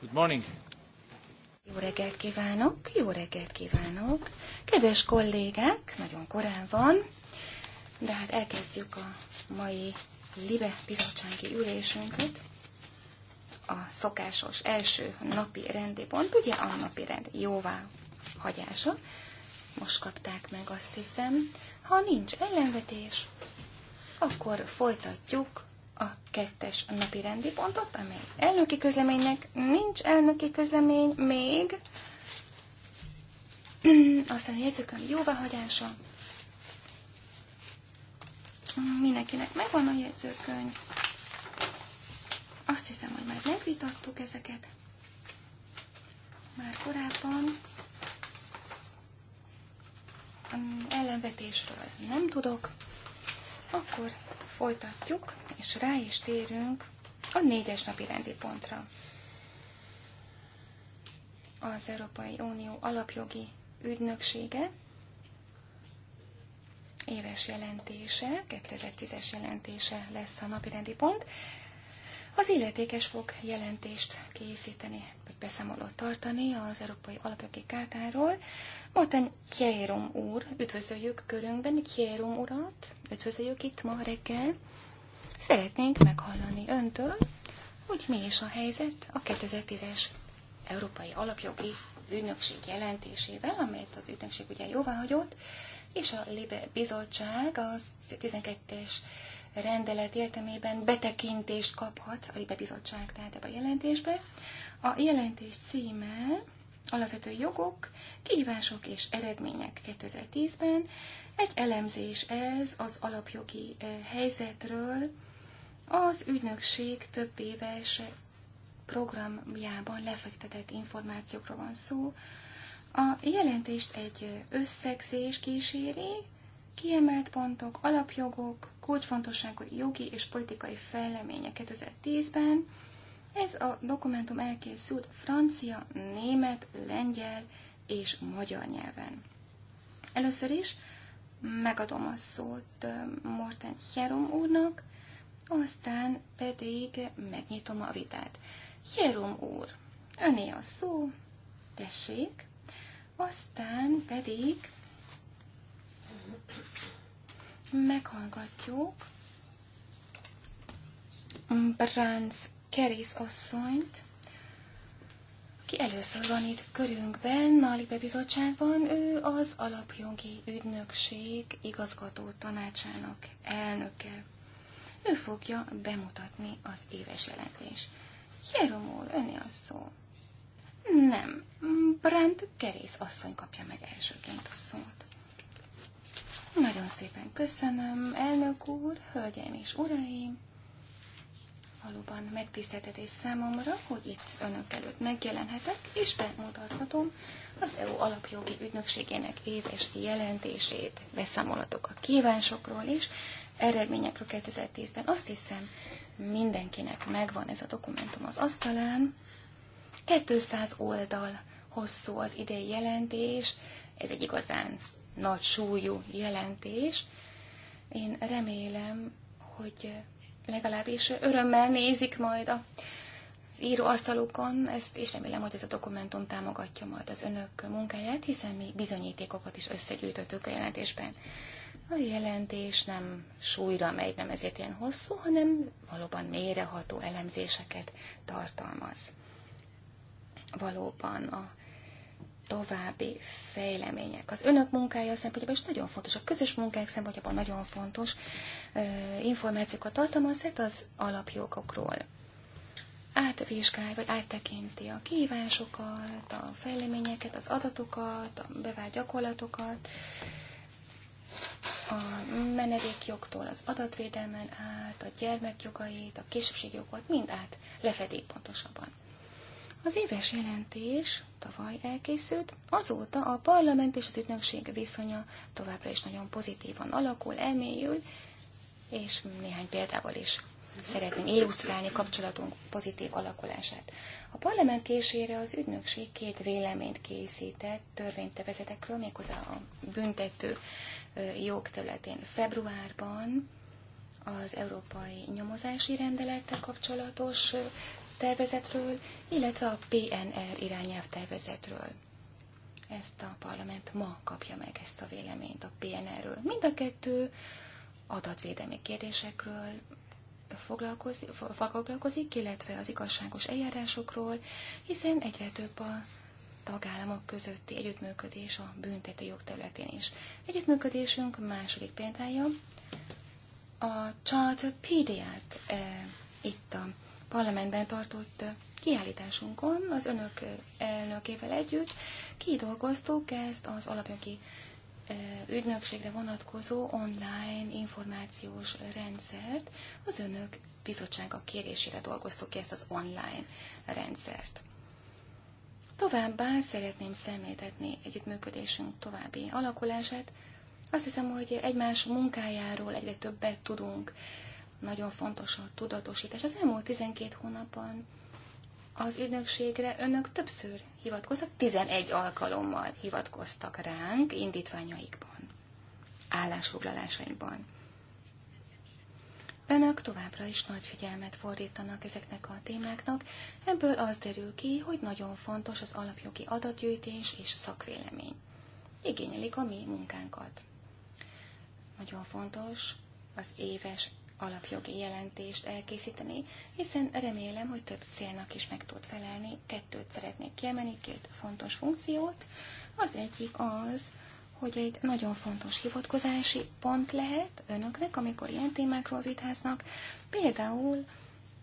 Good morning. Jó reggelt kívánok, jó reggelt kívánok. Kedves kollégák, nagyon korán van, de hát elkezdjük a mai Libe bizottsági ülésünket. A szokásos első napi rendi pont, ugye a napi rend jóvá hagyása. Most kapták meg azt hiszem, ha nincs ellenvetés, akkor folytatjuk a kettes napi rendi pontot, amely elnöki közleménynek nincs elnöki közlemény még. Aztán a jegyzőkönyv jóváhagyása. Mindenkinek megvan a jegyzőkönyv. Azt hiszem, hogy már megvitattuk ezeket. Már korábban ellenvetésről nem tudok. Akkor folytatjuk. És rá is térünk a négyes napi rendi pontra. Az Európai Unió alapjogi ügynöksége éves jelentése, 2010-es jelentése lesz a napirendi pont. Az illetékes fog jelentést készíteni, vagy beszámolót tartani az Európai Alapjogi Kártáról. Morten Kjérum úr, üdvözöljük körünkben Kjérum urat, üdvözöljük itt ma reggel. Szeretnénk meghallani öntől, hogy mi is a helyzet a 2010-es Európai Alapjogi Ügynökség jelentésével, amelyet az ügynökség ugye jóváhagyott, és a Libe Bizottság az 12-es rendelet értelmében betekintést kaphat a Libe Bizottság, tehát ebbe a jelentésbe. A jelentés címe Alapvető jogok, kihívások és eredmények 2010-ben. Egy elemzés ez az alapjogi eh, helyzetről, az ügynökség több éves programjában lefektetett információkra van szó. A jelentést egy összegzés kíséri, kiemelt pontok, alapjogok, kulcsfontosságú jogi és politikai fejleménye 2010-ben. Ez a dokumentum elkészült francia, német, lengyel és magyar nyelven. Először is megadom a szót Morten Hjerom úrnak, aztán pedig megnyitom a vitát. Hérom úr, öné a szó, tessék, aztán pedig meghallgatjuk Bránc Kerész asszonyt, aki először van itt körünkben, a Libe Bizottságban, ő az Alapjogi Ügynökség igazgató tanácsának elnöke ő fogja bemutatni az éves jelentés. Hierom úr, öné a szó. Nem, Brandt Kerész asszony kapja meg elsőként a szót. Nagyon szépen köszönöm, elnök úr, hölgyeim és uraim! Valóban megtiszteltetés számomra, hogy itt önök előtt megjelenhetek, és bemutathatom az EU alapjogi ügynökségének éves jelentését, beszámolatok a kívánsokról is eredményekről 2010-ben. Azt hiszem, mindenkinek megvan ez a dokumentum az asztalán. 200 oldal hosszú az idei jelentés, ez egy igazán nagy súlyú jelentés. Én remélem, hogy legalábbis örömmel nézik majd a az íróasztalukon ezt, és remélem, hogy ez a dokumentum támogatja majd az önök munkáját, hiszen mi bizonyítékokat is összegyűjtöttük a jelentésben. A jelentés nem súlyra megy, nem ezért ilyen hosszú, hanem valóban méreható elemzéseket tartalmaz. Valóban a további fejlemények. Az önök munkája szempontjából is nagyon fontos, a közös munkák szempontjából nagyon fontos információkat tartalmaz, tehát az alapjogokról átvizsgál, vagy áttekinti a kívánsokat, a fejleményeket, az adatokat, a bevált gyakorlatokat, a menedékjogtól az adatvédelmen át, a gyermekjogait, a kisebbségjogot, mind át lefedi pontosabban. Az éves jelentés tavaly elkészült, azóta a parlament és az ügynökség viszonya továbbra is nagyon pozitívan alakul, elmélyül, és néhány példával is szeretném illusztrálni kapcsolatunk pozitív alakulását. A parlament késére az ügynökség két véleményt készített törvénytevezetekről, méghozzá a büntető jogterületén Februárban az európai nyomozási rendelettel kapcsolatos tervezetről, illetve a PNR irányelv tervezetről. Ezt a parlament ma kapja meg ezt a véleményt a PNR-ről. Mind a kettő adatvédelmi kérdésekről foglalkozik, foglalkozik, illetve az igazságos eljárásokról, hiszen egyre több a tagállamok közötti együttműködés a büntető jogterületén is. Együttműködésünk második példája a Child Pediat e, eh, itt a parlamentben tartott kiállításunkon az önök eh, elnökével együtt kidolgoztuk ezt az alapjogi eh, ügynökségre vonatkozó online információs rendszert, az önök bizottsága kérésére dolgoztuk ki ezt az online rendszert. Továbbá szeretném szemléltetni együttműködésünk további alakulását. Azt hiszem, hogy egymás munkájáról egyre többet tudunk. Nagyon fontos a tudatosítás. Az elmúlt 12 hónapban az ügynökségre önök többször hivatkoztak, 11 alkalommal hivatkoztak ránk indítványaikban, állásfoglalásainkban. Önök továbbra is nagy figyelmet fordítanak ezeknek a témáknak, ebből az derül ki, hogy nagyon fontos az alapjogi adatgyűjtés és szakvélemény. Igényelik a mi munkánkat. Nagyon fontos az éves alapjogi jelentést elkészíteni, hiszen remélem, hogy több célnak is meg tud felelni. Kettőt szeretnék kiemelni, két fontos funkciót. Az egyik az, hogy egy nagyon fontos hivatkozási pont lehet önöknek, amikor ilyen témákról vitáznak, például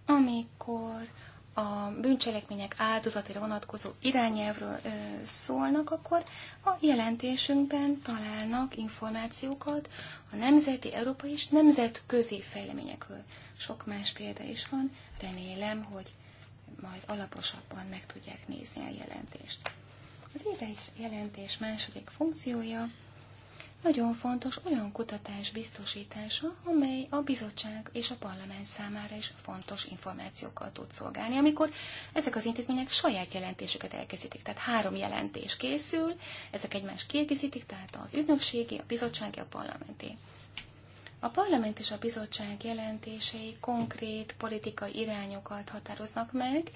amikor a bűncselekmények áldozatira vonatkozó irányelvről ö, szólnak, akkor a jelentésünkben találnak információkat a nemzeti, európai és nemzetközi fejleményekről. Sok más példa is van, remélem, hogy majd alaposabban meg tudják nézni a jelentést. Az éves jelentés második funkciója nagyon fontos olyan kutatás biztosítása, amely a bizottság és a parlament számára is fontos információkkal tud szolgálni, amikor ezek az intézmények saját jelentésüket elkészítik. Tehát három jelentés készül, ezek egymás kiegészítik, tehát az ügynökségi, a bizottsági, a parlamenti. A parlament és a bizottság jelentései konkrét politikai irányokat határoznak meg,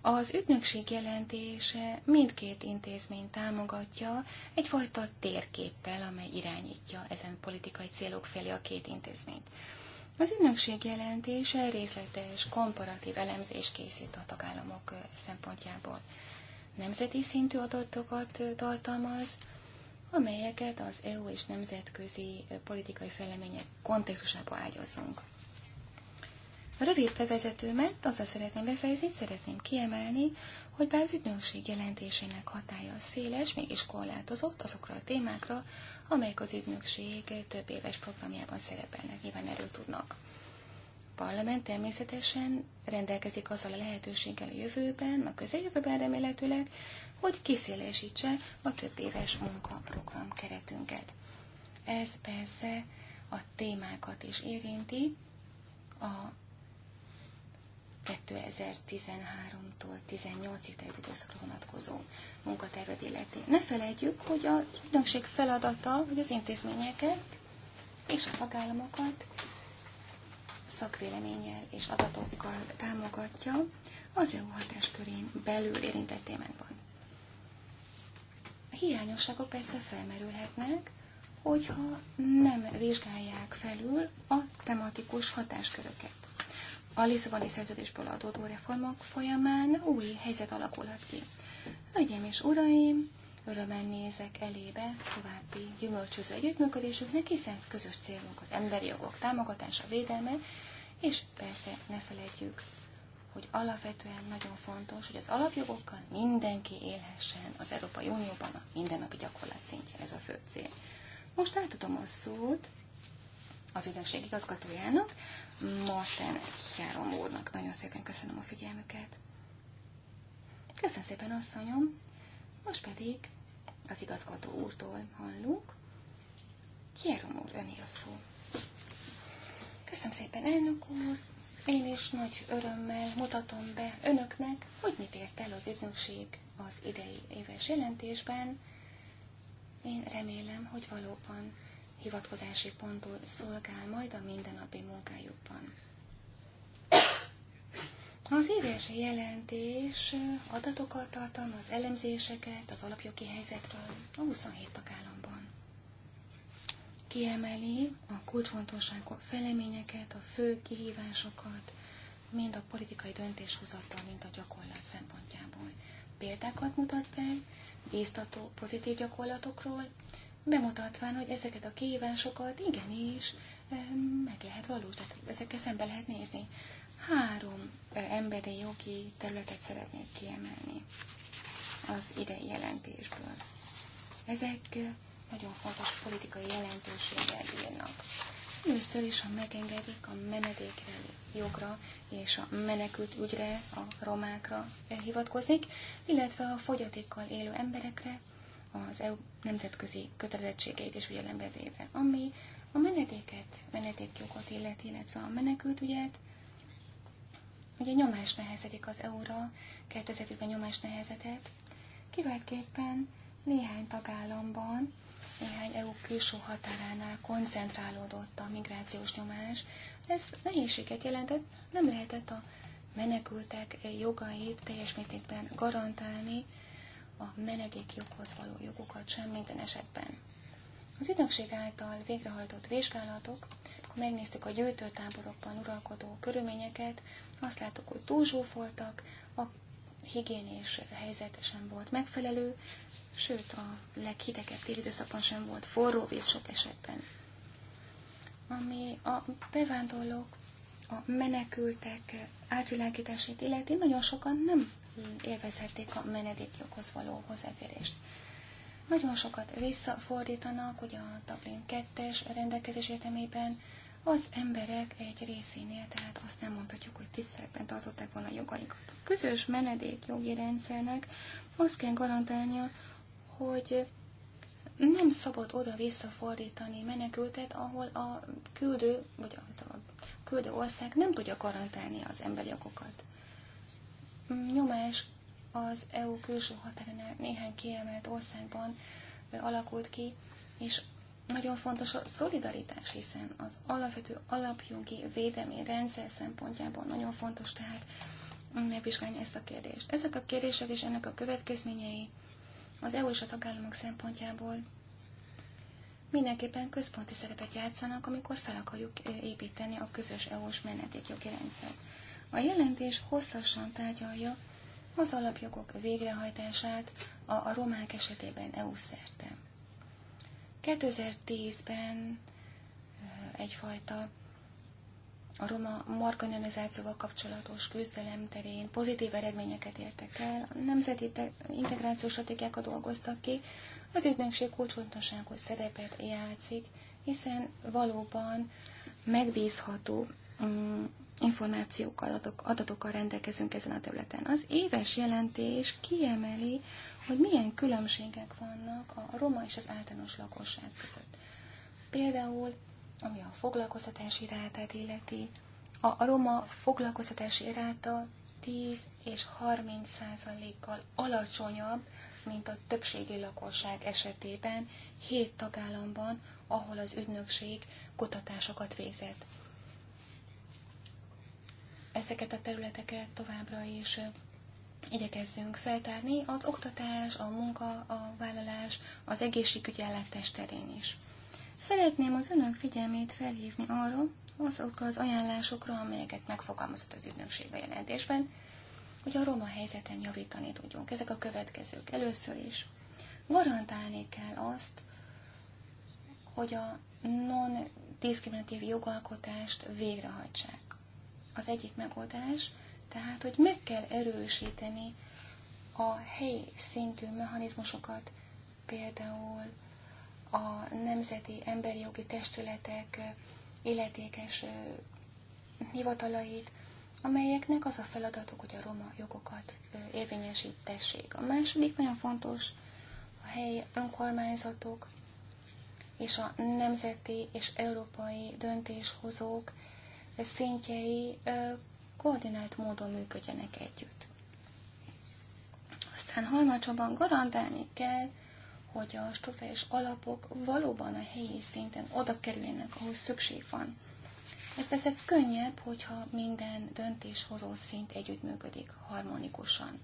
az ügynökség jelentése mindkét intézmény támogatja egyfajta térképpel, amely irányítja ezen politikai célok felé a két intézményt. Az ügynökség jelentése részletes, komparatív elemzés készít a tagállamok szempontjából. Nemzeti szintű adatokat tartalmaz, amelyeket az EU és nemzetközi politikai felemények kontextusába ágyazunk. A Rövid bevezetőmet azzal szeretném befejezni, szeretném kiemelni, hogy bár az ügynökség jelentésének hatája széles, mégis korlátozott azokra a témákra, amelyek az ügynökség több éves programjában szerepelnek, nyilván erről tudnak. A parlament természetesen rendelkezik azzal a lehetőséggel a jövőben, a közeljövőben remélhetőleg, hogy kiszélesítse a több éves munkaprogram keretünket. Ez persze a témákat is érinti, a 2013-tól 18-ig terjedő időszakra vonatkozó munkatervet illeti. Ne felejtjük, hogy az ügynökség feladata, hogy az intézményeket és a tagállamokat szakvéleménnyel és adatokkal támogatja az EU hatáskörén belül érintett témákban. A hiányosságok persze felmerülhetnek, hogyha nem vizsgálják felül a tematikus hatásköröket a Lisszaboni szerződésből adódó reformok folyamán új helyzet alakulhat ki. Hölgyeim és uraim, örömmel nézek elébe további gyümölcsöző együttműködésünknek, hiszen közös célunk az emberi jogok támogatása, védelme, és persze ne felejtjük, hogy alapvetően nagyon fontos, hogy az alapjogokkal mindenki élhessen az Európai Unióban a mindennapi gyakorlat szintjén, ez a fő cél. Most átadom a szót az ügynökség igazgatójának, Martin Hjárom úrnak. Nagyon szépen köszönöm a figyelmüket. Köszönöm szépen, asszonyom. Most pedig az igazgató úrtól hallunk. Hjárom úr, öné a szó. Köszönöm szépen, elnök úr. Én is nagy örömmel mutatom be önöknek, hogy mit ért el az ügynökség az idei éves jelentésben. Én remélem, hogy valóban hivatkozási pontból szolgál majd a mindennapi munkájukban. Az éves jelentés adatokat tartalmaz, elemzéseket az alapjogi helyzetről a 27 tagállamban. Kiemeli a kulcsfontosságú feleményeket, a fő kihívásokat, mind a politikai döntéshozattal, mind a gyakorlat szempontjából. Példákat mutat be, észtató pozitív gyakorlatokról, bemutatván, hogy ezeket a kívánsokat igenis meg lehet valósítani, ezekkel szembe lehet nézni. Három emberi jogi területet szeretnék kiemelni az idei jelentésből. Ezek nagyon fontos politikai jelentőséggel bírnak. Először is, ha megengedik a menedékre, jogra és a menekült ügyre, a romákra hivatkozik, illetve a fogyatékkal élő emberekre, az EU nemzetközi kötelezettségeit is figyelembe véve, ami a menedéket, menedékjogot illeti, illetve a menekült ügyet, ugye nyomás nehezedik az EU-ra, 2010-ben nyomás nehezedett, kiváltképpen néhány tagállamban, néhány EU külső határánál koncentrálódott a migrációs nyomás. Ez nehézséget jelentett, nem lehetett a menekültek jogait teljes mértékben garantálni, a menedékjoghoz való jogokat sem minden esetben. Az ügynökség által végrehajtott vizsgálatok, akkor megnéztük a gyűjtőtáborokban uralkodó körülményeket, azt láttuk, hogy túl zsúfoltak, a higiénés helyzet sem volt megfelelő, sőt a leghidegebb téli időszakban sem volt forró víz sok esetben. Ami a bevándorlók, a menekültek átvilágítását illeti, nagyon sokan nem élvezhették a menedékjoghoz való hozzáférést. Nagyon sokat visszafordítanak, ugye a Dublin 2-es rendelkezés értelmében az emberek egy részénél, tehát azt nem mondhatjuk, hogy tiszteletben tartották volna a jogaikat. A közös menedékjogi rendszernek azt kell garantálnia, hogy nem szabad oda visszafordítani menekültet, ahol a küldő, vagy a küldő ország nem tudja garantálni az emberi jogokat nyomás az EU külső határán néhány kiemelt országban alakult ki, és nagyon fontos a szolidaritás, hiszen az alapvető alapjogi védelmi rendszer szempontjából nagyon fontos tehát megvizsgálni ezt a kérdést. Ezek a kérdések és ennek a következményei az EU és a tagállamok szempontjából mindenképpen központi szerepet játszanak, amikor fel akarjuk építeni a közös EU-s menedékjogi rendszert. A jelentés hosszasan tárgyalja az alapjogok végrehajtását a, a romák esetében EU-szerte. 2010-ben egyfajta a roma marginalizációval kapcsolatos küzdelem terén pozitív eredményeket értek el, a nemzeti integrációs stratégiákat dolgoztak ki, az ügynökség kulcsfontosságú szerepet játszik, hiszen valóban megbízható mm, információk, adatok, adatokkal rendelkezünk ezen a területen. Az éves jelentés kiemeli, hogy milyen különbségek vannak a roma és az általános lakosság között. Például, ami a foglalkoztatási rátát illeti, a roma foglalkoztatási ráta 10 és 30 százalékkal alacsonyabb, mint a többségi lakosság esetében 7 tagállamban, ahol az ügynökség kutatásokat végzett ezeket a területeket továbbra is igyekezzünk feltárni az oktatás, a munka, a vállalás, az egészségügyi ellátás terén is. Szeretném az önök figyelmét felhívni arról, azokra az ajánlásokra, amelyeket megfogalmazott az ügynökség bejelentésben, hogy a roma helyzeten javítani tudjunk. Ezek a következők. Először is garantálni kell azt, hogy a non-diszkriminatív jogalkotást végrehajtsák az egyik megoldás, tehát, hogy meg kell erősíteni a helyi szintű mechanizmusokat, például a nemzeti emberi jogi testületek illetékes hivatalait, amelyeknek az a feladatuk, hogy a roma jogokat érvényesítessék. A második nagyon fontos a helyi önkormányzatok és a nemzeti és európai döntéshozók szintjei koordinált módon működjenek együtt. Aztán harmadsorban garantálni kell, hogy a struktúrális alapok valóban a helyi szinten oda kerüljenek, ahol szükség van. Ez persze könnyebb, hogyha minden döntéshozó szint együttműködik harmonikusan.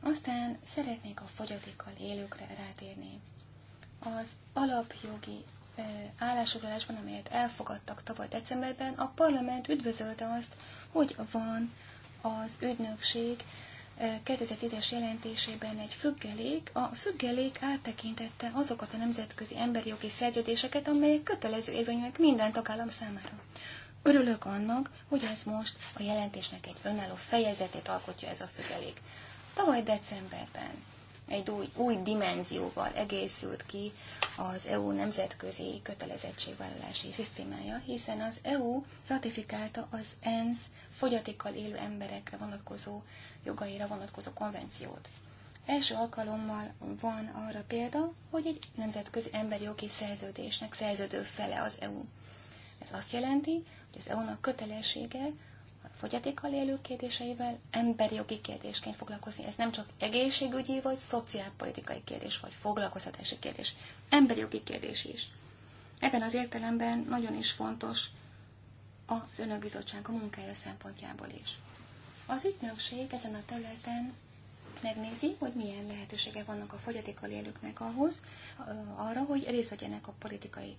Aztán szeretnék a fogyatékkal élőkre rátérni. Az alapjogi Eh, állásfoglalásban, amelyet elfogadtak tavaly decemberben, a parlament üdvözölte azt, hogy van az ügynökség 2010-es eh, jelentésében egy függelék. A függelék áttekintette azokat a nemzetközi emberi jogi szerződéseket, amelyek kötelező érvényűek minden tagállam számára. Örülök annak, hogy ez most a jelentésnek egy önálló fejezetét alkotja ez a függelék. Tavaly decemberben egy új, új dimenzióval egészült ki az EU nemzetközi kötelezettségvállalási szisztémája, hiszen az EU ratifikálta az ENSZ fogyatékkal élő emberekre vonatkozó jogaira vonatkozó konvenciót. Első alkalommal van arra példa, hogy egy nemzetközi emberi jogi szerződésnek szerződő fele az EU. Ez azt jelenti, hogy az EU-nak kötelessége, fogyatékkal élők kérdéseivel emberi jogi kérdésként foglalkozni. Ez nem csak egészségügyi vagy szociálpolitikai kérdés, vagy foglalkoztatási kérdés, emberi jogi kérdés is. Ebben az értelemben nagyon is fontos az Önök a munkája szempontjából is. Az ügynökség ezen a területen megnézi, hogy milyen lehetősége vannak a fogyatékkal élőknek ahhoz, arra, hogy részt vegyenek a politikai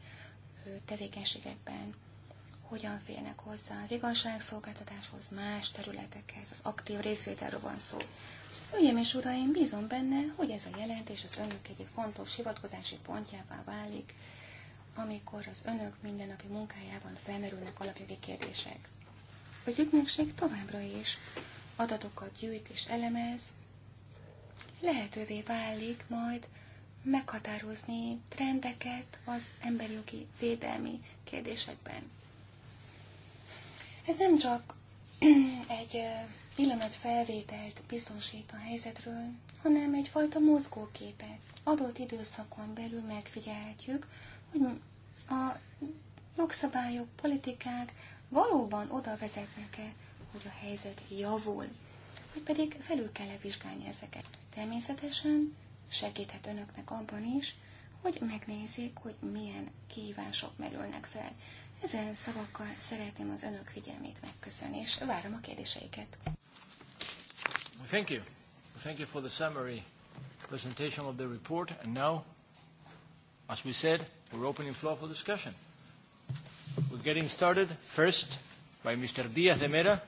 tevékenységekben hogyan félnek hozzá az igazságszolgáltatáshoz, más területekhez, az aktív részvételről van szó. Hölgyeim és uraim, bízom benne, hogy ez a jelentés az önök egyik fontos hivatkozási pontjává válik, amikor az önök mindennapi munkájában felmerülnek alapjogi kérdések. Az ügynökség továbbra is adatokat gyűjt és elemez, lehetővé válik majd meghatározni trendeket az emberi jogi védelmi kérdésekben. Ez nem csak egy pillanat felvételt biztosít a helyzetről, hanem egyfajta mozgóképet. Adott időszakon belül megfigyelhetjük, hogy a jogszabályok, politikák valóban oda vezetnek-e, hogy a helyzet javul, vagy pedig felül kell -e vizsgálni ezeket. Természetesen segíthet önöknek abban is, hogy megnézzék, hogy milyen kihívások merülnek fel. Ezen szavakkal szeretném az önök figyelmét megköszönni, és várom a kérdéseiket. Thank you. Thank you for the summary presentation of the report. And now, as we said, we're opening floor for discussion. We're getting started first by Mr. Díaz de Mera.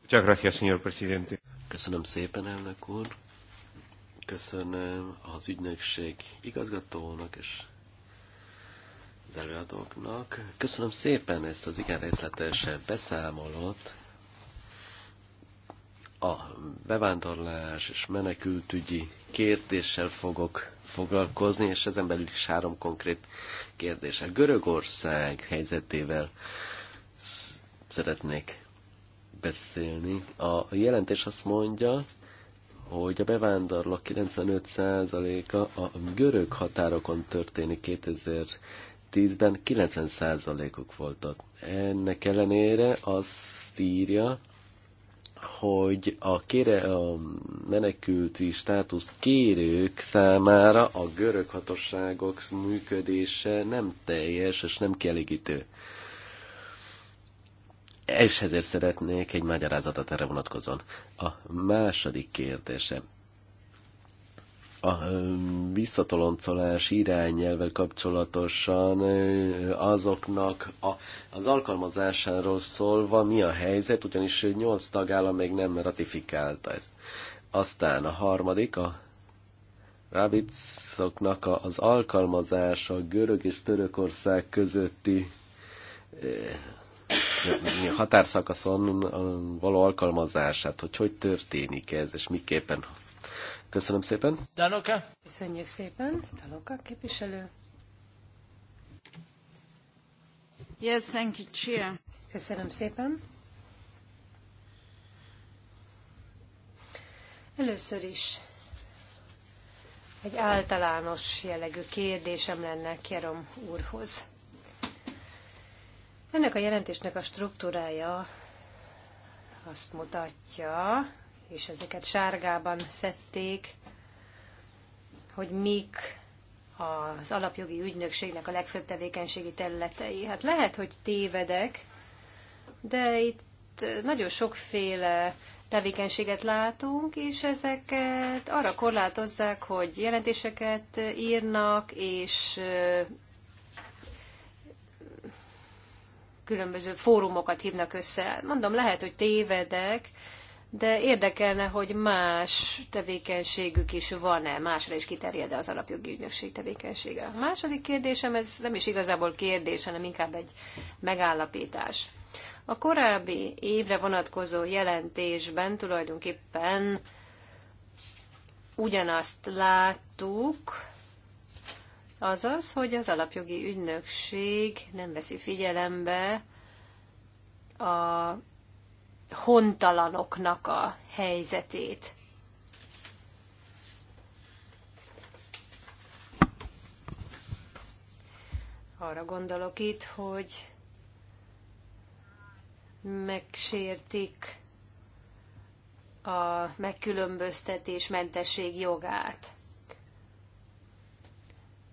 Muchas gracias, señor presidente. Köszönöm szépen, elnök úr. Köszönöm az ügynökség igazgatónak és az előadóknak. Köszönöm szépen ezt az igen részletes beszámolót. A bevándorlás és menekültügyi kérdéssel fogok foglalkozni, és ezen belül is három konkrét kérdéssel. Görögország helyzetével szeretnék beszélni. A jelentés azt mondja, hogy a bevándorlók 95%-a a görög határokon történik 2000 2010-ben 90%-uk voltak. Ennek ellenére azt írja, hogy a, kére, a menekülti státusz kérők számára a görög hatóságok működése nem teljes és nem kielégítő. És ezért szeretnék egy magyarázatot erre vonatkozóan. A második kérdése a visszatoloncolás irányelvel kapcsolatosan azoknak a, az alkalmazásáról szólva mi a helyzet, ugyanis 8 tagállam még nem ratifikálta ezt. Aztán a harmadik, a rabicoknak az alkalmazása Görög és Törökország közötti határszakaszon való alkalmazását, hogy hogy történik ez, és miképpen Köszönöm szépen. Danoka. Köszönjük szépen. Staloka képviselő. Yes, thank you, Chair. Köszönöm szépen. Először is egy általános jellegű kérdésem lenne Kierom úrhoz. Ennek a jelentésnek a struktúrája azt mutatja, és ezeket sárgában szedték, hogy mik az alapjogi ügynökségnek a legfőbb tevékenységi területei. Hát lehet, hogy tévedek, de itt nagyon sokféle tevékenységet látunk, és ezeket arra korlátozzák, hogy jelentéseket írnak, és különböző fórumokat hívnak össze. Mondom, lehet, hogy tévedek, de érdekelne, hogy más tevékenységük is van-e, másra is kiterjed-e az alapjogi ügynökség tevékenysége. A második kérdésem, ez nem is igazából kérdés, hanem inkább egy megállapítás. A korábbi évre vonatkozó jelentésben tulajdonképpen ugyanazt láttuk, azaz, hogy az alapjogi ügynökség nem veszi figyelembe a hontalanoknak a helyzetét. Arra gondolok itt, hogy megsértik a megkülönböztetés mentesség jogát,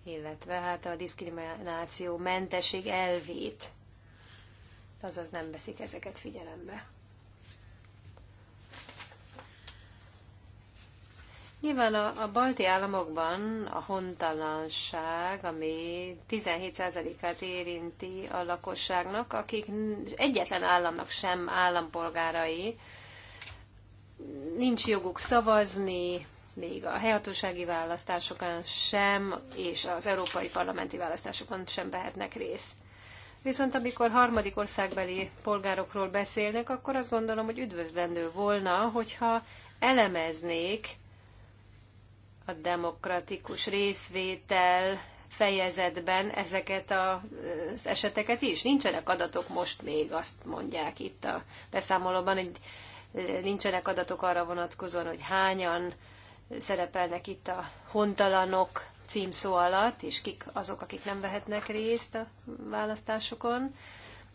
illetve hát a diszkrimináció mentesség elvét, azaz nem veszik ezeket figyelembe. Nyilván a, a balti államokban a hontalanság, ami 17%-át érinti a lakosságnak, akik egyetlen államnak sem állampolgárai, nincs joguk szavazni, még a helyhatósági választásokon sem, és az európai parlamenti választásokon sem vehetnek részt. Viszont amikor harmadik országbeli polgárokról beszélnek, akkor azt gondolom, hogy üdvözlendő volna, hogyha elemeznék a demokratikus részvétel fejezetben ezeket az eseteket is. Nincsenek adatok most még, azt mondják itt a beszámolóban, hogy nincsenek adatok arra vonatkozóan, hogy hányan szerepelnek itt a hontalanok címszó alatt, és kik azok, akik nem vehetnek részt a választásokon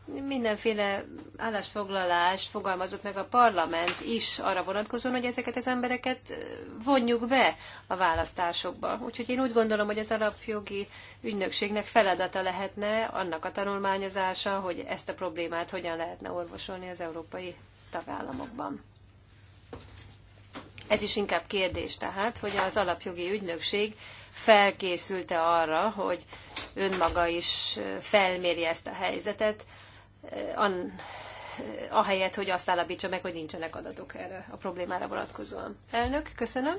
mindenféle állásfoglalás fogalmazott meg a parlament is arra vonatkozóan, hogy ezeket az embereket vonjuk be a választásokba. Úgyhogy én úgy gondolom, hogy az alapjogi ügynökségnek feladata lehetne annak a tanulmányozása, hogy ezt a problémát hogyan lehetne orvosolni az európai tagállamokban. Ez is inkább kérdés tehát, hogy az alapjogi ügynökség felkészülte arra, hogy önmaga is felméri ezt a helyzetet, Eh, an, eh, ahelyett, hogy azt állapítsa meg, hogy nincsenek adatok erre a problémára vonatkozóan. Elnök, köszönöm.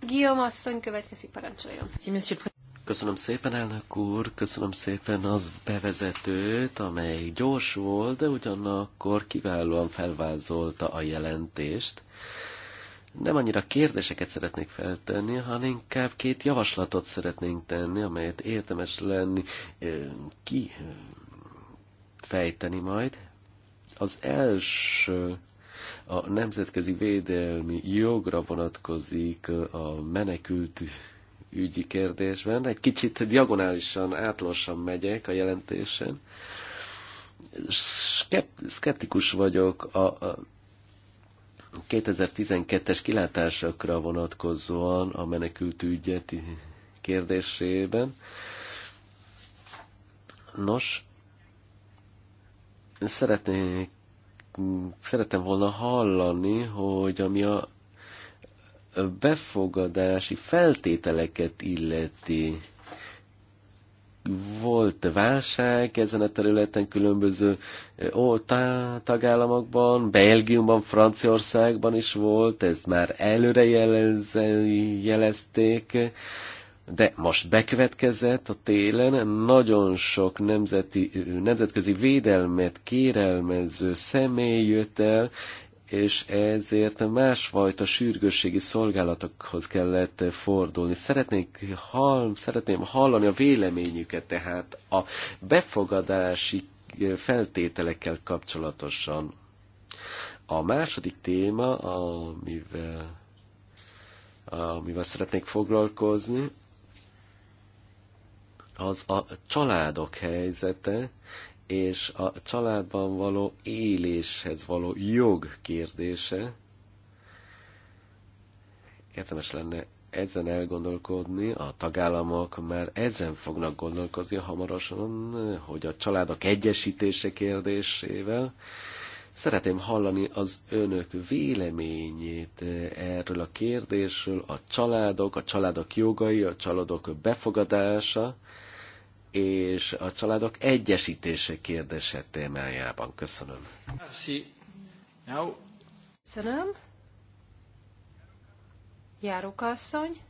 Guillaume asszony következik, parancsoljon. Köszönöm szépen, elnök úr, köszönöm szépen az bevezetőt, amely gyors volt, de ugyanakkor kiválóan felvázolta a jelentést. Nem annyira kérdéseket szeretnék feltenni, hanem inkább két javaslatot szeretnénk tenni, amelyet értemes lenni eh, ki fejteni majd. Az első a nemzetközi védelmi jogra vonatkozik a menekült ügyi kérdésben. Egy kicsit diagonálisan, átlósan megyek a jelentésen. Skeptikus vagyok a, a 2012-es kilátásokra vonatkozóan a menekült ügyet kérdésében. Nos, Szeretnék, szerettem volna hallani, hogy ami a befogadási feltételeket illeti, volt válság ezen a területen különböző ó, tá, tagállamokban, Belgiumban, Franciaországban is volt, ezt már előre jelez, jelezték, de most bekövetkezett a télen, nagyon sok nemzeti, nemzetközi védelmet kérelmező személy jött el, és ezért másfajta sürgősségi szolgálatokhoz kellett fordulni. Szeretnék hall, szeretném hallani a véleményüket, tehát a befogadási feltételekkel kapcsolatosan. A második téma, amivel, amivel szeretnék foglalkozni, az a családok helyzete, és a családban való éléshez való jog kérdése. Érdemes lenne ezen elgondolkodni, a tagállamok már ezen fognak gondolkozni hamarosan, hogy a családok egyesítése kérdésével. Szeretném hallani az önök véleményét eh, erről a kérdésről, a családok, a családok jogai, a családok befogadása, és a családok egyesítése kérdése témájában. Köszönöm. Köszönöm. asszony.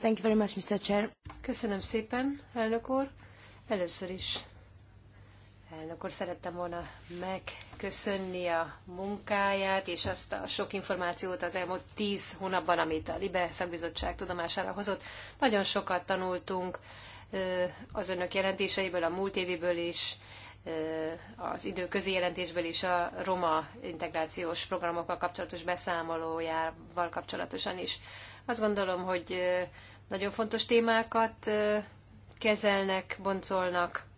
Thank you very much, Mr. Chair. Köszönöm szépen, elnök úr. Először is, elnök úr, szerettem volna meg megköszönni a munkáját, és azt a sok információt az elmúlt tíz hónapban, amit a LIBE szakbizottság tudomására hozott. Nagyon sokat tanultunk az önök jelentéseiből, a múlt éviből is, az időközi jelentésből is a roma integrációs programokkal kapcsolatos beszámolójával kapcsolatosan is. Azt gondolom, hogy nagyon fontos témákat kezelnek, boncolnak,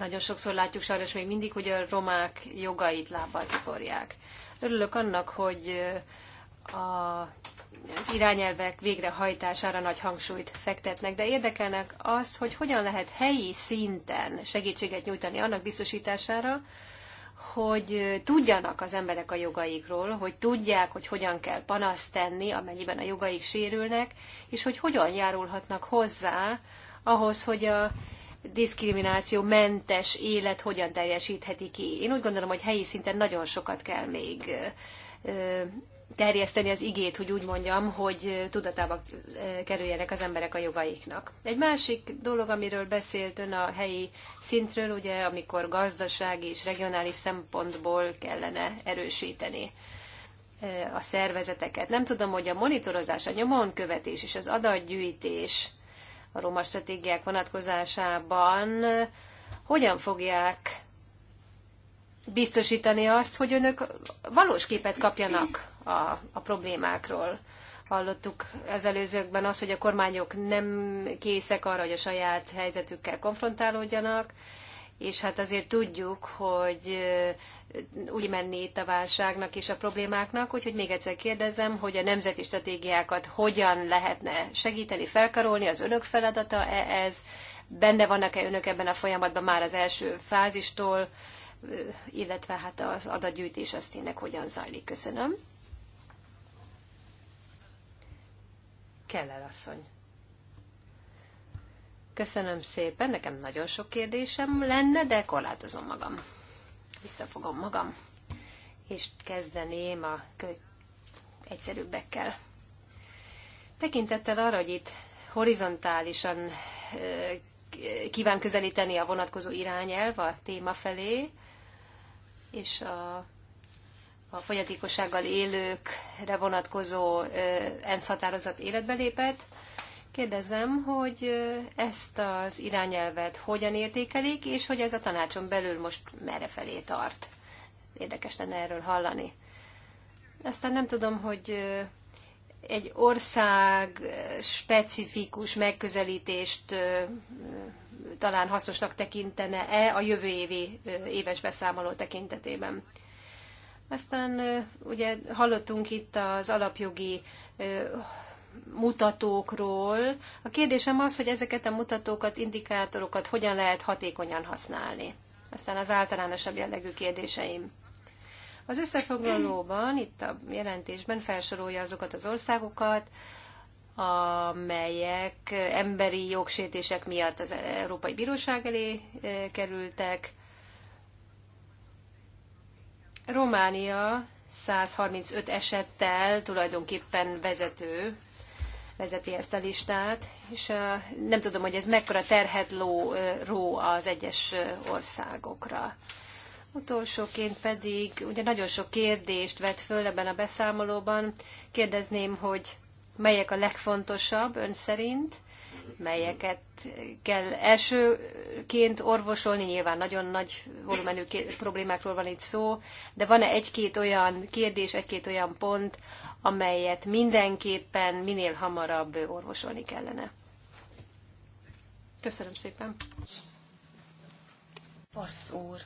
nagyon sokszor látjuk sajnos még mindig, hogy a romák jogait lábbal tiporják. Örülök annak, hogy a, az irányelvek végrehajtására nagy hangsúlyt fektetnek, de érdekelnek azt, hogy hogyan lehet helyi szinten segítséget nyújtani annak biztosítására, hogy tudjanak az emberek a jogaikról, hogy tudják, hogy hogyan kell panaszt tenni, amennyiben a jogaik sérülnek, és hogy hogyan járulhatnak hozzá ahhoz, hogy a diszkrimináció mentes élet hogyan teljesítheti ki. Én úgy gondolom, hogy helyi szinten nagyon sokat kell még terjeszteni az igét, hogy úgy mondjam, hogy tudatába kerüljenek az emberek a jogaiknak. Egy másik dolog, amiről beszélt ön a helyi szintről, ugye, amikor gazdasági és regionális szempontból kellene erősíteni a szervezeteket. Nem tudom, hogy a monitorozás, a nyomon követés és az adatgyűjtés a roma stratégiák vonatkozásában hogyan fogják biztosítani azt, hogy önök valós képet kapjanak a, a problémákról. Hallottuk az előzőkben azt, hogy a kormányok nem készek arra, hogy a saját helyzetükkel konfrontálódjanak, és hát azért tudjuk, hogy úgy menni itt a válságnak és a problémáknak, úgyhogy még egyszer kérdezem, hogy a nemzeti stratégiákat hogyan lehetne segíteni, felkarolni, az önök feladata -e ez, benne vannak-e önök ebben a folyamatban már az első fázistól, illetve hát az adatgyűjtés az tényleg hogyan zajlik. Köszönöm. Kellel asszony. Köszönöm szépen, nekem nagyon sok kérdésem lenne, de korlátozom magam. Visszafogom magam, és kezdeném a kö... egyszerűbbekkel. Tekintettel arra, hogy itt horizontálisan kíván közelíteni a vonatkozó irányelv a téma felé, és a, a fogyatékossággal élőkre vonatkozó ENSZ határozat életbe lépett, Kérdezem, hogy ezt az irányelvet hogyan értékelik, és hogy ez a tanácson belül most merre felé tart. Érdekes lenne erről hallani. Aztán nem tudom, hogy egy ország specifikus megközelítést talán hasznosnak tekintene-e a jövő évi éves beszámoló tekintetében. Aztán ugye hallottunk itt az alapjogi mutatókról. A kérdésem az, hogy ezeket a mutatókat, indikátorokat hogyan lehet hatékonyan használni. Aztán az általánosabb jellegű kérdéseim. Az összefoglalóban, itt a jelentésben felsorolja azokat az országokat, amelyek emberi jogsértések miatt az Európai Bíróság elé eh, kerültek. Románia 135 esettel tulajdonképpen vezető vezeti ezt a listát, és nem tudom, hogy ez mekkora terhet ló, ró az egyes országokra. Utolsóként pedig, ugye nagyon sok kérdést vett föl ebben a beszámolóban, kérdezném, hogy melyek a legfontosabb ön szerint, melyeket kell elsőként orvosolni, nyilván nagyon nagy volumenű problémákról van itt szó, de van-e egy-két olyan kérdés, egy-két olyan pont, amelyet mindenképpen minél hamarabb orvosolni kellene. Köszönöm szépen. Passz úr.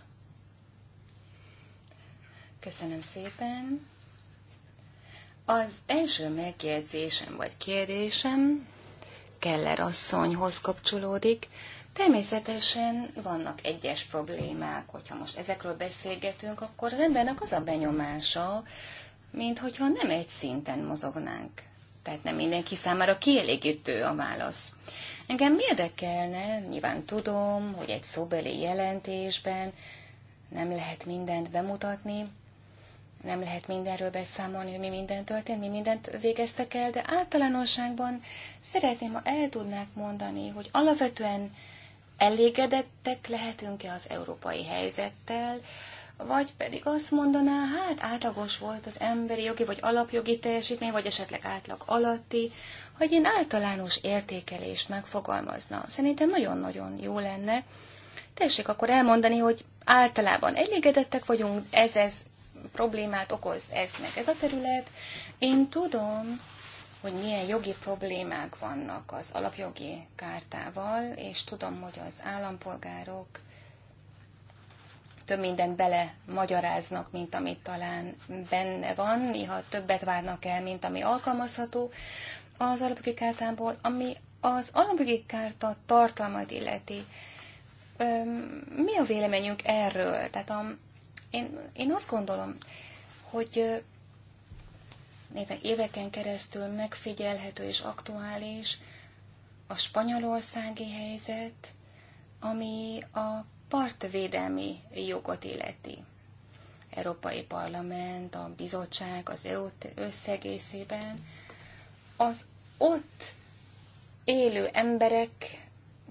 Köszönöm szépen. Az első megjegyzésem vagy kérdésem Keller asszonyhoz kapcsolódik. Természetesen vannak egyes problémák, hogyha most ezekről beszélgetünk, akkor az embernek az a benyomása, mint hogyha nem egy szinten mozognánk. Tehát nem mindenki számára kielégítő a válasz. Engem érdekelne, nyilván tudom, hogy egy szóbeli jelentésben nem lehet mindent bemutatni, nem lehet mindenről beszámolni, hogy mi minden történt, mi mindent végeztek el, de általánosságban szeretném, ha el tudnák mondani, hogy alapvetően elégedettek lehetünk-e az európai helyzettel, vagy pedig azt mondaná, hát átlagos volt az emberi jogi vagy alapjogi teljesítmény, vagy esetleg átlag alatti, hogy én általános értékelést megfogalmazna. Szerintem nagyon-nagyon jó lenne. Tessék akkor elmondani, hogy általában elégedettek vagyunk, ez ez problémát okoz ez meg ez a terület. Én tudom, hogy milyen jogi problémák vannak az alapjogi kártával, és tudom, hogy az állampolgárok több mindent bele magyaráznak, mint amit talán benne van, néha többet várnak el, mint ami alkalmazható az alapjogi kártából, ami az alapjogi kárta tartalmat illeti. mi a véleményünk erről? Tehát a, én, én azt gondolom, hogy éveken keresztül megfigyelhető és aktuális a spanyolországi helyzet, ami a partvédelmi jogot illeti. Európai Parlament, a bizottság az EU összegészében az ott élő emberek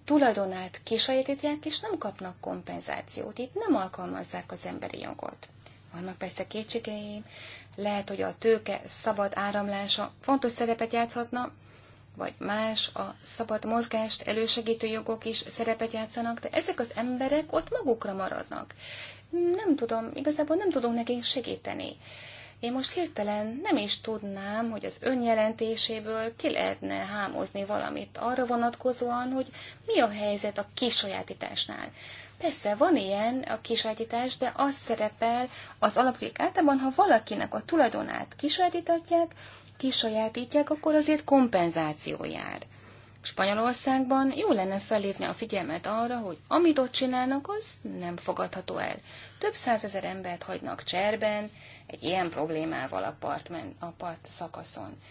tulajdonát kisajátítják, és nem kapnak kompenzációt. Itt nem alkalmazzák az emberi jogot. Vannak persze kétségeim, lehet, hogy a tőke szabad áramlása fontos szerepet játszhatna, vagy más, a szabad mozgást elősegítő jogok is szerepet játszanak, de ezek az emberek ott magukra maradnak. Nem tudom, igazából nem tudunk nekik segíteni. Én most hirtelen nem is tudnám, hogy az önjelentéséből ki lehetne hámozni valamit arra vonatkozóan, hogy mi a helyzet a kisajátításnál. Persze van ilyen a kisajátítás, de az szerepel az alapjék általában, ha valakinek a tulajdonát kisajátítatják, kisajátítják, akkor azért kompenzáció jár. Spanyolországban jó lenne felhívni a figyelmet arra, hogy amit ott csinálnak, az nem fogadható el. Több százezer embert hagynak cserben egy ilyen problémával a, men, a part szakaszon.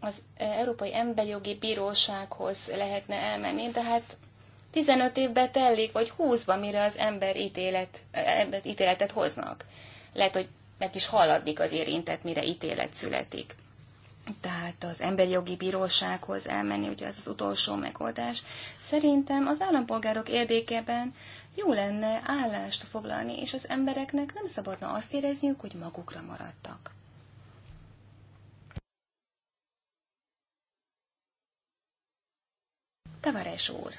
Az e, Európai Emberjogi Bírósághoz lehetne elmenni, de hát 15 évbe telik, vagy 20-ba, mire az ember, ítélet, e, ítéletet hoznak. Lehet, hogy meg is halladik az érintett, mire ítélet születik tehát az emberi jogi bírósághoz elmenni, ugye az az utolsó megoldás. Szerintem az állampolgárok érdekében jó lenne állást foglalni, és az embereknek nem szabadna azt érezniük, hogy magukra maradtak. Tavares úr.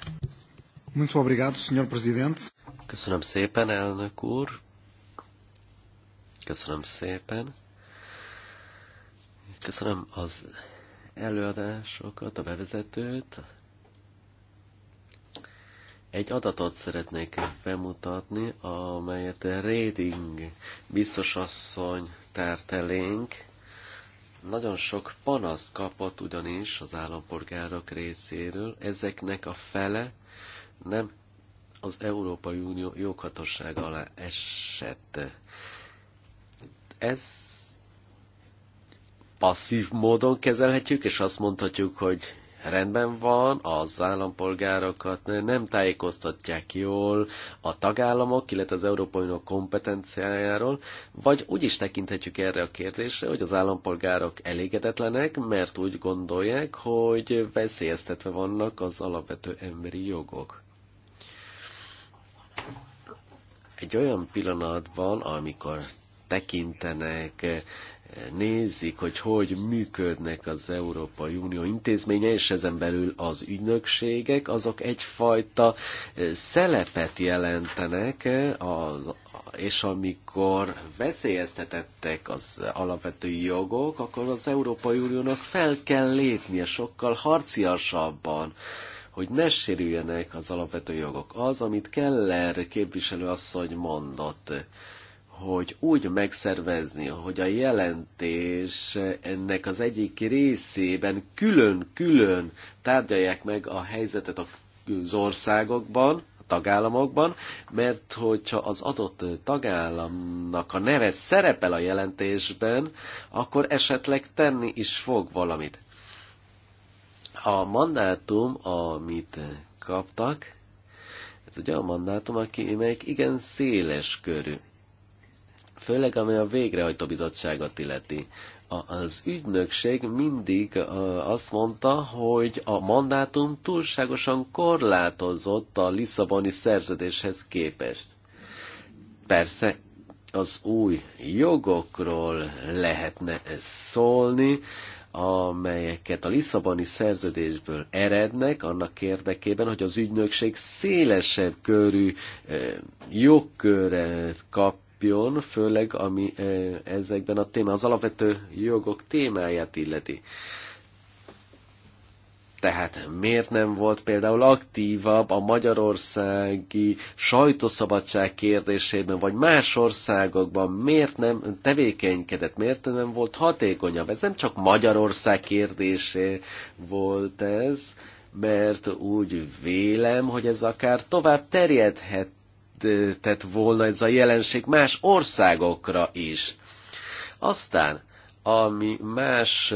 Muito obrigado, senhor presidente. Köszönöm szépen, elnök úr. Köszönöm szépen. Köszönöm az előadásokat, a bevezetőt. Egy adatot szeretnék bemutatni, amelyet a rating biztosasszony tárt elénk. Nagyon sok panaszt kapott ugyanis az állampolgárok részéről. Ezeknek a fele nem az Európai Unió joghatósága alá esett. Ez passzív módon kezelhetjük, és azt mondhatjuk, hogy rendben van, az állampolgárokat nem tájékoztatják jól a tagállamok, illetve az Európai Unió kompetenciájáról, vagy úgy is tekinthetjük erre a kérdésre, hogy az állampolgárok elégedetlenek, mert úgy gondolják, hogy veszélyeztetve vannak az alapvető emberi jogok. Egy olyan pillanatban, amikor tekintenek nézik, hogy hogy működnek az Európai Unió intézménye, és ezen belül az ügynökségek, azok egyfajta szelepet jelentenek, az, és amikor veszélyeztetettek az alapvető jogok, akkor az Európai Uniónak fel kell lépnie sokkal harciasabban, hogy ne sérüljenek az alapvető jogok. Az, amit Keller képviselő asszony mondott, hogy úgy megszervezni, hogy a jelentés ennek az egyik részében külön-külön tárgyalják meg a helyzetet az országokban, a tagállamokban, mert hogyha az adott tagállamnak a neve szerepel a jelentésben, akkor esetleg tenni is fog valamit. A mandátum, amit kaptak, ez egy olyan mandátum, aki, igen széles körű főleg ami a végrehajtó bizottságot illeti. Az ügynökség mindig azt mondta, hogy a mandátum túlságosan korlátozott a Lisszaboni szerződéshez képest. Persze az új jogokról lehetne szólni, amelyeket a Lisszaboni szerződésből erednek, annak érdekében, hogy az ügynökség szélesebb körű jogköret kap, kapjon, főleg ami eh, ezekben a téma az alapvető jogok témáját illeti. Tehát miért nem volt például aktívabb a magyarországi sajtószabadság kérdésében, vagy más országokban, miért nem tevékenykedett, miért nem volt hatékonyabb? Ez nem csak Magyarország kérdésé volt ez, mert úgy vélem, hogy ez akár tovább terjedhet áttett volna ez a jelenség más országokra is. Aztán, ami más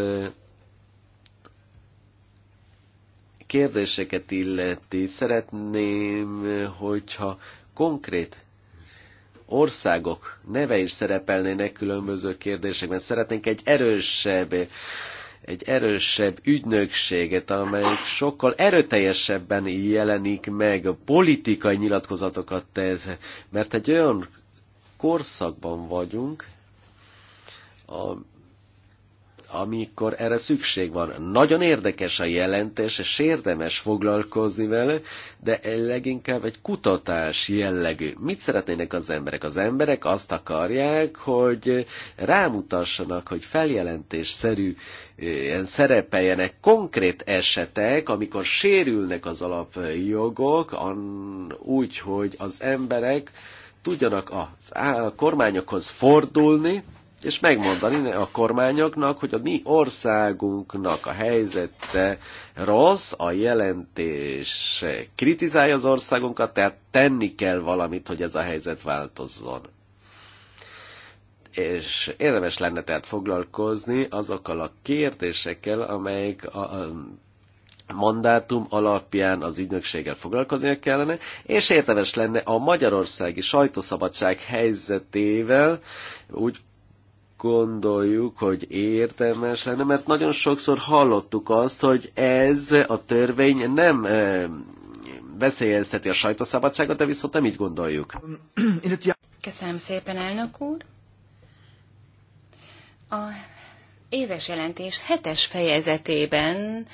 kérdéseket illeti, szeretném, hogyha konkrét országok neve is szerepelnének különböző kérdésekben. Szeretnénk egy erősebb egy erősebb ügynökséget, amely sokkal erőteljesebben jelenik meg, politikai nyilatkozatokat tesz, mert egy olyan korszakban vagyunk, a, amikor erre szükség van. Nagyon érdekes a jelentés, és érdemes foglalkozni vele, de leginkább egy kutatás jellegű. Mit szeretnének az emberek? Az emberek azt akarják, hogy rámutassanak, hogy feljelentésszerű szerepeljenek konkrét esetek, amikor sérülnek az alapjogok, úgy, hogy az emberek tudjanak a kormányokhoz fordulni, és megmondani a kormányoknak, hogy a mi országunknak a helyzete rossz, a jelentés kritizálja az országunkat, tehát tenni kell valamit, hogy ez a helyzet változzon. És érdemes lenne tehát foglalkozni azokkal a kérdésekkel, amelyek a, mandátum alapján az ügynökséggel foglalkoznia kellene, és érdemes lenne a magyarországi sajtószabadság helyzetével úgy gondoljuk, hogy értelmes lenne, mert nagyon sokszor hallottuk azt, hogy ez a törvény nem veszélyezteti a sajtószabadságot, de viszont nem így gondoljuk. Köszönöm szépen, elnök úr. A éves jelentés hetes fejezetében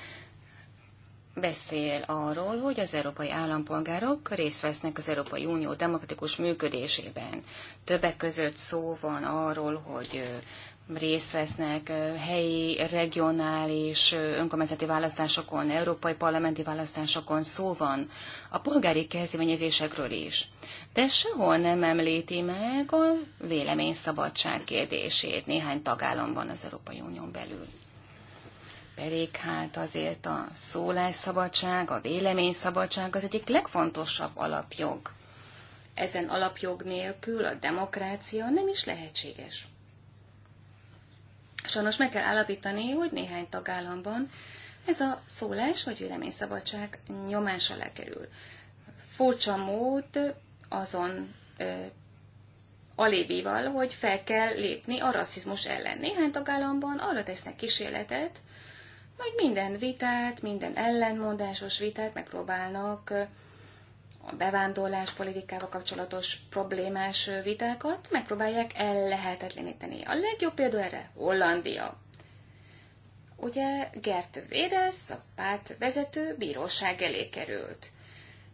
beszél arról, hogy az európai állampolgárok részt vesznek az Európai Unió demokratikus működésében. Többek között szó van arról, hogy részt vesznek helyi, regionális, önkormányzati választásokon, európai parlamenti választásokon, szó van a polgári kezdeményezésekről is. De sehol nem említi meg a véleményszabadság kérdését néhány tagállamban az Európai Unión belül pedig hát azért a szólásszabadság, a véleményszabadság az egyik legfontosabb alapjog. Ezen alapjog nélkül a demokrácia nem is lehetséges. Sajnos meg kell állapítani, hogy néhány tagállamban ez a szólás vagy véleményszabadság nyomás alá kerül. Furcsa mód azon ö, alébival, hogy fel kell lépni a rasszizmus ellen. Néhány tagállamban arra tesznek kísérletet, majd minden vitát, minden ellenmondásos vitát megpróbálnak a bevándorlás politikával kapcsolatos problémás vitákat megpróbálják ellehetetleníteni. A legjobb példa erre Hollandia. Ugye Gert Védesz, a párt vezető bíróság elé került.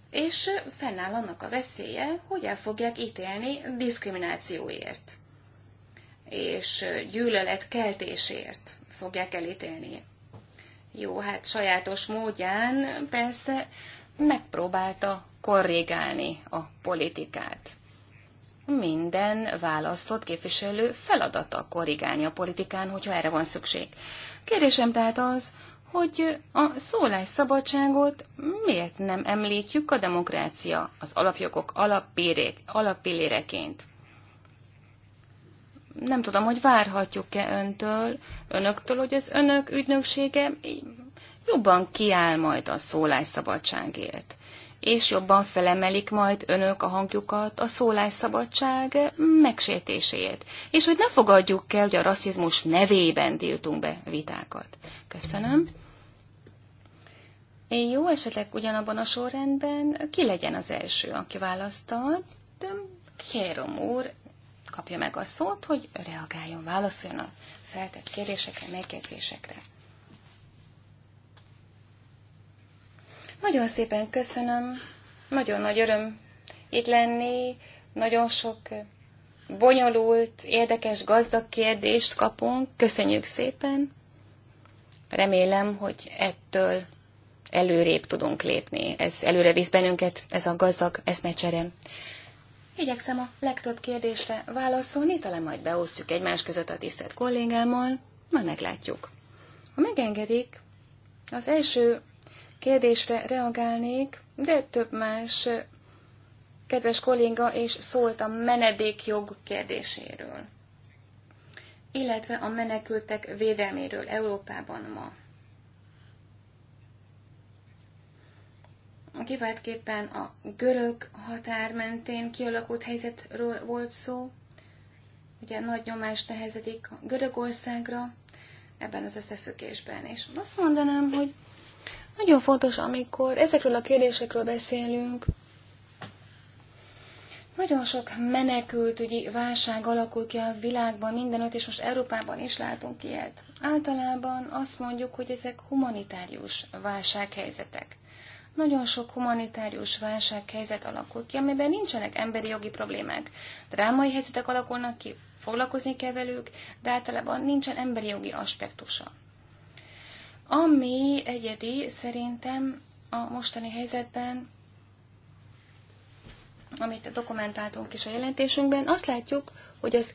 És fennáll annak a veszélye, hogy el fogják ítélni diszkriminációért és gyűlöletkeltésért keltésért fogják elítélni jó, hát sajátos módján persze megpróbálta korrigálni a politikát. Minden választott képviselő feladata korrigálni a politikán, hogyha erre van szükség. Kérdésem tehát az, hogy a szólásszabadságot miért nem említjük a demokrácia, az alapjogok alappérek, alappilléreként nem tudom, hogy várhatjuk-e öntől, önöktől, hogy az önök ügynöksége jobban kiáll majd a szólásszabadságért, és jobban felemelik majd önök a hangjukat a szólásszabadság megsértéséért, és hogy ne fogadjuk el, hogy a rasszizmus nevében tiltunk be vitákat. Köszönöm. Jó, esetleg ugyanabban a sorrendben ki legyen az első, aki választott. Kérom úr, kapja meg a szót, hogy reagáljon, válaszoljon a feltett kérdésekre, megjegyzésekre. Nagyon szépen köszönöm, nagyon nagy öröm itt lenni, nagyon sok bonyolult, érdekes, gazdag kérdést kapunk. Köszönjük szépen! Remélem, hogy ettől előrébb tudunk lépni. Ez előre visz bennünket, ez a gazdag eszmecsere. Igyekszem a legtöbb kérdésre válaszolni, talán majd beosztjuk egymás között a tisztelt kollégámmal, majd meglátjuk. Ha megengedik, az első kérdésre reagálnék, de több más kedves kolléga és szólt a menedékjog kérdéséről, illetve a menekültek védelméről Európában ma. Kiváltképpen a görög határ mentén kialakult helyzetről volt szó. Ugye nagy nyomás nehezedik a Görögországra ebben az összefüggésben. És azt mondanám, hogy nagyon fontos, amikor ezekről a kérdésekről beszélünk, nagyon sok menekültügyi válság alakul ki a világban mindenütt, és most Európában is látunk ilyet. Általában azt mondjuk, hogy ezek humanitárius válsághelyzetek. Nagyon sok humanitárius válsághelyzet alakul ki, amiben nincsenek emberi jogi problémák. Drámai helyzetek alakulnak ki, foglalkozni kell velük, de általában nincsen emberi jogi aspektusa. Ami egyedi szerintem a mostani helyzetben, amit dokumentáltunk is a jelentésünkben, azt látjuk, hogy az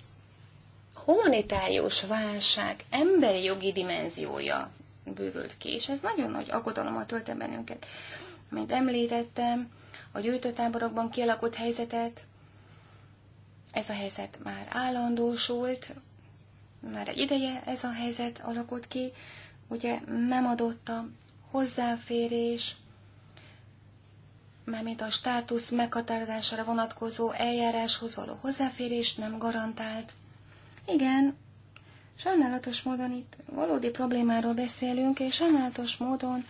humanitárius válság emberi jogi dimenziója bővült ki, és ez nagyon nagy aggodalommal tölte bennünket mint említettem, a gyűjtőtáborokban kialakult helyzetet, ez a helyzet már állandósult, már egy ideje ez a helyzet alakult ki, ugye nem adott a hozzáférés, mármint a státusz meghatározására vonatkozó eljáráshoz való hozzáférés nem garantált. Igen, sajnálatos módon itt valódi problémáról beszélünk, és sajnálatos módon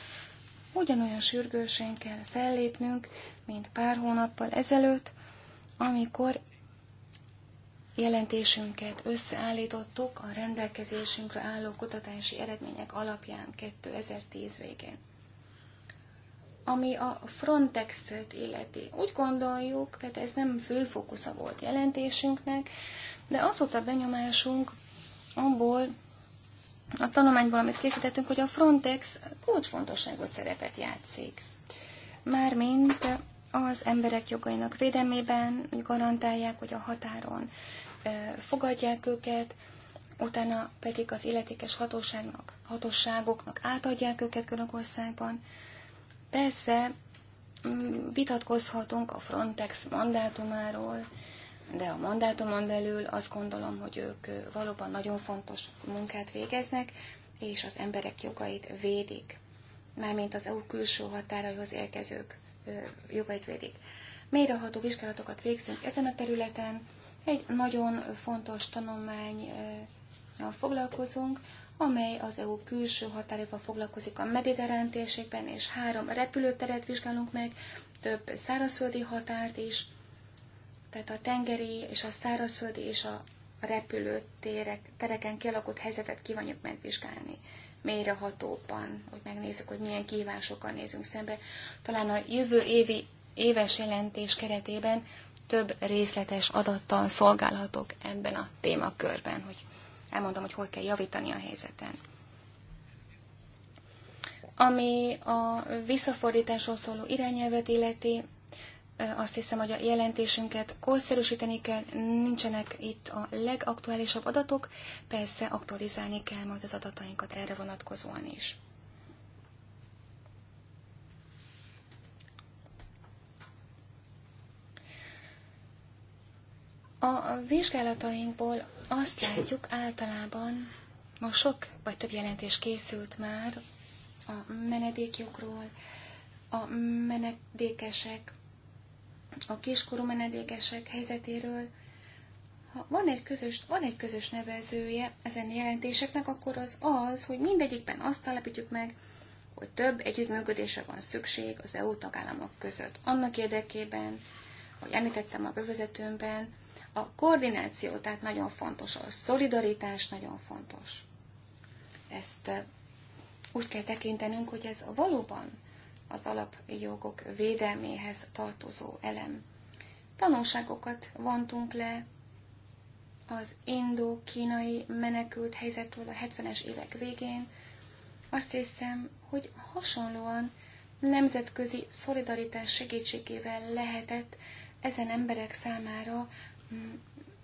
ugyanolyan sürgősen kell fellépnünk, mint pár hónappal ezelőtt, amikor jelentésünket összeállítottuk a rendelkezésünkre álló kutatási eredmények alapján 2010 végén. Ami a Frontex-et illeti, úgy gondoljuk, tehát ez nem fő fókusza volt jelentésünknek, de azóta benyomásunk abból, a tanulmányból, amit készítettünk, hogy a Frontex kulcsfontosságú szerepet játszik. Mármint az emberek jogainak védelmében garantálják, hogy a határon fogadják őket, utána pedig az illetékes hatóságnak, hatóságoknak átadják őket Görögországban. Persze vitatkozhatunk a Frontex mandátumáról, de a mandátumon belül azt gondolom, hogy ők valóban nagyon fontos munkát végeznek, és az emberek jogait védik, mármint az EU külső határaihoz érkezők jogait védik. Mélyreható vizsgálatokat végzünk ezen a területen, egy nagyon fontos tanulmányjal foglalkozunk, amely az EU külső határaival foglalkozik a mediterrán térségben, és három repülőteret vizsgálunk meg, több szárazföldi határt is, tehát a tengeri és a szárazföldi és a repülőtérek, tereken kialakult helyzetet kívánjuk megvizsgálni mélyrehatóban, hogy megnézzük, hogy milyen kívásokkal nézünk szembe. Talán a jövő évi éves jelentés keretében több részletes adattal szolgálhatok ebben a témakörben, hogy elmondom, hogy hol kell javítani a helyzeten. Ami a visszafordításról szóló irányelvet illeti, azt hiszem, hogy a jelentésünket korszerűsíteni kell, nincsenek itt a legaktuálisabb adatok, persze aktualizálni kell majd az adatainkat erre vonatkozóan is. A vizsgálatainkból azt látjuk általában, ma sok vagy több jelentés készült már a menedékjogról, a menedékesek a kiskorú menedékesek helyzetéről. Ha van egy közös, van egy közös nevezője ezen jelentéseknek, akkor az az, hogy mindegyikben azt állapítjuk meg, hogy több együttműködésre van szükség az EU tagállamok között. Annak érdekében, hogy említettem a bevezetőmben, a koordináció, tehát nagyon fontos, a szolidaritás nagyon fontos. Ezt eh, úgy kell tekintenünk, hogy ez valóban az alapjogok védelméhez tartozó elem. Tanulságokat vontunk le az indó-kínai menekült helyzetről a 70-es évek végén. Azt hiszem, hogy hasonlóan nemzetközi szolidaritás segítségével lehetett ezen emberek számára mm,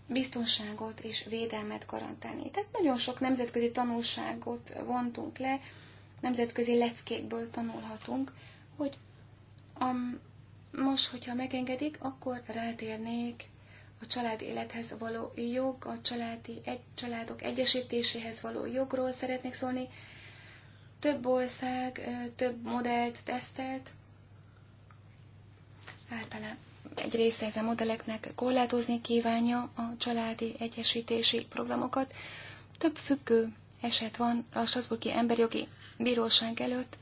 biztonságot és védelmet garantálni. Tehát nagyon sok nemzetközi tanulságot vontunk le, nemzetközi leckékből tanulhatunk, hogy a, most, hogyha megengedik, akkor rátérnék a család élethez való jog, a családi egy, családok egyesítéséhez való jogról szeretnék szólni. Több ország, több modellt tesztelt. Általában egy része ezen modelleknek korlátozni kívánja a családi egyesítési programokat. Több függő eset van a Strasburgi Emberjogi Bíróság előtt,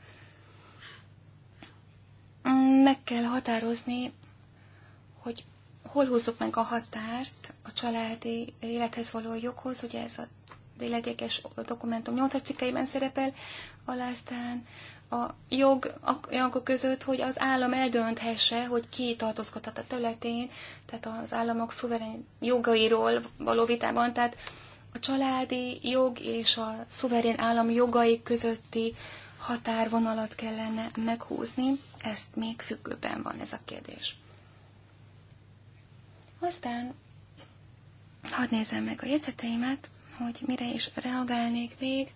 meg kell határozni, hogy hol húzok meg a határt a családi élethez való joghoz, ugye ez a illetékes dokumentum 8 cikkeiben szerepel, aláztán a jog a jogok között, hogy az állam eldönthesse, hogy ki tartózkodhat a területén, tehát az államok szuverén jogairól való vitában, tehát a családi jog és a szuverén állam jogai közötti határvonalat kellene meghúzni, ezt még függőben van ez a kérdés. Aztán hadd nézem meg a jegyzeteimet, hogy mire is reagálnék még,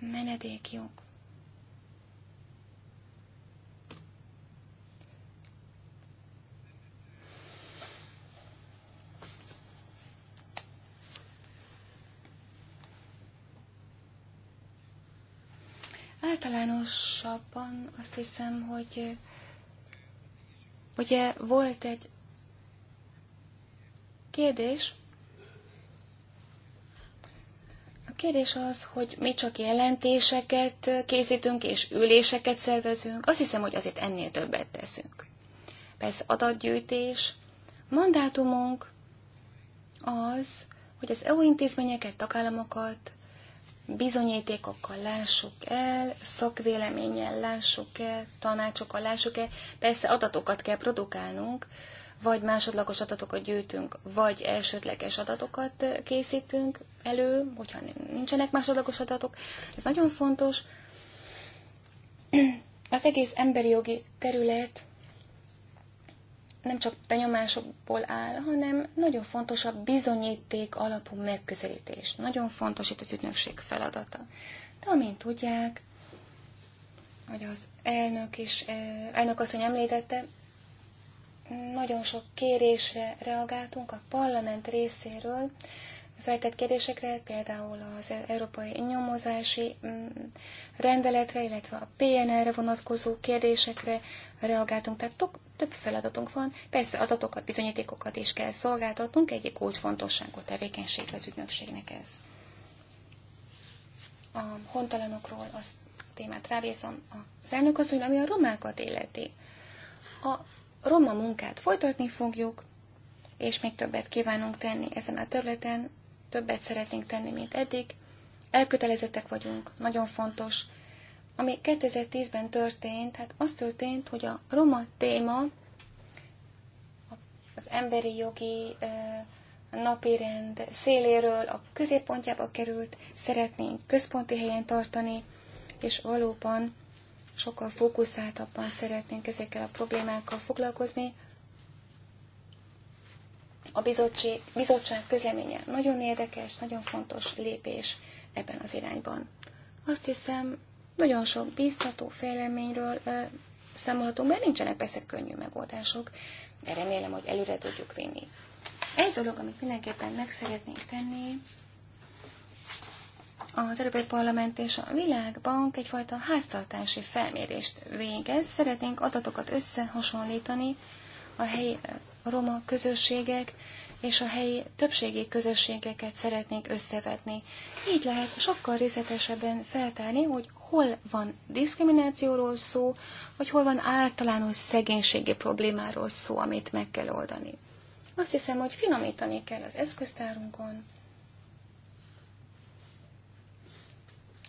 Menedékjog. Általánosabban azt hiszem, hogy eh, ugye volt egy kérdés, a kérdés az, hogy mi csak jelentéseket készítünk és üléseket szervezünk. Azt hiszem, hogy azért ennél többet teszünk. Persze adatgyűjtés. Mandátumunk az, hogy az EU intézményeket, tagállamokat bizonyítékokkal lássuk el, szakvéleménnyel lássuk el, tanácsokkal lássuk el. Persze adatokat kell produkálnunk, vagy másodlagos adatokat gyűjtünk, vagy elsődleges adatokat készítünk elő, hogyha nincsenek másodlagos adatok. Ez nagyon fontos. Az egész emberi jogi terület nem csak benyomásokból áll, hanem nagyon fontos a bizonyíték alapú megközelítés. Nagyon fontos itt az ügynökség feladata. De amint tudják, hogy az elnök is, eh, elnök asszony említette, nagyon sok kérésre reagáltunk a parlament részéről, feltett kérdésekre, például az európai nyomozási mm, rendeletre, illetve a PNR-re vonatkozó kérdésekre reagáltunk. Tehát több feladatunk van. Persze adatokat, bizonyítékokat is kell szolgáltatnunk, egyik kulcsfontosságú tevékenység az ügynökségnek ez. A hontalanokról azt témát rávészem az elnök hogy ami a romákat illeti. A roma munkát folytatni fogjuk, és még többet kívánunk tenni ezen a területen, többet szeretnénk tenni, mint eddig. Elkötelezettek vagyunk, nagyon fontos. Ami 2010-ben történt, hát az történt, hogy a roma téma az emberi jogi napirend széléről a középpontjába került, szeretnénk központi helyen tartani, és valóban sokkal fókuszáltabban szeretnénk ezekkel a problémákkal foglalkozni, a bizottság, bizottság közleménye nagyon érdekes, nagyon fontos lépés ebben az irányban. Azt hiszem, nagyon sok biztató fejleményről ö, számolhatunk, mert nincsenek persze könnyű megoldások, de remélem, hogy előre tudjuk vinni. Egy dolog, amit mindenképpen meg szeretnénk tenni, az Európai Parlament és a Világbank egyfajta háztartási felmérést végez. Szeretnénk adatokat összehasonlítani a helyi a roma közösségek és a helyi többségi közösségeket szeretnénk összevetni. Így lehet sokkal részletesebben feltárni, hogy hol van diszkriminációról szó, vagy hol van általános szegénységi problémáról szó, amit meg kell oldani. Azt hiszem, hogy finomítani kell az eszköztárunkon.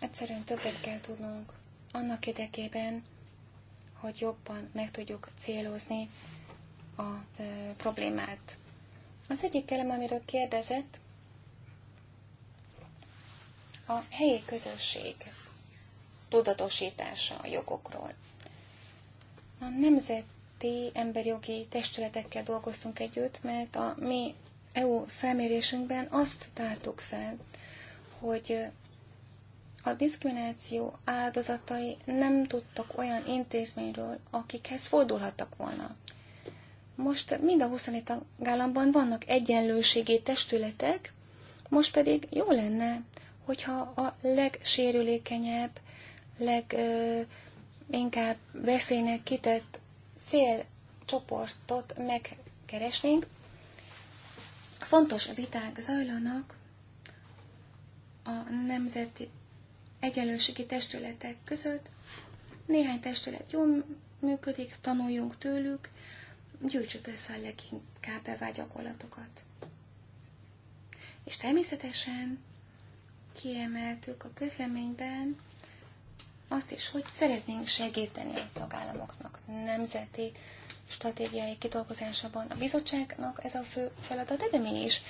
Egyszerűen többet kell tudnunk annak érdekében, hogy jobban meg tudjuk célozni a e, problémát. Az egyik elem, amiről kérdezett, a helyi közösség tudatosítása a jogokról. A nemzeti emberjogi testületekkel dolgoztunk együtt, mert a mi EU felmérésünkben azt tártuk fel, hogy a diszkrimináció áldozatai nem tudtak olyan intézményről, akikhez fordulhattak volna. Most mind a 27 tagállamban vannak egyenlőségi testületek, most pedig jó lenne, hogyha a legsérülékenyebb, leginkább veszélynek kitett célcsoportot megkeresnénk. Fontos viták zajlanak a nemzeti egyenlőségi testületek között. Néhány testület jól működik, tanuljunk tőlük, gyűjtsük össze a leginkább bevált gyakorlatokat. És természetesen kiemeltük a közleményben azt is, hogy szeretnénk segíteni a tagállamoknak nemzeti stratégiai kidolgozásában. A bizottságnak ez a fő feladata, de mi is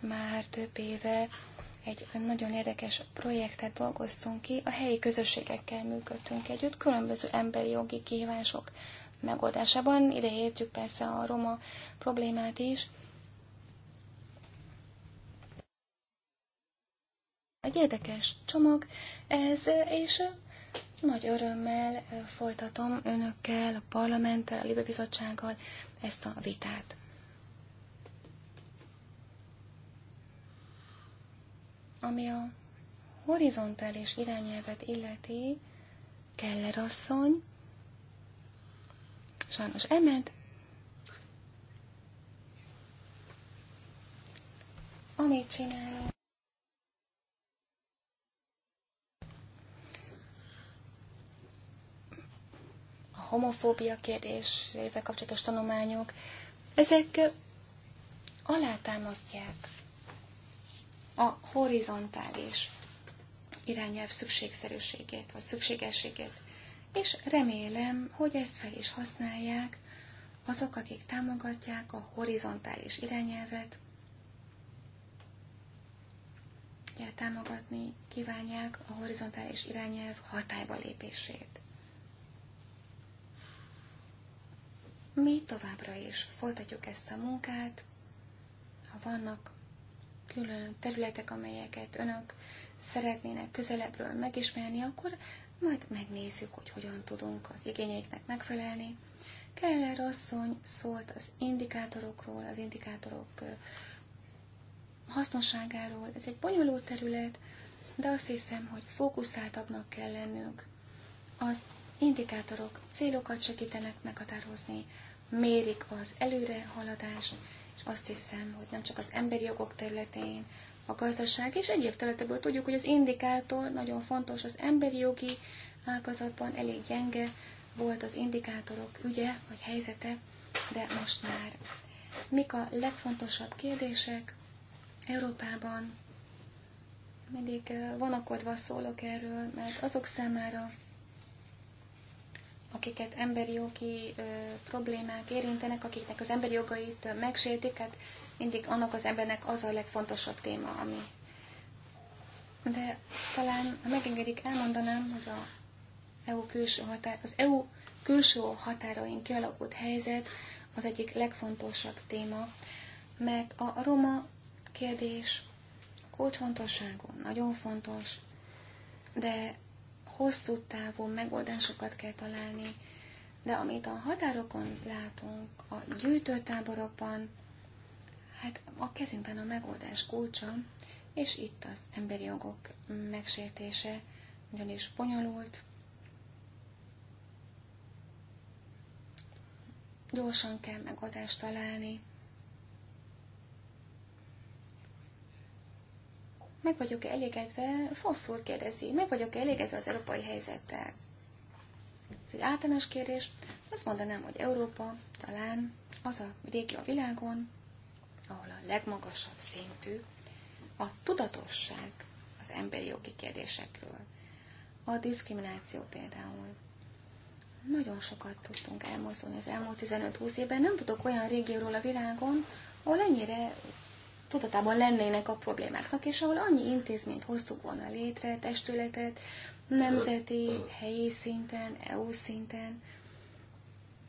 már több éve egy nagyon érdekes projektet dolgoztunk ki, a helyi közösségekkel működtünk együtt, különböző emberi jogi kihívások megoldásában. Ide értjük persze a roma problémát is. Egy érdekes csomag ez, és nagy örömmel folytatom önökkel, a parlamenttel, a Libe Bizottsággal ezt a vitát. Ami a horizontális irányelvet illeti, Keller asszony Sajnos emed, Amit csinálunk. A homofóbia kérdésével kapcsolatos tanulmányok, ezek alátámasztják a horizontális irányelv szükségszerűségét, vagy szükségességét és remélem, hogy ezt fel is használják azok, akik támogatják a horizontális irányelvet, ugye, támogatni kívánják a horizontális irányelv hatályba lépését. Mi továbbra is folytatjuk ezt a munkát, ha vannak külön területek, amelyeket önök szeretnének közelebbről megismerni, akkor majd megnézzük, hogy hogyan tudunk az igényeiknek megfelelni. Keller asszony szólt az indikátorokról, az indikátorok hasznosságáról. Ez egy bonyolult terület, de azt hiszem, hogy fókuszáltabbnak kell lennünk. Az indikátorok célokat segítenek meghatározni, mérik az előrehaladást, és azt hiszem, hogy nem csak az emberi jogok területén, a gazdaság és egyéb területekből tudjuk, hogy az indikátor nagyon fontos az emberi jogi ágazatban, elég gyenge volt az indikátorok ügye vagy helyzete, de most már. Mik a legfontosabb kérdések Európában? Mindig vonakodva szólok erről, mert azok számára, akiket emberi jogi ö, problémák érintenek, akiknek az emberi jogait megsértik, hát mindig annak az embernek az a legfontosabb téma, ami. De talán, ha megengedik, elmondanám, hogy a EU külső határ, az EU külső határain kialakult helyzet az egyik legfontosabb téma, mert a roma kérdés kulcsfontosságú, nagyon fontos, de hosszú távú megoldásokat kell találni, de amit a határokon látunk, a gyűjtőtáborokban, Hát a kezünkben a megoldás kulcsa, és itt az emberi jogok megsértése ugyanis bonyolult, gyorsan kell megoldást találni. Meg vagyok-e elégedve? Fosszúr kérdezi, meg vagyok-e elégedve az európai helyzettel? Ez egy általános kérdés. Azt mondanám, hogy Európa talán az a régió a világon, ahol a legmagasabb szintű a tudatosság az emberi jogi kérdésekről. A diszkrimináció például. Nagyon sokat tudtunk elmozdulni az elmúlt 15-20 évben. Nem tudok olyan régióról a világon, ahol ennyire tudatában lennének a problémáknak, és ahol annyi intézményt hoztuk volna létre, testületet, nemzeti, helyi szinten, EU szinten,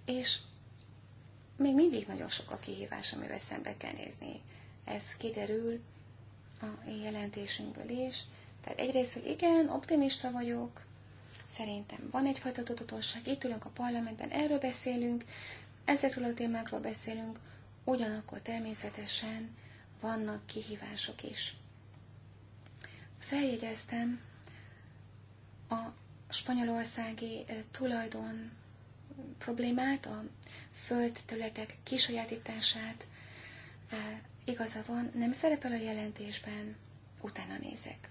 és még mindig nagyon sok a kihívás, amivel szembe kell nézni. Ez kiderül a jelentésünkből is. Tehát egyrészt, hogy igen, optimista vagyok, szerintem van egyfajta tudatosság, itt ülünk a parlamentben, erről beszélünk, ezekről a témákról beszélünk, ugyanakkor természetesen vannak kihívások is. Feljegyeztem a spanyolországi eh, tulajdon problémát, a területek kisajátítását. E, igaza van, nem szerepel a jelentésben, utána nézek.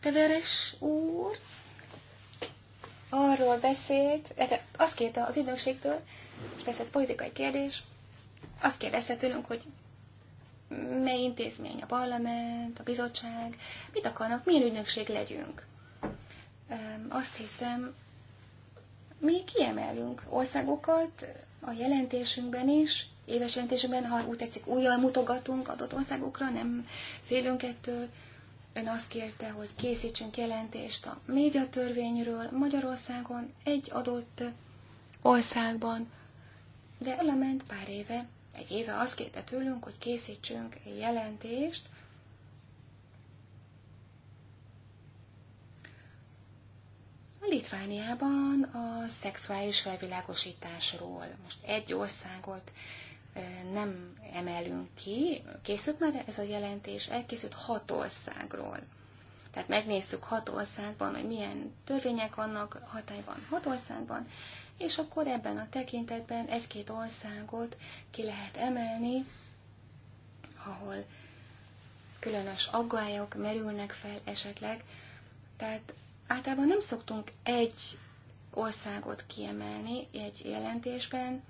Teveres úr arról beszélt, e, azt kérte az ügynökségtől, és persze ez politikai kérdés, azt kérdezte tőlünk, hogy mely intézmény, a parlament, a bizottság, mit akarnak, milyen ügynökség legyünk. Azt hiszem, mi kiemelünk országokat a jelentésünkben is, éves jelentésünkben, ha úgy tetszik, újjal mutogatunk adott országokra, nem félünk ettől. Ön azt kérte, hogy készítsünk jelentést a médiatörvényről Magyarországon, egy adott országban, de a parlament pár éve, egy éve azt kérte tőlünk, hogy készítsünk jelentést A Litvániában a szexuális felvilágosításról. Most egy országot nem emelünk ki, készült már ez a jelentés, elkészült hat országról. Tehát megnézzük hat országban, hogy milyen törvények vannak hatályban hat országban, és akkor ebben a tekintetben egy-két országot ki lehet emelni, ahol különös aggályok merülnek fel esetleg. Tehát Általában nem szoktunk egy országot kiemelni egy jelentésben.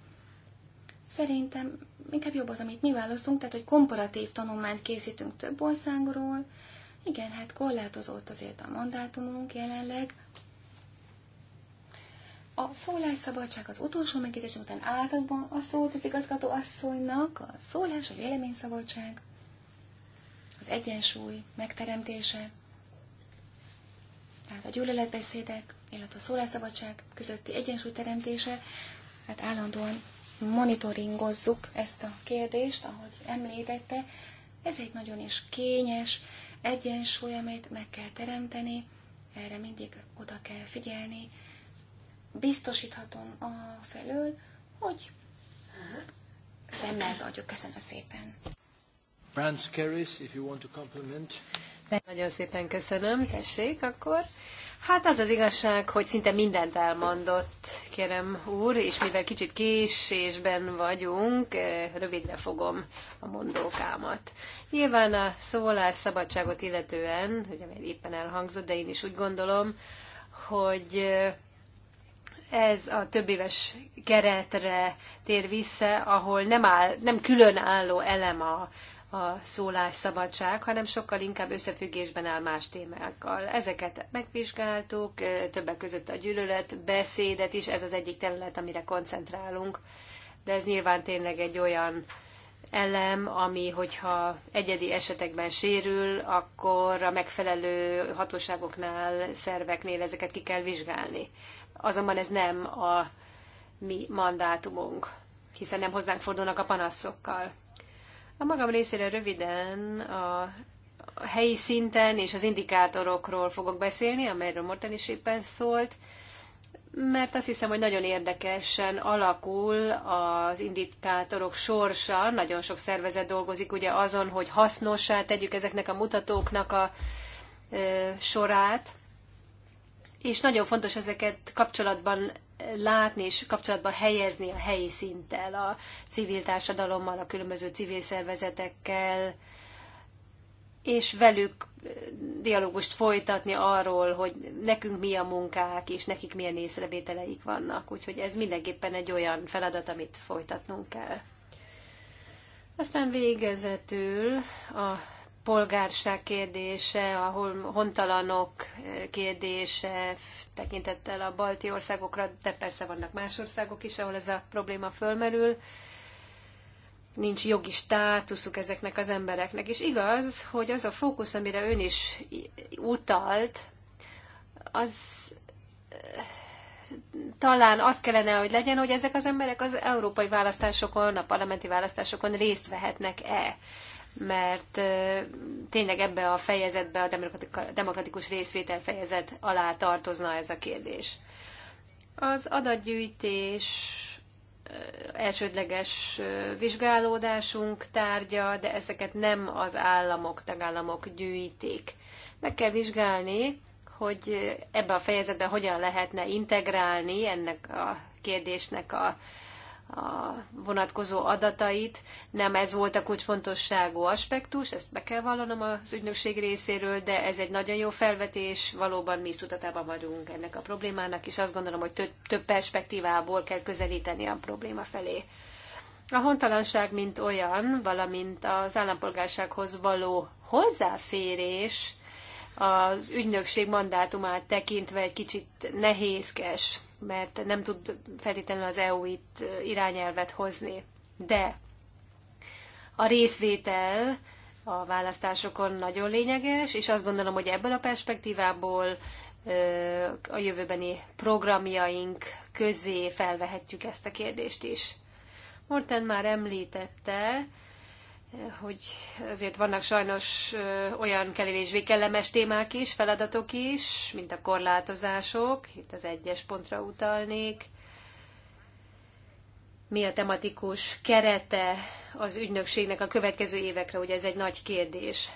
Szerintem inkább jobb az, amit mi választunk, tehát hogy komparatív tanulmányt készítünk több országról. Igen, hát korlátozott azért a mandátumunk jelenleg. A szólásszabadság az utolsó megjegyzés után átadban a szót az igazgató asszonynak, a szólás, a véleményszabadság, az egyensúly megteremtése, tehát a gyűlöletbeszédek, illetve a szólásszabadság közötti egyensúly teremtése, hát állandóan monitoringozzuk ezt a kérdést, ahogy említette. Ez egy nagyon is kényes egyensúly, amit meg kell teremteni, erre mindig oda kell figyelni. Biztosíthatom a felől, hogy szemmel adjuk. Köszönöm szépen. Brand Scaris, if you want to compliment. Nagyon szépen köszönöm, tessék akkor. Hát az az igazság, hogy szinte mindent elmondott, kérem úr, és mivel kicsit késésben vagyunk, eh, rövidre fogom a mondókámat. Nyilván a szólás szabadságot illetően, hogy mert éppen elhangzott, de én is úgy gondolom, hogy eh, ez a több éves keretre tér vissza, ahol nem, áll, nem különálló elem a, a szólásszabadság, hanem sokkal inkább összefüggésben áll más témákkal. Ezeket megvizsgáltuk, többek között a gyűlölet, beszédet is, ez az egyik terület, amire koncentrálunk, de ez nyilván tényleg egy olyan elem, ami, hogyha egyedi esetekben sérül, akkor a megfelelő hatóságoknál, szerveknél ezeket ki kell vizsgálni. Azonban ez nem a mi mandátumunk, hiszen nem hozzánk fordulnak a panaszokkal. A magam részére röviden a helyi szinten és az indikátorokról fogok beszélni, amelyről Morten is éppen szólt, mert azt hiszem, hogy nagyon érdekesen alakul az indikátorok sorsa. Nagyon sok szervezet dolgozik ugye azon, hogy hasznossá tegyük ezeknek a mutatóknak a sorát, és nagyon fontos ezeket kapcsolatban látni és kapcsolatba helyezni a helyi szinttel, a civil társadalommal, a különböző civil szervezetekkel, és velük dialógust folytatni arról, hogy nekünk mi a munkák, és nekik milyen észrevételeik vannak. Úgyhogy ez mindenképpen egy olyan feladat, amit folytatnunk kell. Aztán végezetül a polgárság kérdése, a hontalanok eh, kérdése tekintettel a balti országokra, de persze vannak más országok is, ahol ez a probléma fölmerül. Nincs jogi státuszuk ezeknek az embereknek. És igaz, hogy az a fókusz, amire ön is utalt, az eh, talán az kellene, hogy legyen, hogy ezek az emberek az európai választásokon, a parlamenti választásokon részt vehetnek-e mert tényleg ebbe a fejezetbe, a demokratikus részvétel fejezet alá tartozna ez a kérdés. Az adatgyűjtés elsődleges vizsgálódásunk tárgya, de ezeket nem az államok, tagállamok gyűjtik. Meg kell vizsgálni, hogy ebbe a fejezetbe hogyan lehetne integrálni ennek a kérdésnek a a vonatkozó adatait. Nem ez volt a kulcsfontosságú aspektus, ezt be kell vallanom az ügynökség részéről, de ez egy nagyon jó felvetés, valóban mi is tudatában vagyunk ennek a problémának, és azt gondolom, hogy több, több perspektívából kell közelíteni a probléma felé. A hontalanság, mint olyan, valamint az állampolgársághoz való hozzáférés az ügynökség mandátumát tekintve egy kicsit nehézkes mert nem tud feltétlenül az EU itt irányelvet hozni. De a részvétel a választásokon nagyon lényeges, és azt gondolom, hogy ebből a perspektívából a jövőbeni programjaink közé felvehetjük ezt a kérdést is. Morten már említette, hogy azért vannak sajnos olyan kevésbé kellemes témák is, feladatok is, mint a korlátozások, itt az egyes pontra utalnék. Mi a tematikus kerete az ügynökségnek a következő évekre, ugye ez egy nagy kérdés.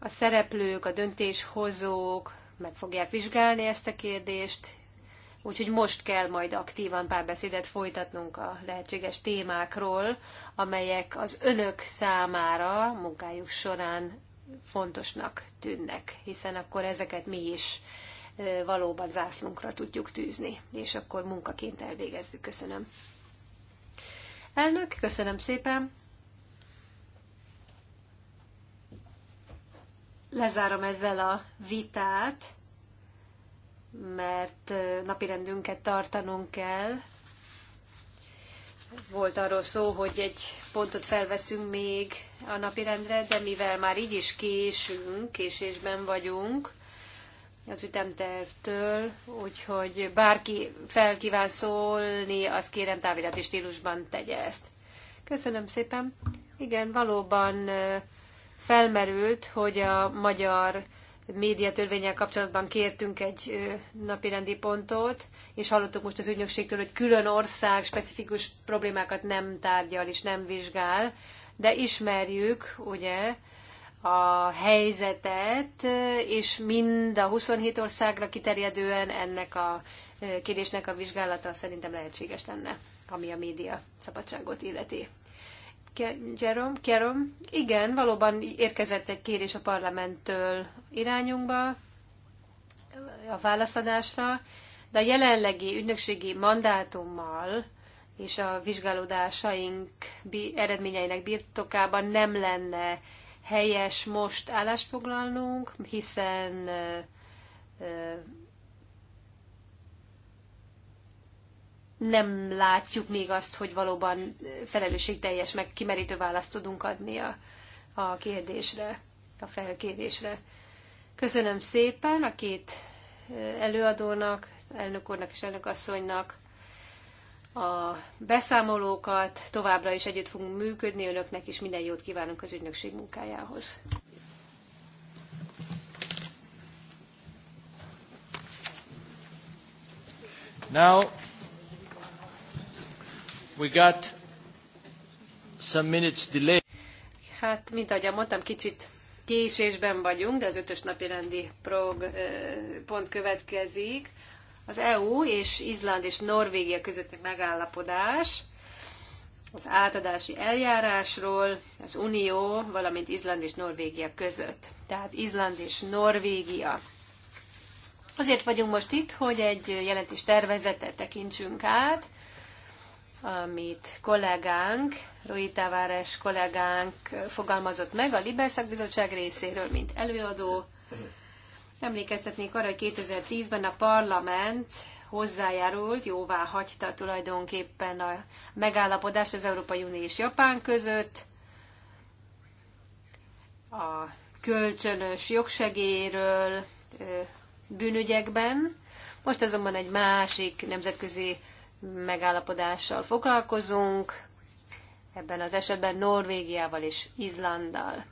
A szereplők, a döntéshozók meg fogják vizsgálni ezt a kérdést, Úgyhogy most kell majd aktívan párbeszédet folytatnunk a lehetséges témákról, amelyek az önök számára munkájuk során fontosnak tűnnek, hiszen akkor ezeket mi is valóban zászlunkra tudjuk tűzni, és akkor munkaként elvégezzük. Köszönöm. Elnök, köszönöm szépen. Lezárom ezzel a vitát mert napirendünket tartanunk kell. Volt arról szó, hogy egy pontot felveszünk még a napirendre, de mivel már így is késünk, késésben vagyunk az ütemtervtől, úgyhogy bárki felkíván szólni, az kérem távirati stílusban tegye ezt. Köszönöm szépen. Igen, valóban felmerült, hogy a magyar médiatörvényel kapcsolatban kértünk egy napirendi pontot, és hallottuk most az ügynökségtől, hogy külön ország specifikus problémákat nem tárgyal és nem vizsgál, de ismerjük, ugye, a helyzetet, és mind a 27 országra kiterjedően ennek a kérdésnek a vizsgálata szerintem lehetséges lenne, ami a média szabadságot illeti. Jerome, Jerome, igen, valóban érkezett egy kérés a parlamenttől irányunkba a válaszadásra, de a jelenlegi ügynökségi mandátummal és a vizsgálódásaink eredményeinek birtokában nem lenne helyes most foglalnunk, hiszen nem látjuk még azt, hogy valóban felelősségteljes, meg kimerítő választ tudunk adni a, a kérdésre, a felkérésre. Köszönöm szépen a két előadónak, elnök úrnak és elnök asszonynak a beszámolókat. Továbbra is együtt fogunk működni, önöknek is minden jót kívánunk az ügynökség munkájához. Now We got some minutes delay. Hát, mint ahogy mondtam, kicsit késésben vagyunk, de az ötös napi rendi prog, pont következik. Az EU és Izland és Norvégia közötti megállapodás az átadási eljárásról az Unió, valamint Izland és Norvégia között. Tehát Izland és Norvégia. Azért vagyunk most itt, hogy egy jelentés tervezetet tekintsünk át, amit kollégánk, Rui Tavares kollégánk fogalmazott meg a Libelszak Bizottság részéről, mint előadó. Emlékeztetnék arra, hogy 2010-ben a parlament hozzájárult, jóvá hagyta tulajdonképpen a megállapodást az Európai Unió és Japán között, a kölcsönös jogsegéről bűnügyekben. Most azonban egy másik nemzetközi megállapodással foglalkozunk, ebben az esetben Norvégiával és Izlanddal.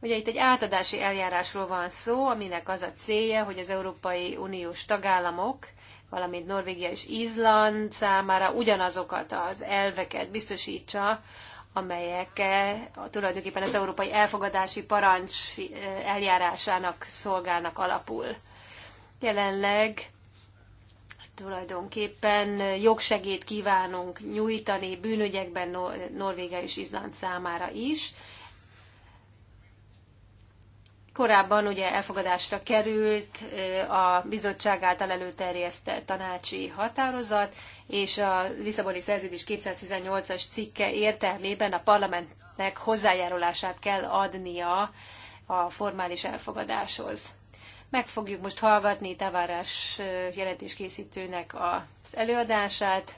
Ugye itt egy átadási eljárásról van szó, aminek az a célja, hogy az Európai Uniós tagállamok, valamint Norvégia és Izland számára ugyanazokat az elveket biztosítsa, amelyek tulajdonképpen az európai elfogadási parancs eh, eljárásának szolgálnak alapul. Jelenleg tulajdonképpen jogsegét kívánunk nyújtani bűnügyekben Norvégia és Izland számára is. Korábban ugye elfogadásra került a bizottság által előterjesztett tanácsi határozat, és a Lisszaboni szerződés 218-as cikke értelmében a parlamentnek hozzájárulását kell adnia a formális elfogadáshoz. Meg fogjuk most hallgatni Tavárás jelentéskészítőnek az előadását,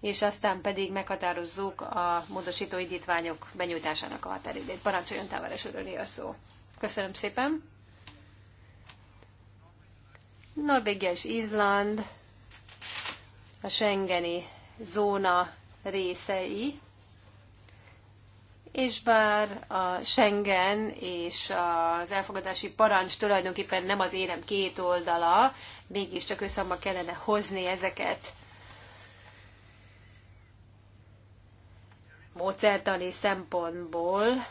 és aztán pedig meghatározzuk a módosító indítványok benyújtásának a határidét. Parancsoljon Tavárás örölé a szó. Köszönöm szépen. Norvégia és Izland a Schengeni zóna részei és bár a Schengen és az elfogadási parancs tulajdonképpen nem az érem két oldala, mégiscsak összehamba kellene hozni ezeket módszertani szempontból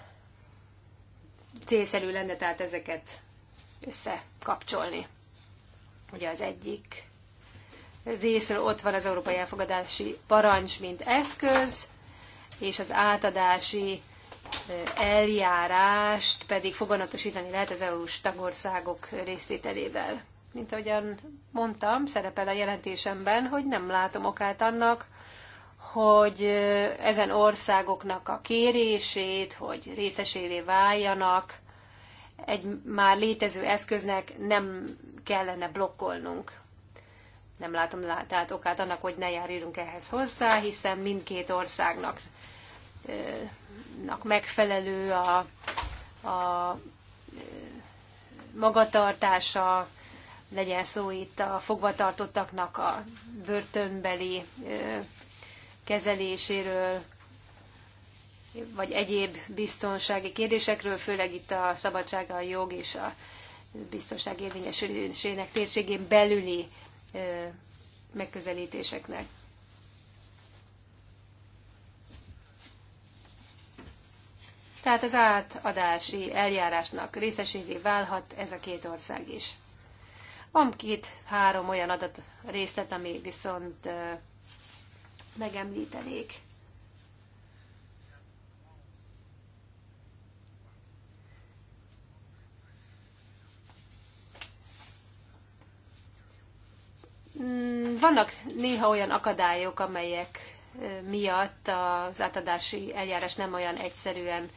célszerű lenne tehát ezeket összekapcsolni. Ugye az egyik részről ott van az európai elfogadási parancs, mint eszköz, és az átadási eljárást pedig foganatosítani lehet az EU-s tagországok részvételével. Mint ahogyan mondtam, szerepel a jelentésemben, hogy nem látom okát annak, hogy ezen országoknak a kérését, hogy részesévé váljanak, egy már létező eszköznek nem kellene blokkolnunk. Nem látom tehát okát annak, hogy ne járjunk ehhez hozzá, hiszen mindkét országnak megfelelő a, a e, magatartása, legyen szó itt a fogvatartottaknak a börtönbeli e, kezeléséről, vagy egyéb biztonsági kérdésekről, főleg itt a szabadság, a jog és a biztonság érvényesülésének térségén belüli e, megközelítéseknek. Tehát az átadási eljárásnak részesévé válhat ez a két ország is. Van két-három olyan adat részlet, ami viszont megemlítenék. Mm, vannak néha olyan akadályok, amelyek miatt az átadási eljárás nem olyan egyszerűen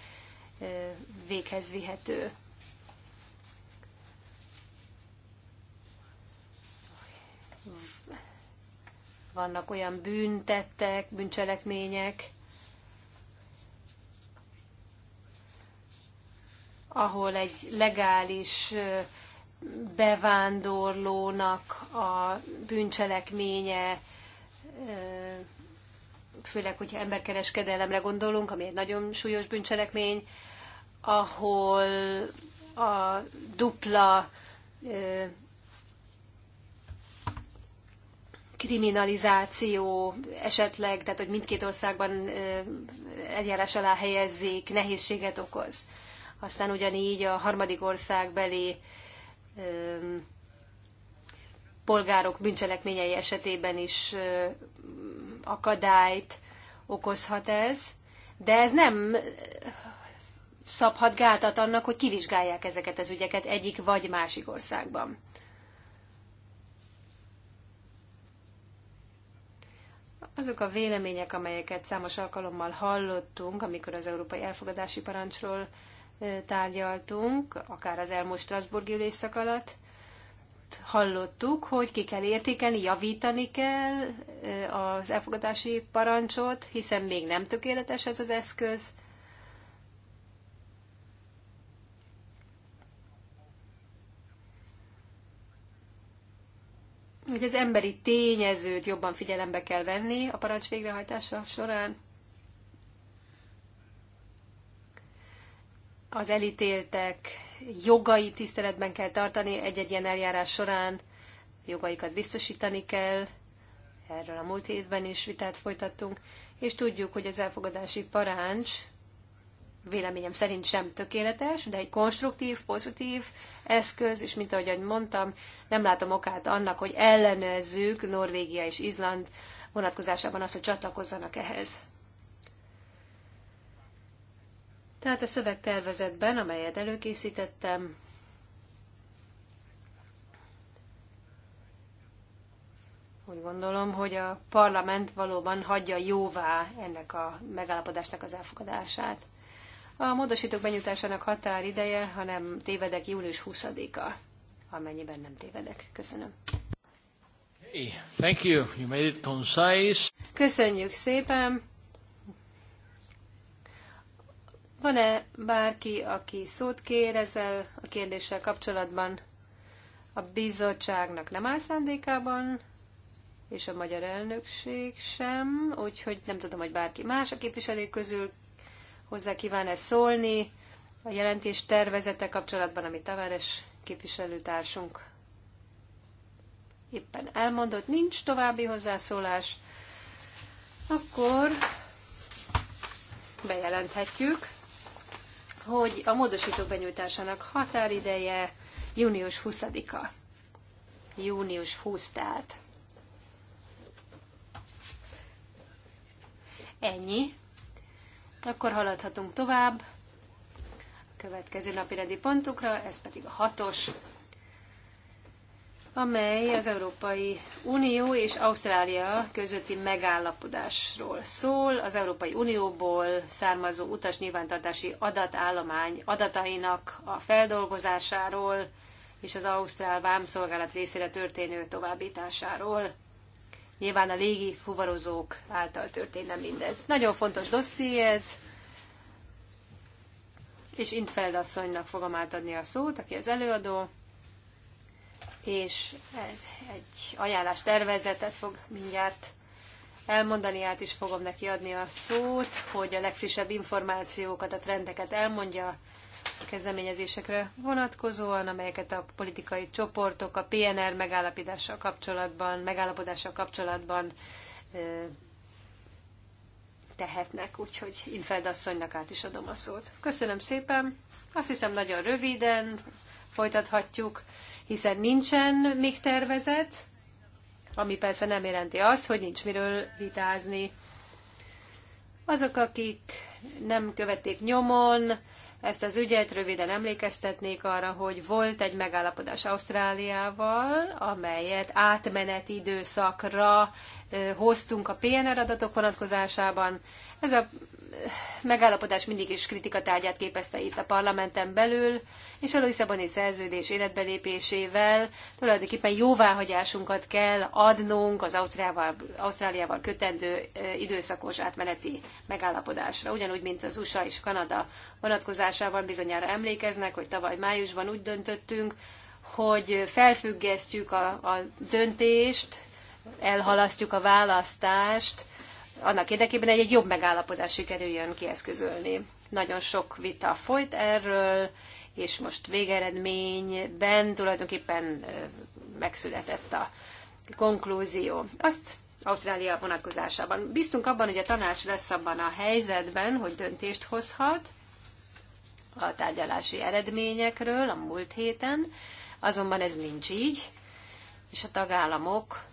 véghez vihető. Vannak olyan bűntettek bűncselekmények, ahol egy legális bevándorlónak a bűncselekménye főleg, hogyha emberkereskedelemre gondolunk, ami egy nagyon súlyos bűncselekmény, ahol a dupla ö, kriminalizáció esetleg, tehát hogy mindkét országban ö, eljárás alá helyezzék, nehézséget okoz. Aztán ugyanígy a harmadik országbeli polgárok bűncselekményei esetében is akadályt okozhat ez, de ez nem szabhat gátat annak, hogy kivizsgálják ezeket az ügyeket egyik vagy másik országban. Azok a vélemények, amelyeket számos alkalommal hallottunk, amikor az európai elfogadási parancsról tárgyaltunk, akár az elmúlt Strasburgi ülésszak alatt, hallottuk, hogy ki kell értékelni, javítani kell az elfogadási parancsot, hiszen még nem tökéletes ez az eszköz. Hogy az emberi tényezőt jobban figyelembe kell venni a parancs végrehajtása során. az elítéltek jogai tiszteletben kell tartani egy-egy ilyen eljárás során, jogaikat biztosítani kell, erről a múlt évben is vitát folytattunk, és tudjuk, hogy az elfogadási parancs véleményem szerint sem tökéletes, de egy konstruktív, pozitív eszköz, és mint ahogy mondtam, nem látom okát annak, hogy ellenőrzzük Norvégia és Izland vonatkozásában azt, hogy csatlakozzanak ehhez. Tehát a szövegtervezetben, amelyet előkészítettem, úgy gondolom, hogy a parlament valóban hagyja jóvá ennek a megállapodásnak az elfogadását. A módosítók benyújtásának határideje, ha nem tévedek, július 20-a, amennyiben nem tévedek. Köszönöm. Hey, thank you. You made it concise. Köszönjük szépen. Van-e bárki, aki szót kér ezzel a kérdéssel kapcsolatban? A bizottságnak nem áll szándékában, és a magyar elnökség sem, úgyhogy nem tudom, hogy bárki más a képviselők közül hozzá kíván-e szólni a jelentés tervezete kapcsolatban, amit Tavares képviselőtársunk éppen elmondott, nincs további hozzászólás, akkor bejelenthetjük, hogy a módosítók benyújtásának határideje június 20-a. Június 20 tehát. Ennyi. Akkor haladhatunk tovább. A következő napi pontokra. ez pedig a hatos amely az Európai Unió és Ausztrália közötti megállapodásról szól, az Európai Unióból származó utas nyilvántartási adatállomány adatainak a feldolgozásáról és az Ausztrál Vámszolgálat részére történő továbbításáról. Nyilván a légi fuvarozók által történne mindez. Nagyon fontos dosszié ez, és Intfeld asszonynak fogom átadni a szót, aki az előadó és egy ajánlás tervezetet fog mindjárt elmondani, át is fogom neki adni a szót, hogy a legfrissebb információkat, a trendeket elmondja a kezdeményezésekre vonatkozóan, amelyeket a politikai csoportok a PNR megállapítással kapcsolatban, megállapodással kapcsolatban tehetnek, úgyhogy Infeld asszonynak át is adom a szót. Köszönöm szépen, azt hiszem nagyon röviden folytathatjuk hiszen nincsen még tervezet, ami persze nem jelenti azt, hogy nincs miről vitázni. Azok, akik nem követték nyomon ezt az ügyet, röviden emlékeztetnék arra, hogy volt egy megállapodás Ausztráliával, amelyet átmeneti időszakra hoztunk a PNR adatok vonatkozásában. Ez a megállapodás mindig is kritika tárgyát képezte itt a parlamenten belül, és a Lisszaboni szerződés életbelépésével tulajdonképpen jóváhagyásunkat kell adnunk az Ausztriával, Ausztráliával kötendő időszakos átmeneti megállapodásra. Ugyanúgy, mint az USA és Kanada vonatkozásában bizonyára emlékeznek, hogy tavaly májusban úgy döntöttünk, hogy felfüggesztjük a, a döntést, elhalasztjuk a választást, annak érdekében, hogy egy jobb megállapodás sikerüljön kieszközölni. Nagyon sok vita folyt erről, és most végeredményben tulajdonképpen megszületett a konklúzió. Azt Ausztrália vonatkozásában. Bíztunk abban, hogy a tanács lesz abban a helyzetben, hogy döntést hozhat a tárgyalási eredményekről a múlt héten, azonban ez nincs így, és a tagállamok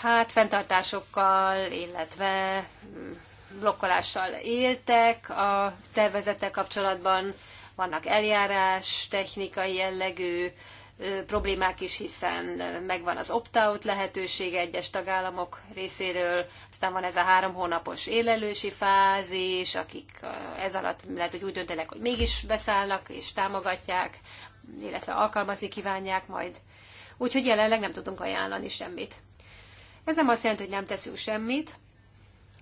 hát fenntartásokkal, illetve mm, blokkolással éltek a tervezettel kapcsolatban, vannak eljárás, technikai jellegű problémák is, hiszen megvan az opt-out lehetősége egyes tagállamok részéről, aztán van ez a három hónapos élelősi fázis, akik ez alatt lehet, hogy úgy döntenek, hogy mégis beszállnak és támogatják, illetve alkalmazni kívánják majd. Úgyhogy jelenleg nem tudunk ajánlani semmit. Ez nem azt jelenti, hogy nem teszünk semmit,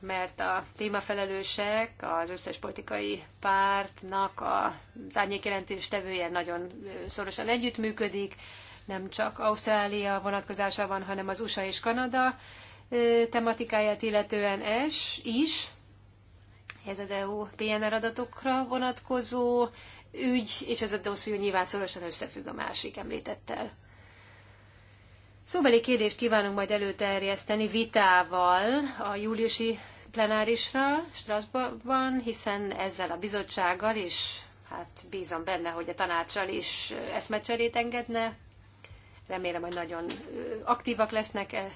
mert a témafelelősek, az összes politikai pártnak a árnyékjelentés tevője nagyon szorosan együttműködik, nem csak Ausztrália vonatkozásában, hanem az USA és Kanada tematikáját illetően es is. Ez az EU PNR adatokra vonatkozó ügy, és ez a dosszió nyilván szorosan összefügg a másik említettel. Szóbeli kérdést kívánunk majd előterjeszteni vitával a júliusi plenárisra Strasbourgban, hiszen ezzel a bizottsággal és hát bízom benne, hogy a tanácssal is eszmecserét engedne. Remélem, hogy nagyon aktívak lesznek e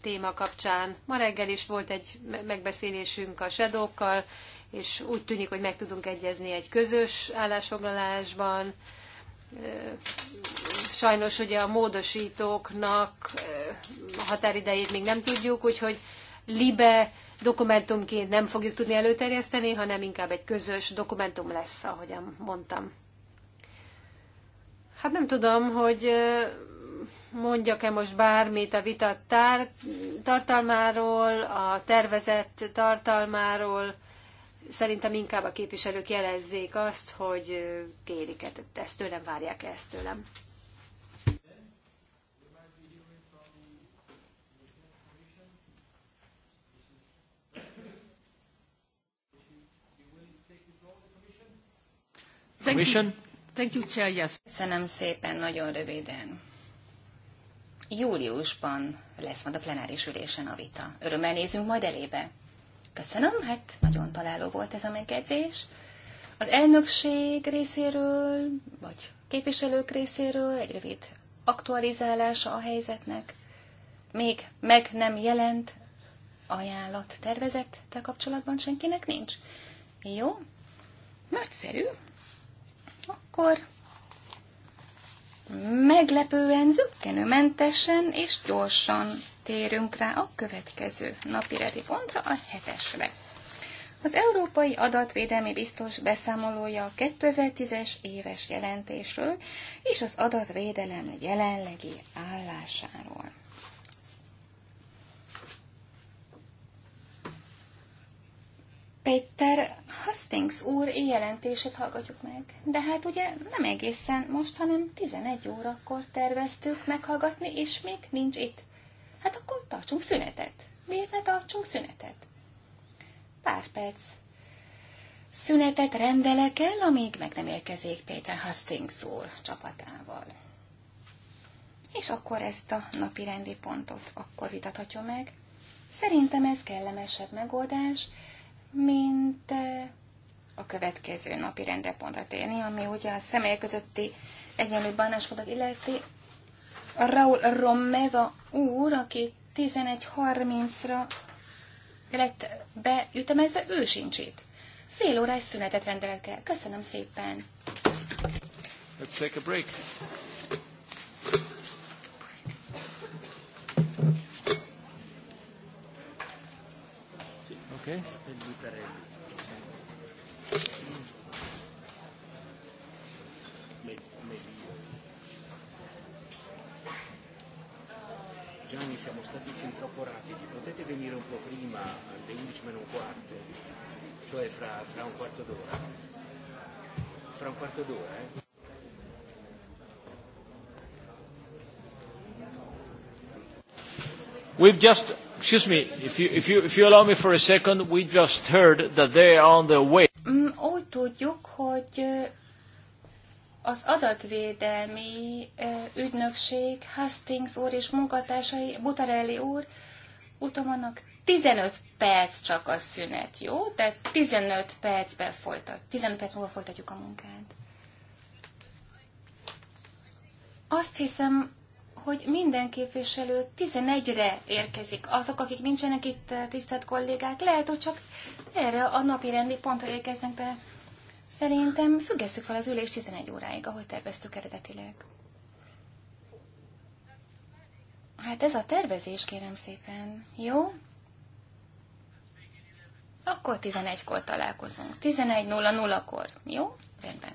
téma kapcsán. Ma reggel is volt egy megbeszélésünk a sedókkal, és úgy tűnik, hogy meg tudunk egyezni egy közös állásfoglalásban Sajnos ugye a módosítóknak a eh, határidejét még nem tudjuk, úgyhogy libe dokumentumként nem fogjuk tudni előterjeszteni, hanem inkább egy közös dokumentum lesz, ahogyan mondtam. Hát nem tudom, hogy eh, mondjak-e most bármit a vita tár- tartalmáról, a tervezett tartalmáról. Szerintem inkább a képviselők jelezzék azt, hogy eh, kérik ezt tőlem, várják ezt tőlem. Commission. Thank you, Chair, yes. Köszönöm szépen, nagyon röviden. Júliusban lesz majd a plenáris ülésen a vita. Örömmel nézünk majd elébe. Köszönöm, hát nagyon találó volt ez a megjegyzés. Az elnökség részéről, vagy képviselők részéről egy rövid aktualizálása a helyzetnek. Még meg nem jelent ajánlat tervezettel kapcsolatban senkinek nincs. Jó, nagyszerű akkor meglepően, zöggenőmentesen és gyorsan térünk rá a következő napireti pontra, a hetesre. Az Európai Adatvédelmi Biztos beszámolója a 2010-es éves jelentésről és az adatvédelem jelenlegi állásáról. Péter Hastings úr jelentését hallgatjuk meg. De hát ugye nem egészen most, hanem 11 órakor terveztük meghallgatni, és még nincs itt. Hát akkor tartsunk szünetet. Miért ne tartsunk szünetet? Pár perc. Szünetet rendelek el, amíg meg nem érkezik Péter Hastings úr csapatával. És akkor ezt a napi rendi pontot akkor vitathatja meg. Szerintem ez kellemesebb megoldás, mint a következő napi pontra térni, ami ugye a személyek közötti egyenlő bánásmódot illeti. a Raúl Romeva úr, aki 11.30-ra lett beütemezve, ő sincs itt. Fél órás szünetet rendelek el. Köszönöm szépen. Let's take a break. Okay. Gianni siamo stati fin troppo rapidi, potete venire un po' prima, alle 11 meno un quarto, cioè fra, fra un quarto d'ora. Fra un quarto d'ora, eh? We've just Excuse me, if you, if, you, if you allow me for a second, we just heard that they are on their way. Mm, úgy tudjuk, hogy az adatvédelmi ügynökség, Hastings úr és munkatársai, Butarelli úr, utom 15 perc csak a szünet, jó? Tehát 15 percben folytat, 15 perc múlva folytatjuk a munkát. Azt hiszem, hogy minden képviselő 11-re érkezik. Azok, akik nincsenek itt, eh, tisztelt kollégák, lehet, hogy csak erre a napi rendi pontra érkeznek be. Szerintem függesszük fel az ülést 11 óráig, ahogy terveztük eredetileg. Hát ez a tervezés, kérem szépen. Jó? Akkor 11-kor találkozunk. 11.00-kor. Jó? Rendben.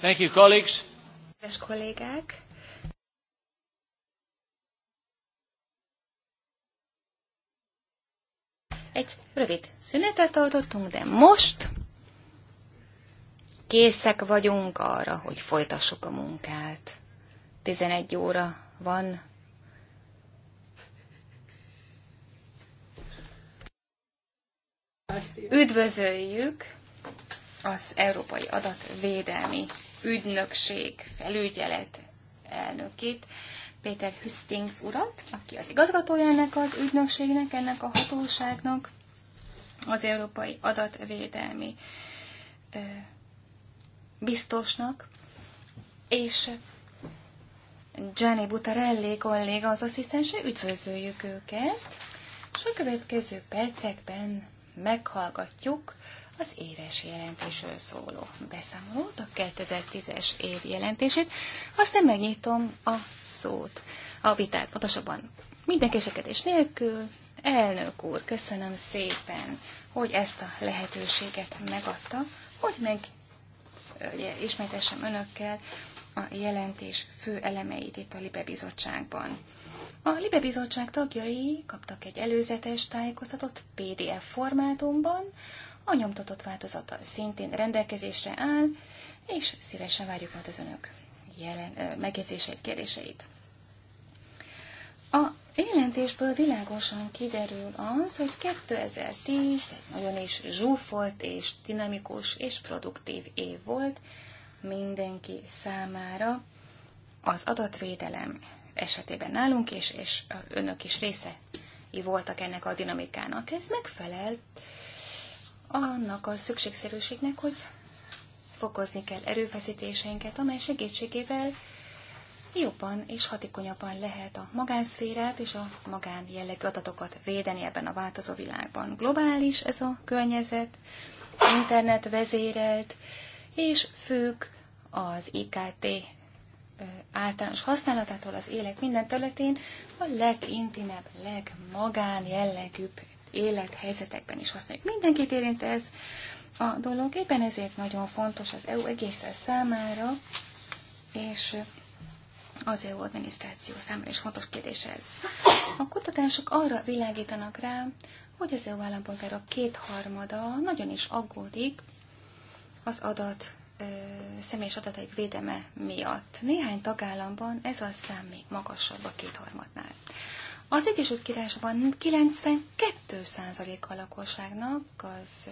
Thank you, colleagues. Kedves kollégák, egy rövid szünetet tartottunk, de most készek vagyunk arra, hogy folytassuk a munkát. 11 óra van. Üdvözöljük az Európai Adatvédelmi ügynökség felügyelet elnökét, Péter Hüstings urat, aki az igazgatója ennek az ügynökségnek, ennek a hatóságnak, az Európai Adatvédelmi biztosnak, és Gianni Butarelli kolléga az asszisztense, üdvözöljük őket, és a következő percekben meghallgatjuk az éves jelentésről szóló beszámolót, a 2010-es év jelentését. Aztán megnyitom a szót, a vitát, pontosabban minden késekedés nélkül. Elnök úr, köszönöm szépen, hogy ezt a lehetőséget megadta, hogy meg ugye, ismertessem önökkel a jelentés fő elemeit itt a Libe Bizottságban. A Libe Bizottság tagjai kaptak egy előzetes tájékoztatott PDF formátumban, a nyomtatott változata szintén rendelkezésre áll, és szívesen várjuk majd az önök jelen, megjegyzéseit, kérdéseit. A jelentésből világosan kiderül az, hogy 2010 egy nagyon is zsúfolt és dinamikus és produktív év volt mindenki számára. Az adatvédelem esetében nálunk is, és önök is részei voltak ennek a dinamikának. Ez megfelel annak a szükségszerűségnek, hogy fokozni kell erőfeszítéseinket, amely segítségével jobban és hatékonyabban lehet a magánszférát és a magán jellegű adatokat védeni ebben a változó világban. Globális ez a környezet, internet vezérelt, és függ az IKT általános használatától az élet minden területén a legintimebb, legmagán jellegűbb élethelyzetekben is használjuk. Mindenkit érint ez a dolog, éppen ezért nagyon fontos az EU egészen számára, és az EU adminisztráció számára is fontos kérdés ez. A kutatások arra világítanak rá, hogy az EU állampolgárok kétharmada nagyon is aggódik az adat, személyes adataik védeme miatt. Néhány tagállamban ez a szám még magasabb a kétharmadnál. Az Egyesült Királyságban 92% a lakosságnak az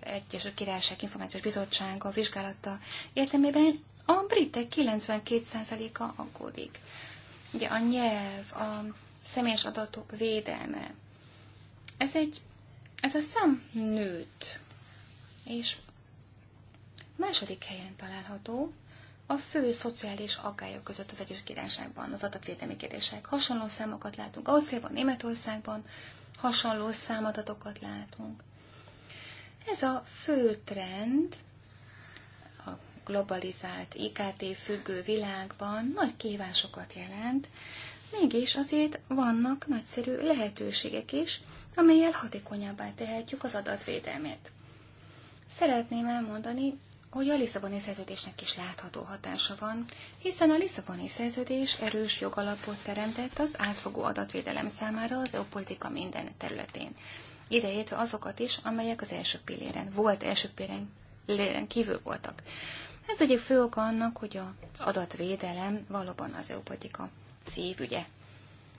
Egyesült Királyság Információs Bizottsága vizsgálata értelmében a britek 92%-a aggódik. Ugye a nyelv, a személyes adatok védelme, ez egy, ez a szám nőtt, és második helyen található, a fő szociális aggályok között az Egyes Királyságban az adatvédelmi kérdések. Hasonló számokat látunk Ausztriában, Németországban, hasonló számadatokat látunk. Ez a fő trend a globalizált, IKT függő világban nagy kívásokat jelent, mégis azért vannak nagyszerű lehetőségek is, amelyel hatékonyabbá tehetjük az adatvédelmét. Szeretném elmondani hogy a Lisszaboni szerződésnek is látható hatása van, hiszen a Lisszaboni szerződés erős jogalapot teremtett az átfogó adatvédelem számára az EU politika minden területén. Ideértve azokat is, amelyek az első pilléren, volt első pilléren kívül voltak. Ez egyik fő oka annak, hogy az adatvédelem valóban az EU politika szívügye,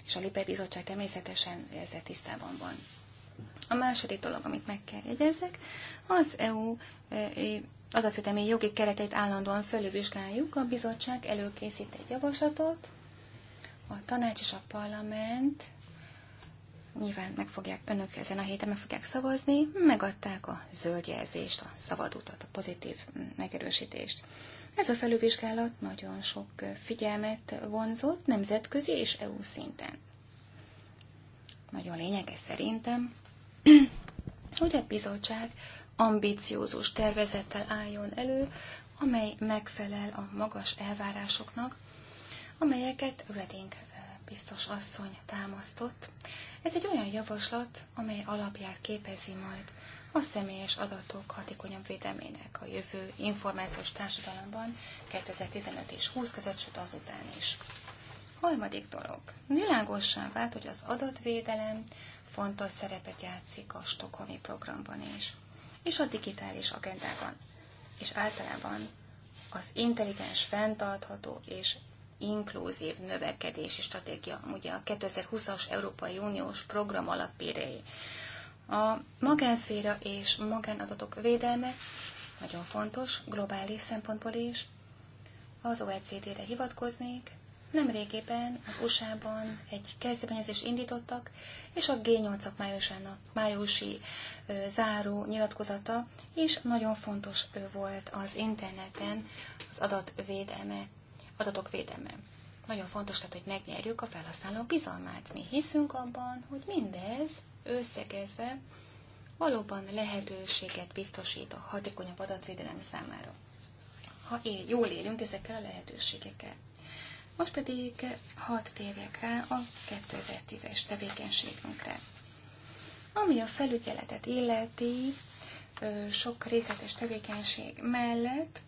és a Lipe Bizottság természetesen ezzel tisztában van. A második dolog, amit meg kell jegyezzek, az EU e, adatvédelmi jogi kereteit állandóan fölülvizsgáljuk. A bizottság előkészít egy javaslatot, a tanács és a parlament nyilván meg fogják, önök ezen a héten meg fogják szavazni, megadták a zöld jelzést, a szabad utat, a pozitív mm, megerősítést. Ez a felülvizsgálat nagyon sok figyelmet vonzott nemzetközi és EU szinten. Nagyon lényeges szerintem, hogy a bizottság ambíciózus tervezettel álljon elő, amely megfelel a magas elvárásoknak, amelyeket Reding eh, biztos asszony támasztott. Ez egy olyan javaslat, amely alapját képezi majd a személyes adatok hatékonyabb védelmének a jövő információs társadalomban 2015 és 20 között, sőt azután is. Harmadik dolog. Világossá vált, hogy az adatvédelem fontos szerepet játszik a Stokholmi programban is és a digitális agendákon, és általában az intelligens, fenntartható és inkluzív növekedési stratégia, ugye a 2020-as Európai Uniós program alapírei. A magánszféra és magánadatok védelme nagyon fontos, globális szempontból is. Az OECD-re hivatkoznék, Nemrégében az USA-ban egy kezdeményezést indítottak, és a g 8 májusának, májusi ö, záró nyilatkozata is nagyon fontos ő volt az interneten az adatvédelme, adatok védelme. Nagyon fontos, tehát, hogy megnyerjük a felhasználó bizalmát. Mi hiszünk abban, hogy mindez összegezve valóban lehetőséget biztosít a hatékonyabb adatvédelem számára. Ha él, jól élünk ezekkel a lehetőségekkel. Most pedig hat térjek rá a 2010-es tevékenységünkre. Ami a felügyeletet illeti, sok részletes tevékenység mellett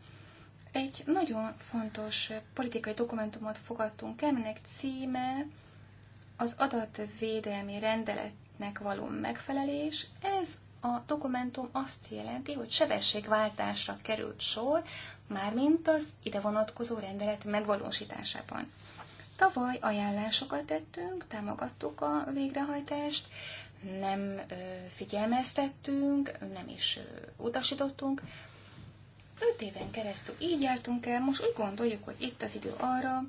egy nagyon fontos politikai dokumentumot fogadtunk el, melynek címe az adatvédelmi rendeletnek való megfelelés. Ez a dokumentum azt jelenti, hogy sebességváltásra került sor mármint az ide vonatkozó rendelet megvalósításában. Tavaly ajánlásokat tettünk, támogattuk a végrehajtást, nem figyelmeztettünk, nem is utasítottunk. Öt éven keresztül így jártunk el, most úgy gondoljuk, hogy itt az idő arra,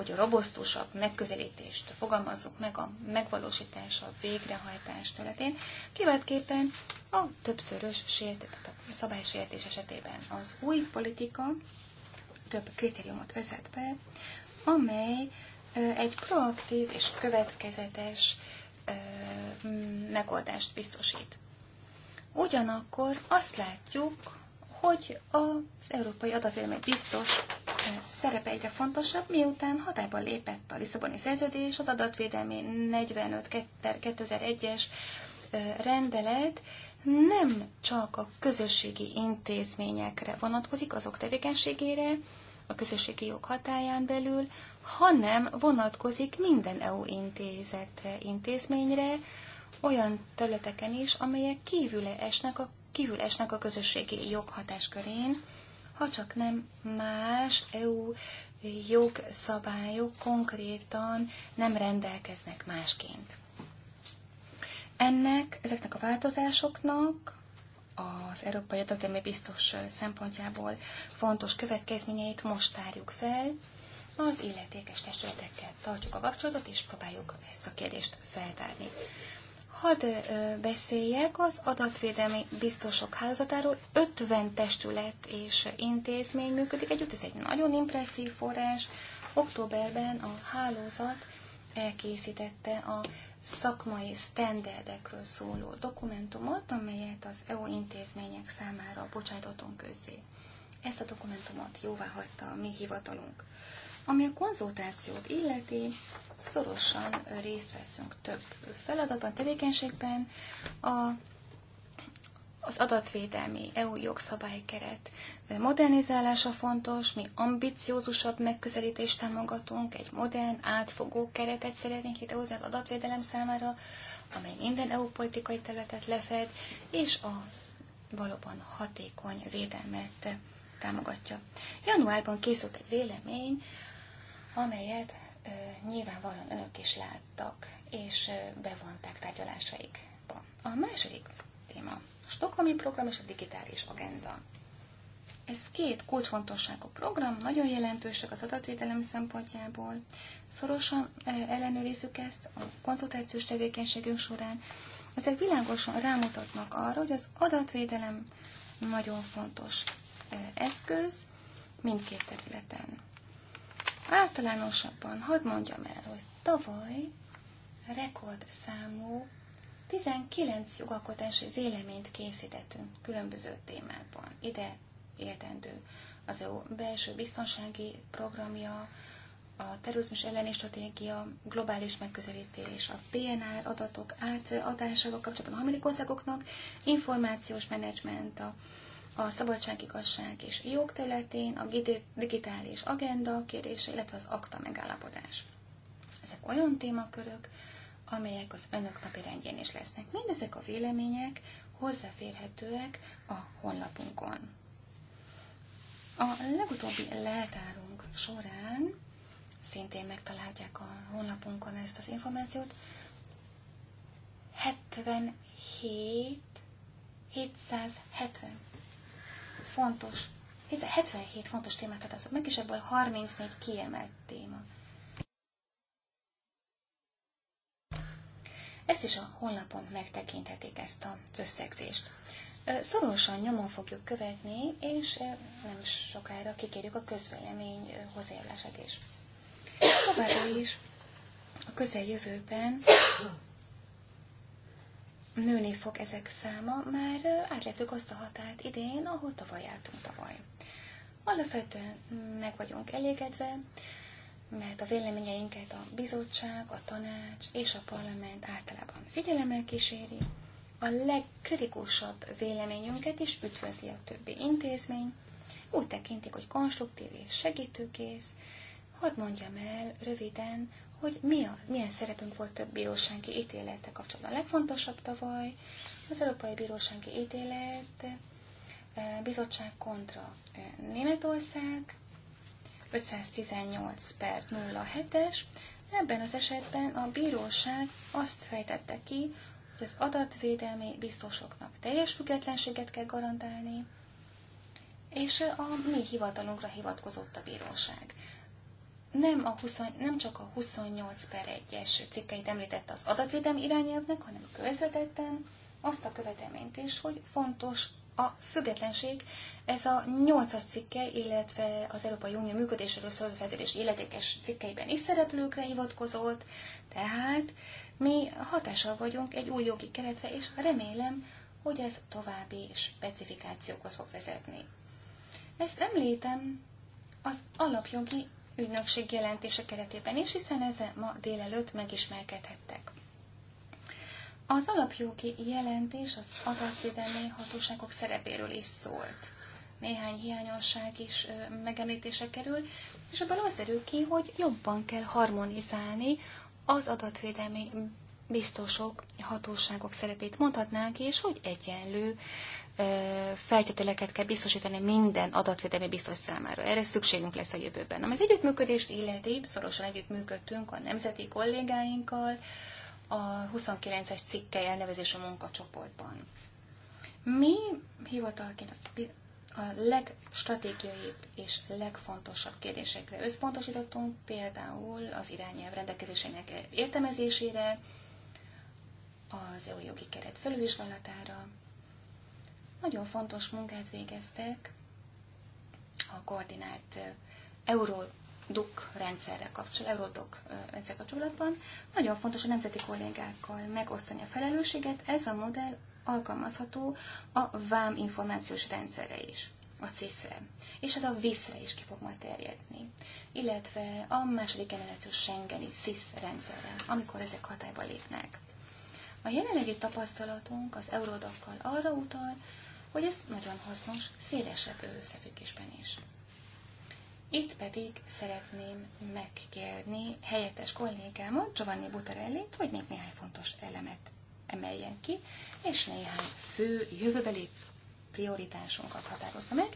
hogy a robosztusabb megközelítést fogalmazzuk meg a megvalósítása, a végrehajtás területén, kiváltképpen a többszörös sértés, a szabálysértés esetében az új politika több kritériumot vezet be, amely egy proaktív és következetes megoldást biztosít. Ugyanakkor azt látjuk, hogy az Európai Adatvédelmi Biztos szerepe egyre fontosabb, miután hatályba lépett a Lisszaboni szerződés, az adatvédelmi 45 2001-es rendelet nem csak a közösségi intézményekre vonatkozik, azok tevékenységére, a közösségi jog hatáján belül, hanem vonatkozik minden EU intézetre, intézményre, olyan területeken is, amelyek kívül esnek a, kívül esnek a közösségi jog hatáskörén, ha csak nem más EU jogszabályok konkrétan nem rendelkeznek másként. Ennek, ezeknek a változásoknak az Európai Adatemi Biztos szempontjából fontos következményeit most tárjuk fel, az illetékes testületekkel tartjuk a kapcsolatot, és próbáljuk ezt a kérdést feltárni. Hadd beszéljek az adatvédelmi biztosok hálózatáról. 50 testület és intézmény működik együtt, ez egy nagyon impresszív forrás. Októberben a hálózat elkészítette a szakmai sztenderdekről szóló dokumentumot, amelyet az EU intézmények számára bocsájtottunk közzé. Ezt a dokumentumot jóvá hagyta a mi hivatalunk. Ami a konzultációt illeti, szorosan részt veszünk több feladatban, tevékenységben. A, az adatvédelmi EU jogszabálykeret modernizálása fontos, mi ambiciózusabb megközelítést támogatunk, egy modern, átfogó keretet szeretnénk létrehozni az adatvédelem számára, amely minden EU politikai területet lefed, és a valóban hatékony védelmet támogatja. Januárban készült egy vélemény, amelyet nyilvánvalóan önök is láttak, és bevonták tárgyalásaikba. A második téma a Stokholmi program és a digitális agenda. Ez két kulcsfontosságú program, nagyon jelentősek az adatvédelem szempontjából. Szorosan ellenőrizzük ezt a konzultációs tevékenységünk során. Ezek világosan rámutatnak arra, hogy az adatvédelem nagyon fontos eszköz mindkét területen. Általánosabban hadd mondjam el, hogy tavaly rekordszámú 19 jogalkotási véleményt készítettünk különböző témákban. Ide értendő az EU belső biztonsági programja, a terrorizmus elleni stratégia, globális megközelítés, a PNR adatok átadásával kapcsolatban a harmadik országoknak, információs menedzsment, a a szabadságigazság és jog területén, a digitális agenda kérdése, illetve az akta megállapodás. Ezek olyan témakörök, amelyek az önök napi rendjén is lesznek. Mindezek a vélemények hozzáférhetőek a honlapunkon. A legutóbbi leltárunk során szintén megtalálják a honlapunkon ezt az információt. 77 770 fontos, 77 fontos témát adtak, meg, és ebből 34 kiemelt téma. Ezt is a honlapon megtekinthetik ezt az összegzést. Szorosan nyomon fogjuk követni, és nem is sokára kikérjük a közvélemény hozzájárulását is. Továbbá is a közeljövőben nőni fog ezek száma, már átléptük azt a határt idén, ahol tavaly jártunk tavaly. Alapvetően meg vagyunk elégedve, mert a véleményeinket a bizottság, a tanács és a parlament általában figyelemmel kíséri, a legkritikusabb véleményünket is ütvözli a többi intézmény, úgy tekintik, hogy konstruktív és segítőkész. Hadd mondjam el röviden, hogy mi a, milyen szerepünk volt több bírósági ítélete kapcsolatban. A legfontosabb tavaly az Európai Bírósági Ítélet, eh, bizottság kontra eh, Németország, 518 per 07-es. Ebben az esetben a bíróság azt fejtette ki, hogy az adatvédelmi biztosoknak teljes függetlenséget kell garantálni, és a mi hivatalunkra hivatkozott a bíróság nem, a 20, nem csak a 28 per 1-es cikkeit említette az adatvédelmi irányelvnek, hanem közvetetten azt a követelményt is, hogy fontos a függetlenség, ez a 8-as cikke, illetve az Európai Unió működéséről szóló szerződés életékes cikkeiben is szereplőkre hivatkozott, tehát mi hatással vagyunk egy új jogi keretre, és remélem, hogy ez további specifikációkhoz fog vezetni. Ezt említem az alapjogi ügynökség jelentése keretében is, hiszen ezzel ma délelőtt megismerkedhettek. Az alapjogi jelentés az adatvédelmi hatóságok szerepéről is szólt. Néhány hiányosság is megemlítése kerül, és ebből az derül ki, hogy jobban kell harmonizálni az adatvédelmi biztosok, hatóságok szerepét mondhatnánk, és hogy egyenlő feltételeket kell biztosítani minden adatvédelmi biztos számára. Erre szükségünk lesz a jövőben. Ami az együttműködést illeti, szorosan együttműködtünk a nemzeti kollégáinkkal a 29-es cikkely elnevezés a munkacsoportban. Mi hivatalként a legstratégiaibb és legfontosabb kérdésekre összpontosítottunk, például az irányelv rendelkezésének értelmezésére, az EU jogi keret felülvizsgálatára, nagyon fontos munkát végeztek a koordinált Eurodoc rendszerre kapcsolatban, eurodok rendszer kapcsolatban. Nagyon fontos a nemzeti kollégákkal megosztani a felelősséget. Ez a modell alkalmazható a VAM információs rendszerre is a cis re és hát a vis is ki fog majd terjedni, illetve a második generációs Schengeni CISZ rendszerre, amikor ezek hatályba lépnek. A jelenlegi tapasztalatunk az eurodokkal arra utal, hogy ez nagyon hasznos szélesebb összefüggésben is. Itt pedig szeretném megkérni helyettes kollégámat, Giovanni butarelli hogy még néhány fontos elemet emeljen ki, és néhány fő jövőbeli prioritásunkat határozza meg.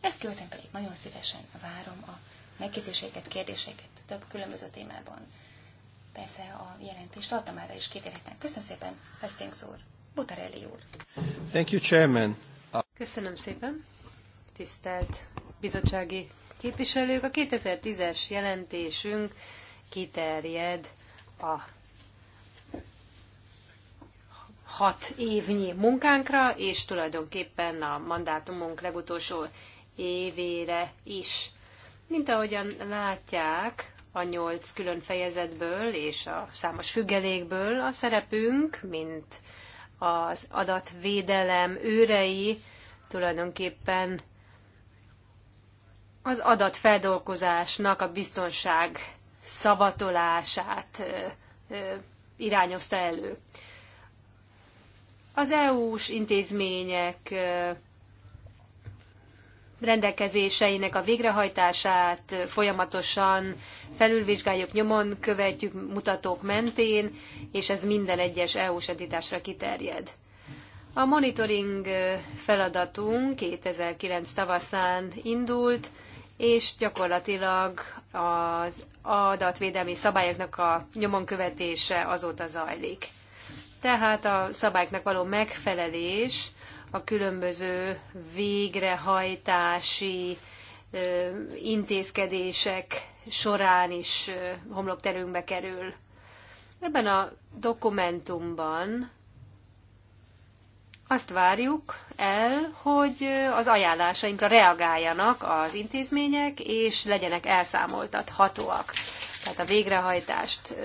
Ezt követően pedig nagyon szívesen várom a megkérdéseket, kérdéseket több különböző témában. Persze a jelentést adtam már is kitérhetnek. Köszönöm szépen, Hösszénk úr, Butarelli úr. Thank you, Chairman. Köszönöm szépen, tisztelt bizottsági képviselők. A 2010-es jelentésünk kiterjed a hat évnyi munkánkra, és tulajdonképpen a mandátumunk legutolsó évére is. Mint ahogyan látják, a nyolc külön fejezetből és a számos függelékből a szerepünk, mint az adatvédelem őrei, tulajdonképpen az adatfeldolgozásnak a biztonság szavatolását irányozta elő. Az EU-s intézmények rendelkezéseinek a végrehajtását folyamatosan felülvizsgáljuk, nyomon követjük mutatók mentén, és ez minden egyes EU-s editásra kiterjed. A monitoring feladatunk 2009 tavaszán indult, és gyakorlatilag az adatvédelmi szabályoknak a nyomon követése azóta zajlik. Tehát a szabályoknak való megfelelés a különböző végrehajtási intézkedések során is homlokterünkbe kerül. Ebben a dokumentumban azt várjuk el, hogy az ajánlásainkra reagáljanak az intézmények, és legyenek elszámoltathatóak. Tehát a végrehajtást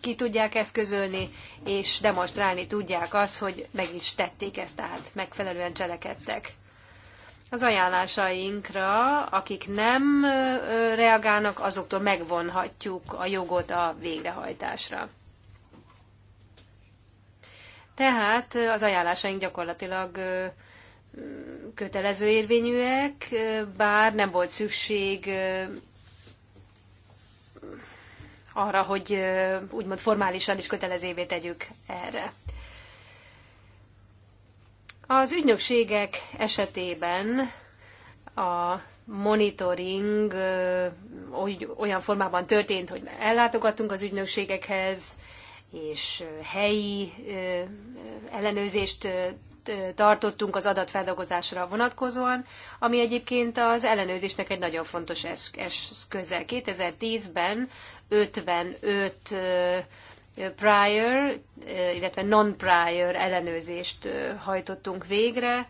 ki tudják eszközölni, és demonstrálni tudják azt, hogy meg is tették ezt, tehát megfelelően cselekedtek az ajánlásainkra, akik nem reagálnak, azoktól megvonhatjuk a jogot a végrehajtásra. Tehát az ajánlásaink gyakorlatilag kötelező érvényűek, bár nem volt szükség arra, hogy úgymond formálisan is kötelezévé tegyük erre. Az ügynökségek esetében a monitoring olyan formában történt, hogy ellátogattunk az ügynökségekhez, és helyi ellenőrzést tartottunk az adatfeldolgozásra vonatkozóan, ami egyébként az ellenőrzésnek egy nagyon fontos eszköze. 2010-ben 55 prior, illetve non-prior ellenőrzést hajtottunk végre.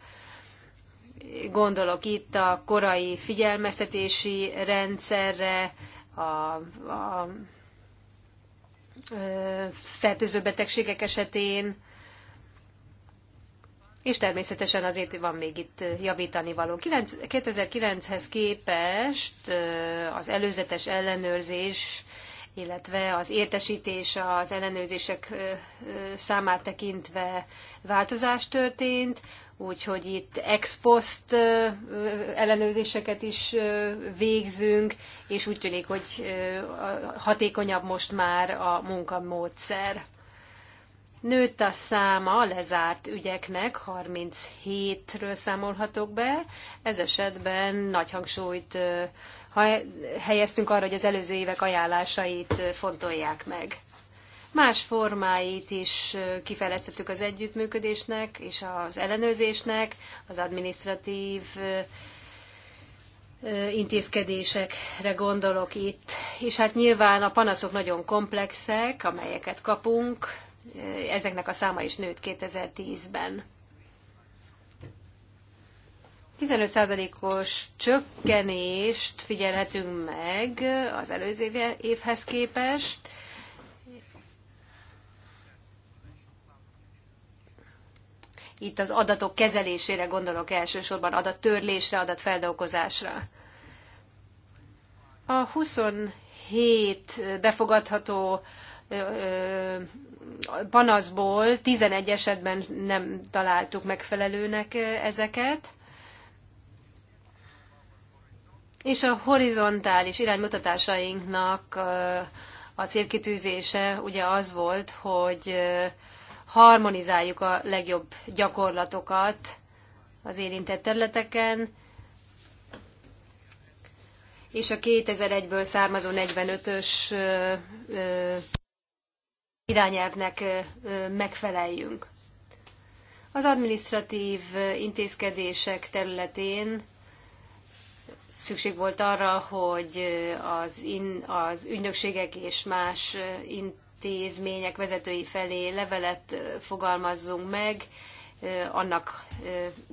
Gondolok itt a korai figyelmeztetési rendszerre, a, a fertőző betegségek esetén, és természetesen azért van még itt javítani való. 2009-hez képest az előzetes ellenőrzés, illetve az értesítés az ellenőrzések számát tekintve változás történt úgyhogy itt ex post ellenőrzéseket is végzünk, és úgy tűnik, hogy hatékonyabb most már a munkamódszer. Nőtt a száma a lezárt ügyeknek, 37-ről számolhatok be. Ez esetben nagy hangsúlyt ha helyeztünk arra, hogy az előző évek ajánlásait fontolják meg más formáit is kifejlesztettük az együttműködésnek és az ellenőrzésnek, az administratív intézkedésekre gondolok itt. És hát nyilván a panaszok nagyon komplexek, amelyeket kapunk, ezeknek a száma is nőtt 2010-ben. 15%-os csökkenést figyelhetünk meg az előző évhez képest, Itt az adatok kezelésére gondolok elsősorban, adattörlésre, adatfeldolgozásra. A 27 befogadható panaszból 11 esetben nem találtuk megfelelőnek ezeket, és a horizontális iránymutatásainknak a célkitűzése ugye az volt, hogy harmonizáljuk a legjobb gyakorlatokat az érintett területeken, és a 2001-ből származó 45-ös irányelvnek megfeleljünk. Az administratív intézkedések területén szükség volt arra, hogy az, in, az ügynökségek és más intézkedések intézmények vezetői felé levelet fogalmazzunk meg, annak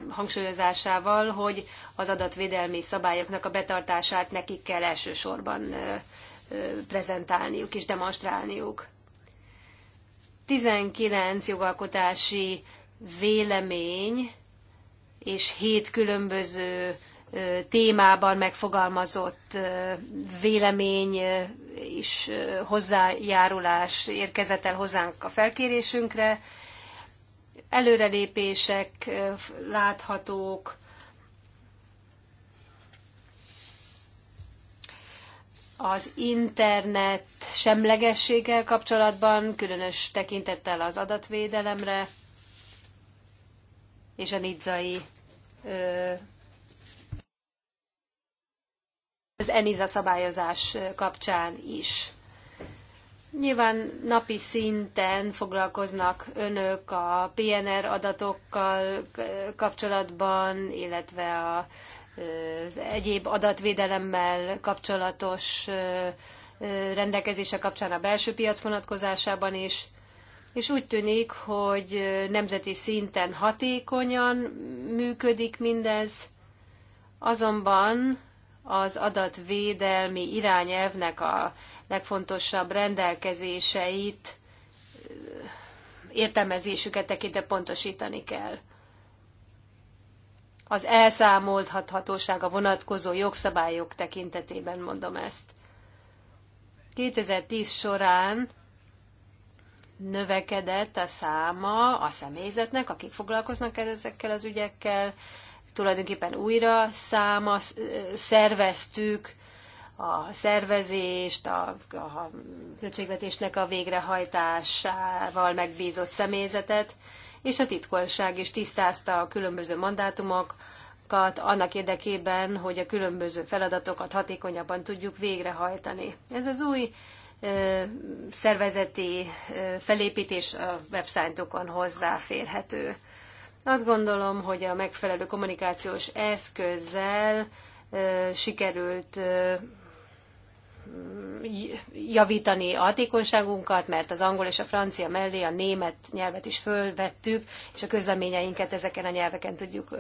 hangsúlyozásával, hogy az adatvédelmi szabályoknak a betartását nekik kell elsősorban prezentálniuk és demonstrálniuk. 19 jogalkotási vélemény és 7 különböző témában megfogalmazott vélemény is hozzájárulás érkezett el hozzánk a felkérésünkre. Előrelépések láthatók. Az internet semlegességgel kapcsolatban, különös tekintettel az adatvédelemre és a nidzai az ENISA szabályozás kapcsán is. Nyilván napi szinten foglalkoznak önök a PNR adatokkal kapcsolatban, illetve a, az egyéb adatvédelemmel kapcsolatos rendelkezése kapcsán a belső piac vonatkozásában is, és úgy tűnik, hogy nemzeti szinten hatékonyan működik mindez, azonban az adatvédelmi irányelvnek a legfontosabb rendelkezéseit, értelmezésüket tekintve pontosítani kell. Az a vonatkozó jogszabályok tekintetében mondom ezt. 2010 során növekedett a száma a személyzetnek, akik foglalkoznak ezekkel az ügyekkel, tulajdonképpen újra száma szerveztük a szervezést, a, a költségvetésnek a végrehajtásával megbízott személyzetet, és a titkolság is tisztázta a különböző mandátumokat annak érdekében, hogy a különböző feladatokat hatékonyabban tudjuk végrehajtani. Ez az új szervezeti felépítés a websájtokon hozzáférhető. Azt gondolom, hogy a megfelelő kommunikációs eszközzel sikerült javítani a hatékonyságunkat, mert az angol és a francia mellé a német nyelvet is fölvettük, és a közleményeinket ezeken a nyelveken tudjuk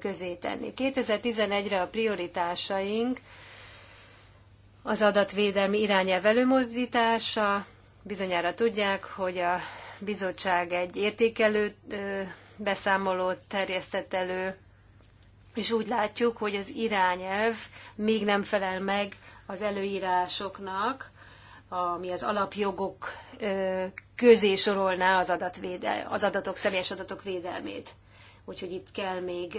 közé tenni. 2011-re a prioritásaink az adatvédelmi irányelv előmozdítása. Bizonyára tudják, hogy a bizottság egy értékelő beszámolót terjesztett elő, és úgy látjuk, hogy az irányelv még nem felel meg az előírásoknak, ami az alapjogok közé sorolná az, adatvédel, az adatok, személyes adatok védelmét. Úgyhogy itt kell még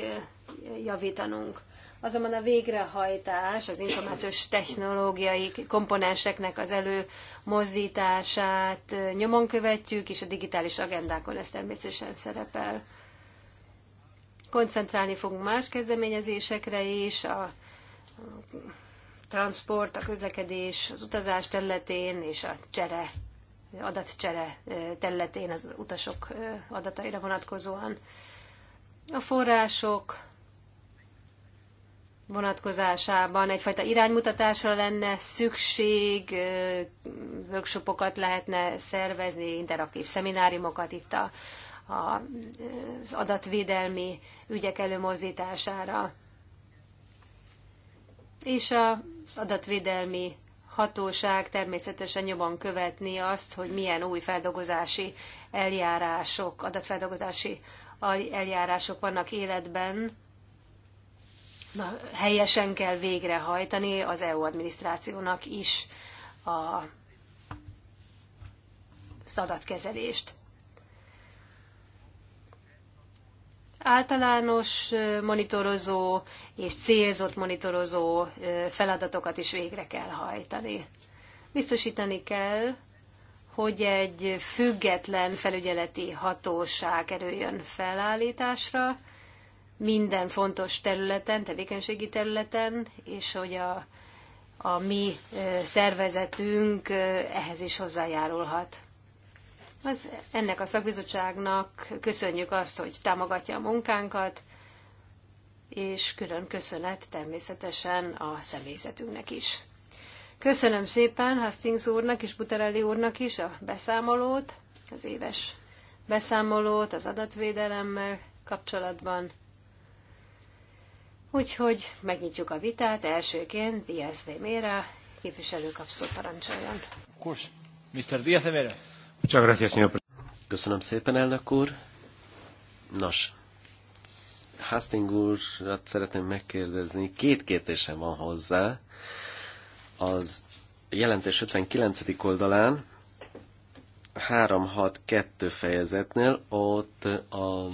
javítanunk azonban a végrehajtás, az információs technológiai komponenseknek az előmozdítását nyomon követjük, és a digitális agendákon ez természetesen szerepel. Koncentrálni fogunk más kezdeményezésekre is, a transport, a közlekedés, az utazás területén és a csere, adatcsere területén az utasok adataira vonatkozóan. A források, vonatkozásában egyfajta iránymutatásra lenne szükség, workshopokat lehetne szervezni, interaktív szemináriumokat itt a, a, az adatvédelmi ügyek előmozdítására. És az adatvédelmi hatóság természetesen nyomon követni azt, hogy milyen új feldolgozási eljárások, adatfeldolgozási eljárások vannak életben, helyesen kell végrehajtani az EU adminisztrációnak is a, az adatkezelést. Általános monitorozó és célzott monitorozó feladatokat is végre kell hajtani. Biztosítani kell, hogy egy független felügyeleti hatóság kerüljön felállításra, minden fontos területen, tevékenységi területen, és hogy a, a mi szervezetünk ehhez is hozzájárulhat. Az, ennek a szakbizottságnak köszönjük azt, hogy támogatja a munkánkat, és külön köszönet természetesen a személyzetünknek is. Köszönöm szépen Hastings úrnak és Buterelli úrnak is a beszámolót, az éves beszámolót az adatvédelemmel kapcsolatban. Úgyhogy megnyitjuk a vitát. Elsőként Díaz de Mera, képviselő kapszó parancsoljon. Mr. Díaz de Mera. Csak gracias, señor. Köszönöm szépen, elnök úr. Nos, Hastings úrat szeretném megkérdezni. Két kérdésem van hozzá. Az jelentés 59. oldalán 362 fejezetnél ott a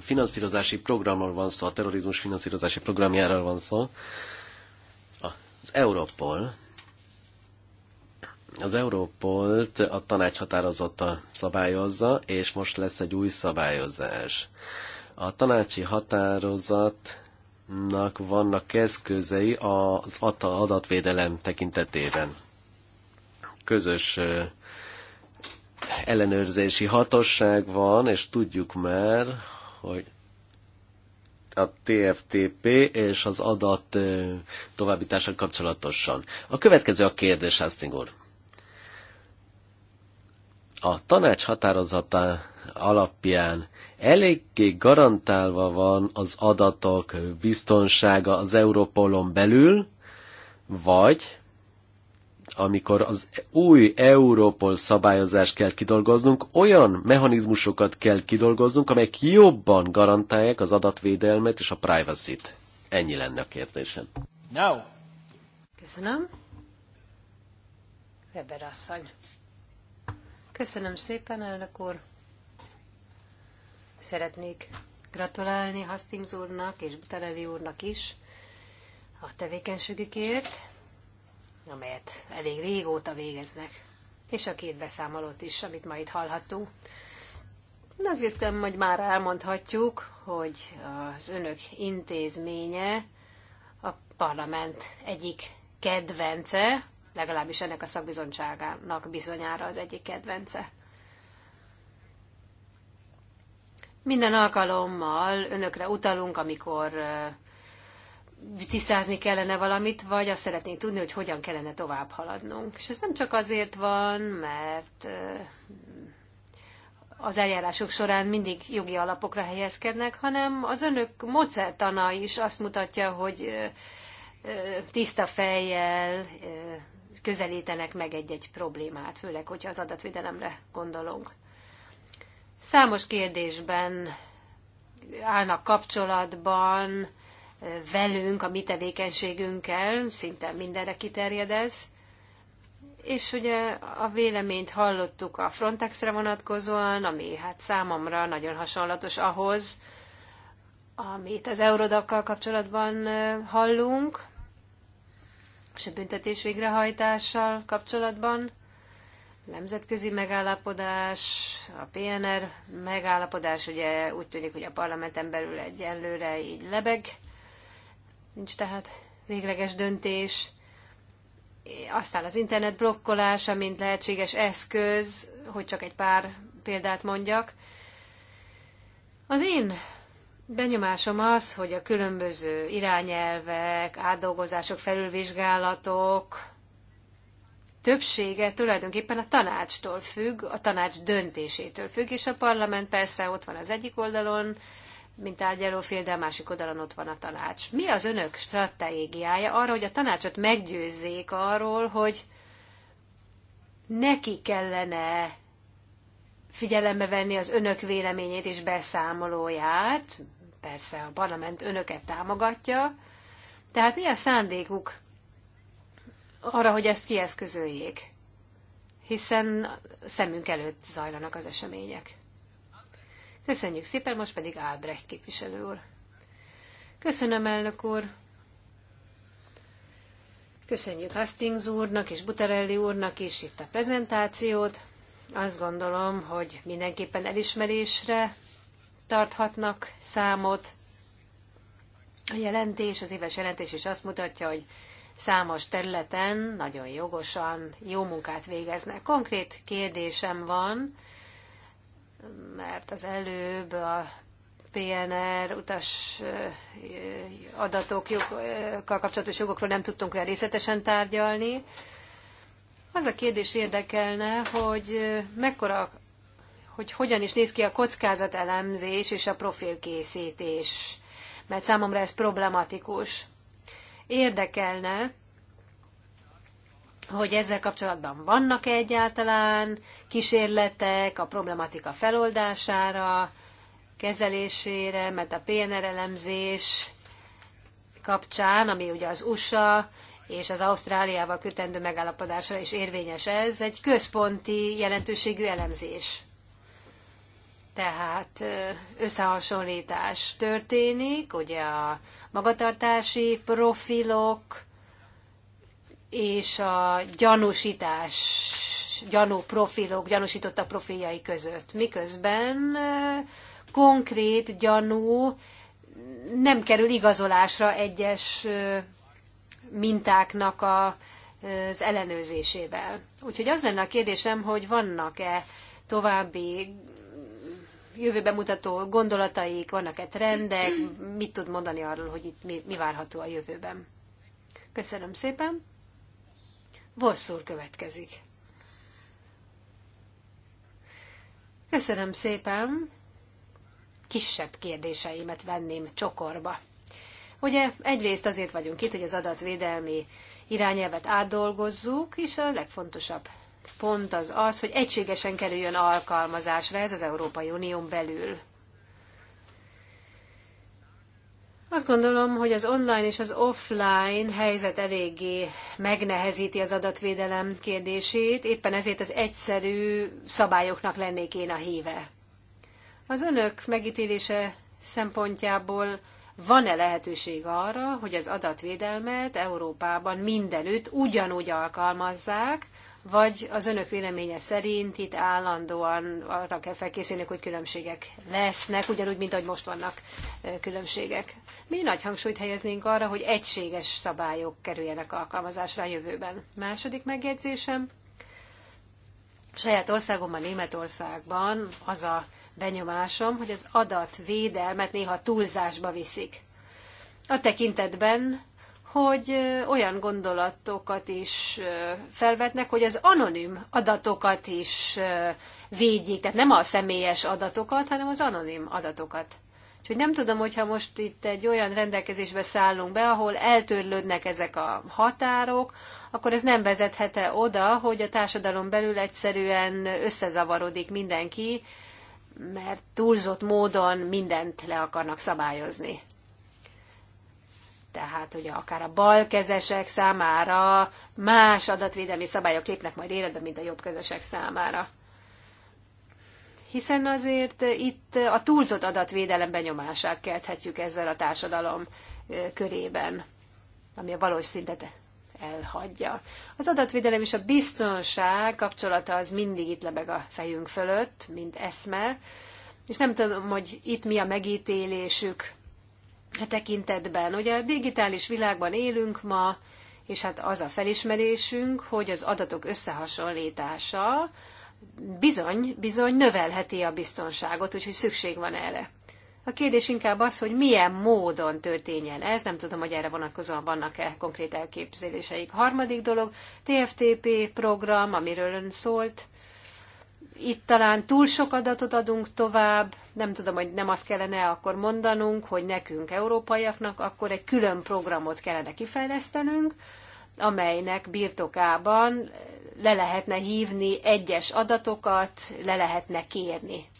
finanszírozási programról van szó, a terrorizmus finanszírozási programjáról van szó. Az Europol, az Európolt a tanács határozotta szabályozza, és most lesz egy új szabályozás. A tanácsi határozatnak vannak eszközei az adatvédelem tekintetében. Közös ellenőrzési hatosság van, és tudjuk már, hogy a TFTP és az adat továbbítása kapcsolatosan. A következő a kérdés, Hastings úr. A tanács határozata alapján eléggé garantálva van az adatok biztonsága az Európolon belül, vagy amikor az új Európol szabályozást kell kidolgoznunk, olyan mechanizmusokat kell kidolgoznunk, amelyek jobban garantálják az adatvédelmet és a privacy-t. Ennyi lenne a kérdésem. No. Köszönöm. Weber asszony. Köszönöm szépen, elnök úr. Szeretnék gratulálni Hastings úrnak és Butarelli úrnak is a tevékenységükért amelyet elég régóta végeznek, és a két beszámolót is, amit ma itt hallhattunk. De azt hiszem, hogy már elmondhatjuk, hogy az önök intézménye a parlament egyik kedvence, legalábbis ennek a szakbizonyságának bizonyára az egyik kedvence. Minden alkalommal önökre utalunk, amikor tisztázni kellene valamit, vagy azt szeretnénk tudni, hogy hogyan kellene tovább haladnunk. És ez nem csak azért van, mert az eljárások során mindig jogi alapokra helyezkednek, hanem az önök módszertana is azt mutatja, hogy tiszta fejjel közelítenek meg egy-egy problémát, főleg, hogyha az adatvédelemre gondolunk. Számos kérdésben állnak kapcsolatban, velünk, a mi tevékenységünkkel, szinte mindenre ez, És ugye a véleményt hallottuk a Frontexre vonatkozóan, ami hát számomra nagyon hasonlatos ahhoz, amit az eurodakkal kapcsolatban hallunk, és a büntetés végrehajtással kapcsolatban, nemzetközi megállapodás, a PNR megállapodás, ugye úgy tűnik, hogy a parlamenten belül egyelőre így lebeg, nincs tehát végleges döntés. Aztán az internet blokkolása, mint lehetséges eszköz, hogy csak egy pár példát mondjak. Az én benyomásom az, hogy a különböző irányelvek, átdolgozások, felülvizsgálatok többsége tulajdonképpen a tanácstól függ, a tanács döntésétől függ, és a parlament persze ott van az egyik oldalon, mint tárgyalófél, de a másik oldalon ott van a tanács. Mi az önök stratégiája arra, hogy a tanácsot meggyőzzék arról, hogy neki kellene figyelembe venni az önök véleményét és beszámolóját, persze a parlament önöket támogatja, tehát mi a szándékuk arra, hogy ezt kieszközöljék? Hiszen szemünk előtt zajlanak az események. Köszönjük szépen, most pedig Ábrecht képviselő úr. Köszönöm, elnök úr. Köszönjük Hastings úrnak és Buterelli úrnak is itt a prezentációt. Azt gondolom, hogy mindenképpen elismerésre tarthatnak számot. A jelentés, az éves jelentés is azt mutatja, hogy számos területen nagyon jogosan jó munkát végeznek. Konkrét kérdésem van, mert az előbb a PNR utas adatokkal kapcsolatos jogokról nem tudtunk olyan részletesen tárgyalni. Az a kérdés érdekelne, hogy mekkora, hogy hogyan is néz ki a elemzés és a profilkészítés, mert számomra ez problematikus. Érdekelne, hogy ezzel kapcsolatban vannak-e egyáltalán kísérletek a problematika feloldására, kezelésére, mert a PNR elemzés kapcsán, ami ugye az USA és az Ausztráliával kötendő megállapodásra is érvényes ez, egy központi jelentőségű elemzés. Tehát összehasonlítás történik, ugye a magatartási profilok, és a gyanúsítás, gyanú profilok, gyanúsítottak profiljai között. Miközben eh, konkrét gyanú nem kerül igazolásra egyes eh, mintáknak a, eh, az ellenőrzésével. Úgyhogy az lenne a kérdésem, hogy vannak-e további jövőben mutató gondolataik, vannak-e trendek, mit tud mondani arról, hogy itt mi, mi várható a jövőben. Köszönöm szépen. Bosszúr következik. Köszönöm szépen. Kisebb kérdéseimet venném csokorba. Ugye egyrészt azért vagyunk itt, hogy az adatvédelmi irányelvet átdolgozzuk, és a legfontosabb pont az az, hogy egységesen kerüljön alkalmazásra ez az Európai Unión belül. Azt gondolom, hogy az online és az offline helyzet eléggé megnehezíti az adatvédelem kérdését, éppen ezért az egyszerű szabályoknak lennék én a híve. Az önök megítélése szempontjából van-e lehetőség arra, hogy az adatvédelmet Európában mindenütt ugyanúgy alkalmazzák, vagy az önök véleménye szerint itt állandóan arra kell felkészülni, hogy különbségek lesznek, ugyanúgy, mint ahogy most vannak különbségek. Mi nagy hangsúlyt helyeznénk arra, hogy egységes szabályok kerüljenek alkalmazásra a jövőben. Második megjegyzésem, saját országomban, Németországban az a benyomásom, hogy az adatvédelmet néha túlzásba viszik. A tekintetben, hogy olyan gondolatokat is felvetnek, hogy az anonim adatokat is védjék, tehát nem a személyes adatokat, hanem az anonim adatokat. Úgyhogy nem tudom, hogyha most itt egy olyan rendelkezésbe szállunk be, ahol eltörlődnek ezek a határok, akkor ez nem vezethet oda, hogy a társadalom belül egyszerűen összezavarodik mindenki, mert túlzott módon mindent le akarnak szabályozni tehát ugye akár a balkezesek számára más adatvédelmi szabályok lépnek majd életbe, mint a jobbkezesek számára. Hiszen azért itt a túlzott adatvédelem benyomását kelthetjük ezzel a társadalom körében, ami a valós szintet elhagyja. Az adatvédelem és a biztonság kapcsolata az mindig itt lebeg a fejünk fölött, mint eszme, és nem tudom, hogy itt mi a megítélésük e tekintetben. Ugye a digitális világban élünk ma, és hát az a felismerésünk, hogy az adatok összehasonlítása bizony, bizony növelheti a biztonságot, úgyhogy szükség van erre. A kérdés inkább az, hogy milyen módon történjen ez, nem tudom, hogy erre vonatkozóan vannak-e konkrét elképzeléseik. Harmadik dolog, TFTP program, amiről ön szólt, itt talán túl sok adatot adunk tovább, nem tudom, hogy nem azt kellene akkor mondanunk, hogy nekünk, európaiaknak, akkor egy külön programot kellene kifejlesztenünk, amelynek birtokában le lehetne hívni egyes adatokat, le lehetne kérni.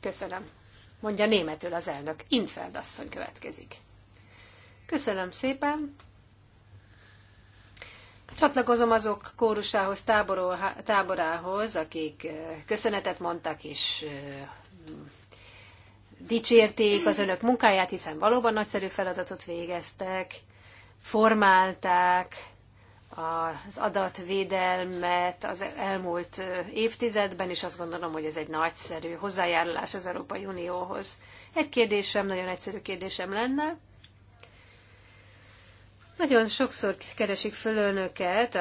Köszönöm. Mondja németül az elnök. Infeld asszony következik. Köszönöm szépen. Csatlakozom azok kórusához, táboró, táborához, akik eh, köszönetet mondtak és eh, dicsérték az önök munkáját, hiszen valóban nagyszerű feladatot végeztek, formálták az adatvédelmet az elmúlt eh, évtizedben, és azt gondolom, hogy ez egy nagyszerű hozzájárulás az Európai Unióhoz. Egy kérdésem, nagyon egyszerű kérdésem lenne. Nagyon sokszor keresik föl önöket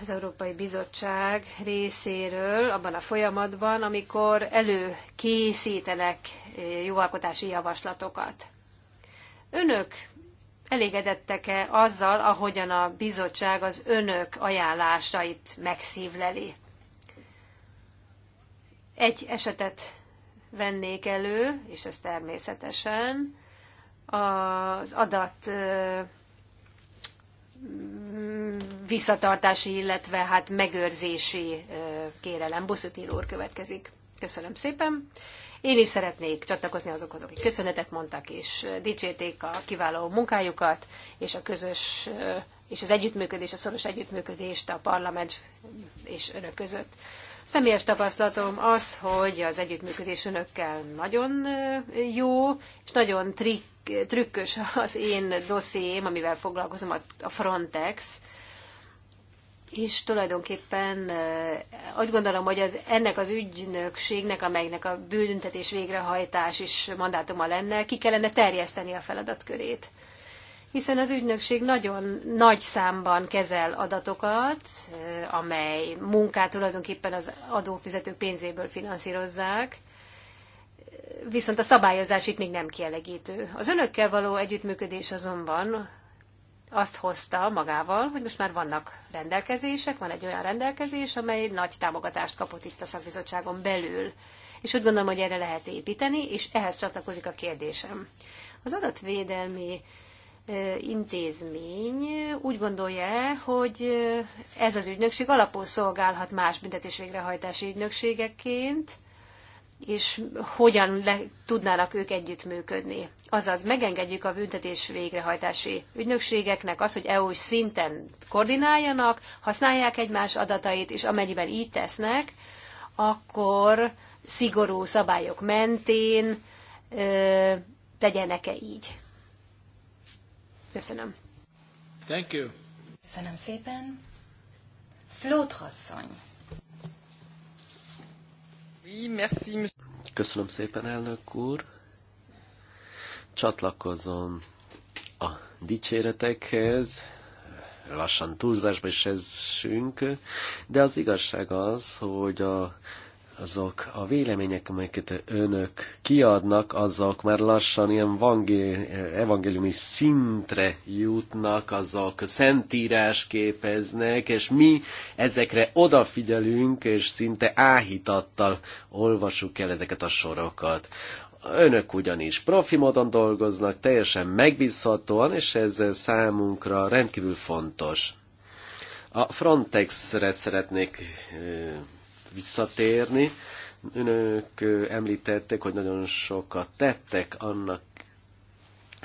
az Európai Bizottság részéről abban a folyamatban, amikor előkészítenek eh, jogalkotási javaslatokat. Önök elégedettek-e azzal, ahogyan a bizottság az önök ajánlásait megszívleli? Egy esetet vennék elő, és ez természetesen, az adat eh, visszatartási, illetve hát megőrzési kérelem. Buszutil úr következik. Köszönöm szépen. Én is szeretnék csatlakozni azokhoz, akik köszönetet mondtak, és dicsérték a kiváló munkájukat, és a közös, és az együttműködés, a szoros együttműködést a parlament és önök között. Személyes tapasztalatom az, hogy az együttműködés önökkel nagyon jó, és nagyon trik, trükkös az én dossziém, amivel foglalkozom, a Frontex, és tulajdonképpen úgy gondolom, hogy az, ennek az ügynökségnek, amelynek a bűntetés végrehajtás is mandátuma lenne, ki kellene terjeszteni a feladatkörét. Hiszen az ügynökség nagyon nagy számban kezel adatokat, amely munkát tulajdonképpen az adófizetők pénzéből finanszírozzák, viszont a szabályozás itt még nem kielegítő. Az önökkel való együttműködés azonban azt hozta magával, hogy most már vannak rendelkezések, van egy olyan rendelkezés, amely nagy támogatást kapott itt a szakbizottságon belül. És úgy gondolom, hogy erre lehet építeni, és ehhez csatlakozik a kérdésem. Az adatvédelmi intézmény úgy gondolja, -e, hogy ez az ügynökség alapul szolgálhat más büntetés végrehajtási ügynökségeként, és hogyan le, tudnának ők együttműködni. Azaz megengedjük a büntetés végrehajtási ügynökségeknek az, hogy EU-s szinten koordináljanak, használják egymás adatait, és amennyiben így tesznek, akkor szigorú szabályok mentén ö, tegyenek-e így. Köszönöm. Thank you. Köszönöm szépen. Flóthasszony merci. Köszönöm szépen, elnök úr. Csatlakozom a dicséretekhez, lassan túlzásba is esünk, de az igazság az, hogy a azok a vélemények, amelyeket önök kiadnak, azok már lassan ilyen evangéliumi szintre jutnak, azok szentírás képeznek, és mi ezekre odafigyelünk, és szinte áhítattal olvasuk el ezeket a sorokat. Önök ugyanis profi módon dolgoznak, teljesen megbízhatóan, és ez számunkra rendkívül fontos. A Frontexre szeretnék visszatérni. Önök említettek, hogy nagyon sokat tettek annak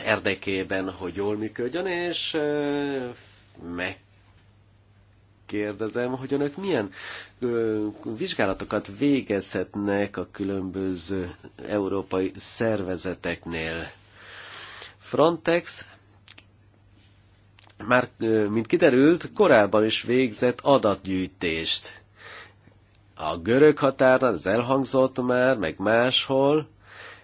érdekében, hogy jól működjön, és meg kérdezem, hogy önök milyen ö, vizsgálatokat végezhetnek a különböző európai szervezeteknél. Frontex már, ö, mint kiderült, korábban is végzett adatgyűjtést a görög határon, az elhangzott már, meg máshol,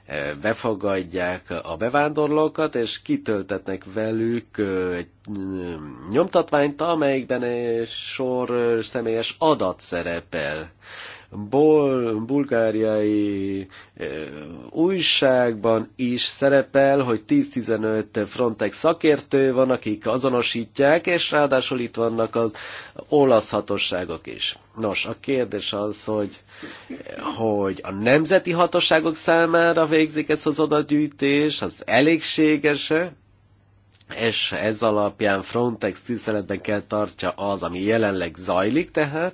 e, befogadják a bevándorlókat, és kitöltetnek velük egy mm, nyomtatványt, amelyikben egy sor személyes adat szerepel. Bol, bulgáriai e, újságban is szerepel, hogy 10-15 Frontex szakértő van, akik azonosítják, és ráadásul itt vannak az olasz hatóságok is. Nos, a kérdés az, hogy, hogy a nemzeti hatóságok számára végzik ezt az adatgyűjtés, az elégséges-e? És ez alapján Frontex tiszteletben kell tartja az, ami jelenleg zajlik tehát,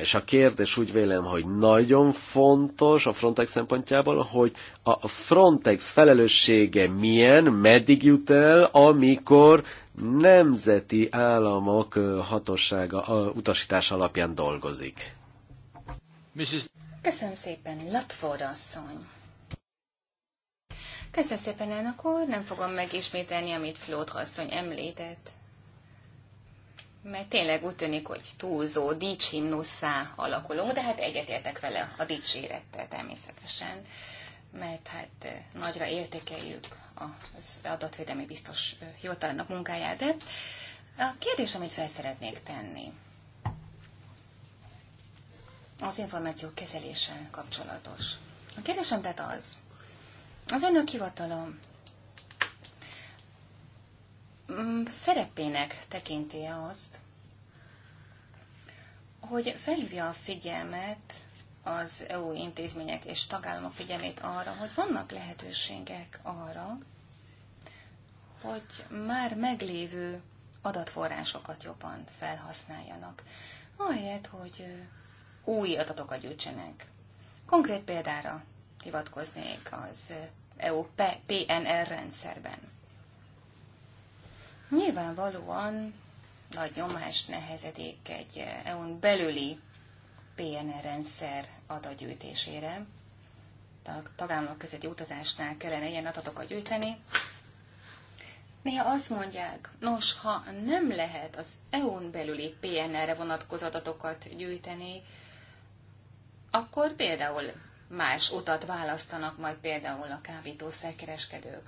és a kérdés úgy vélem, hogy nagyon fontos a Frontex szempontjából, hogy a Frontex felelőssége milyen, meddig jut el, amikor nemzeti államok hatossága utasítás alapján dolgozik. Köszönöm szépen, Latford asszony. Köszönöm szépen, elnök úr. Nem fogom megismételni, amit Flót asszony említett. Mert tényleg úgy tűnik, hogy túlzó dicsimnusszá alakulunk, de hát egyetértek vele a dicsérettel természetesen mert hát eh, nagyra értékeljük az adatvédelmi biztos eh, hivatalának munkáját, de a kérdés, amit fel szeretnék tenni, az információ kezelése kapcsolatos. A kérdésem tehát az, az önök hivatala mm, szerepének tekinti azt, hogy felhívja a figyelmet az EU intézmények és tagállamok figyelmét arra, hogy vannak lehetőségek arra, hogy már meglévő adatforrásokat jobban felhasználjanak, ahelyett, hogy új adatokat gyűjtsenek. Konkrét példára hivatkoznék az EU PNR rendszerben. Nyilvánvalóan nagy nyomás nehezedik egy EU-n belüli PNR rendszer adagyűjtésére. A tagállamok közötti utazásnál kellene ilyen adatokat gyűjteni. Néha azt mondják, nos, ha nem lehet az EU-n belüli PNR-re vonatkozó adatokat gyűjteni, akkor például más utat választanak majd például a kábítószerkereskedők.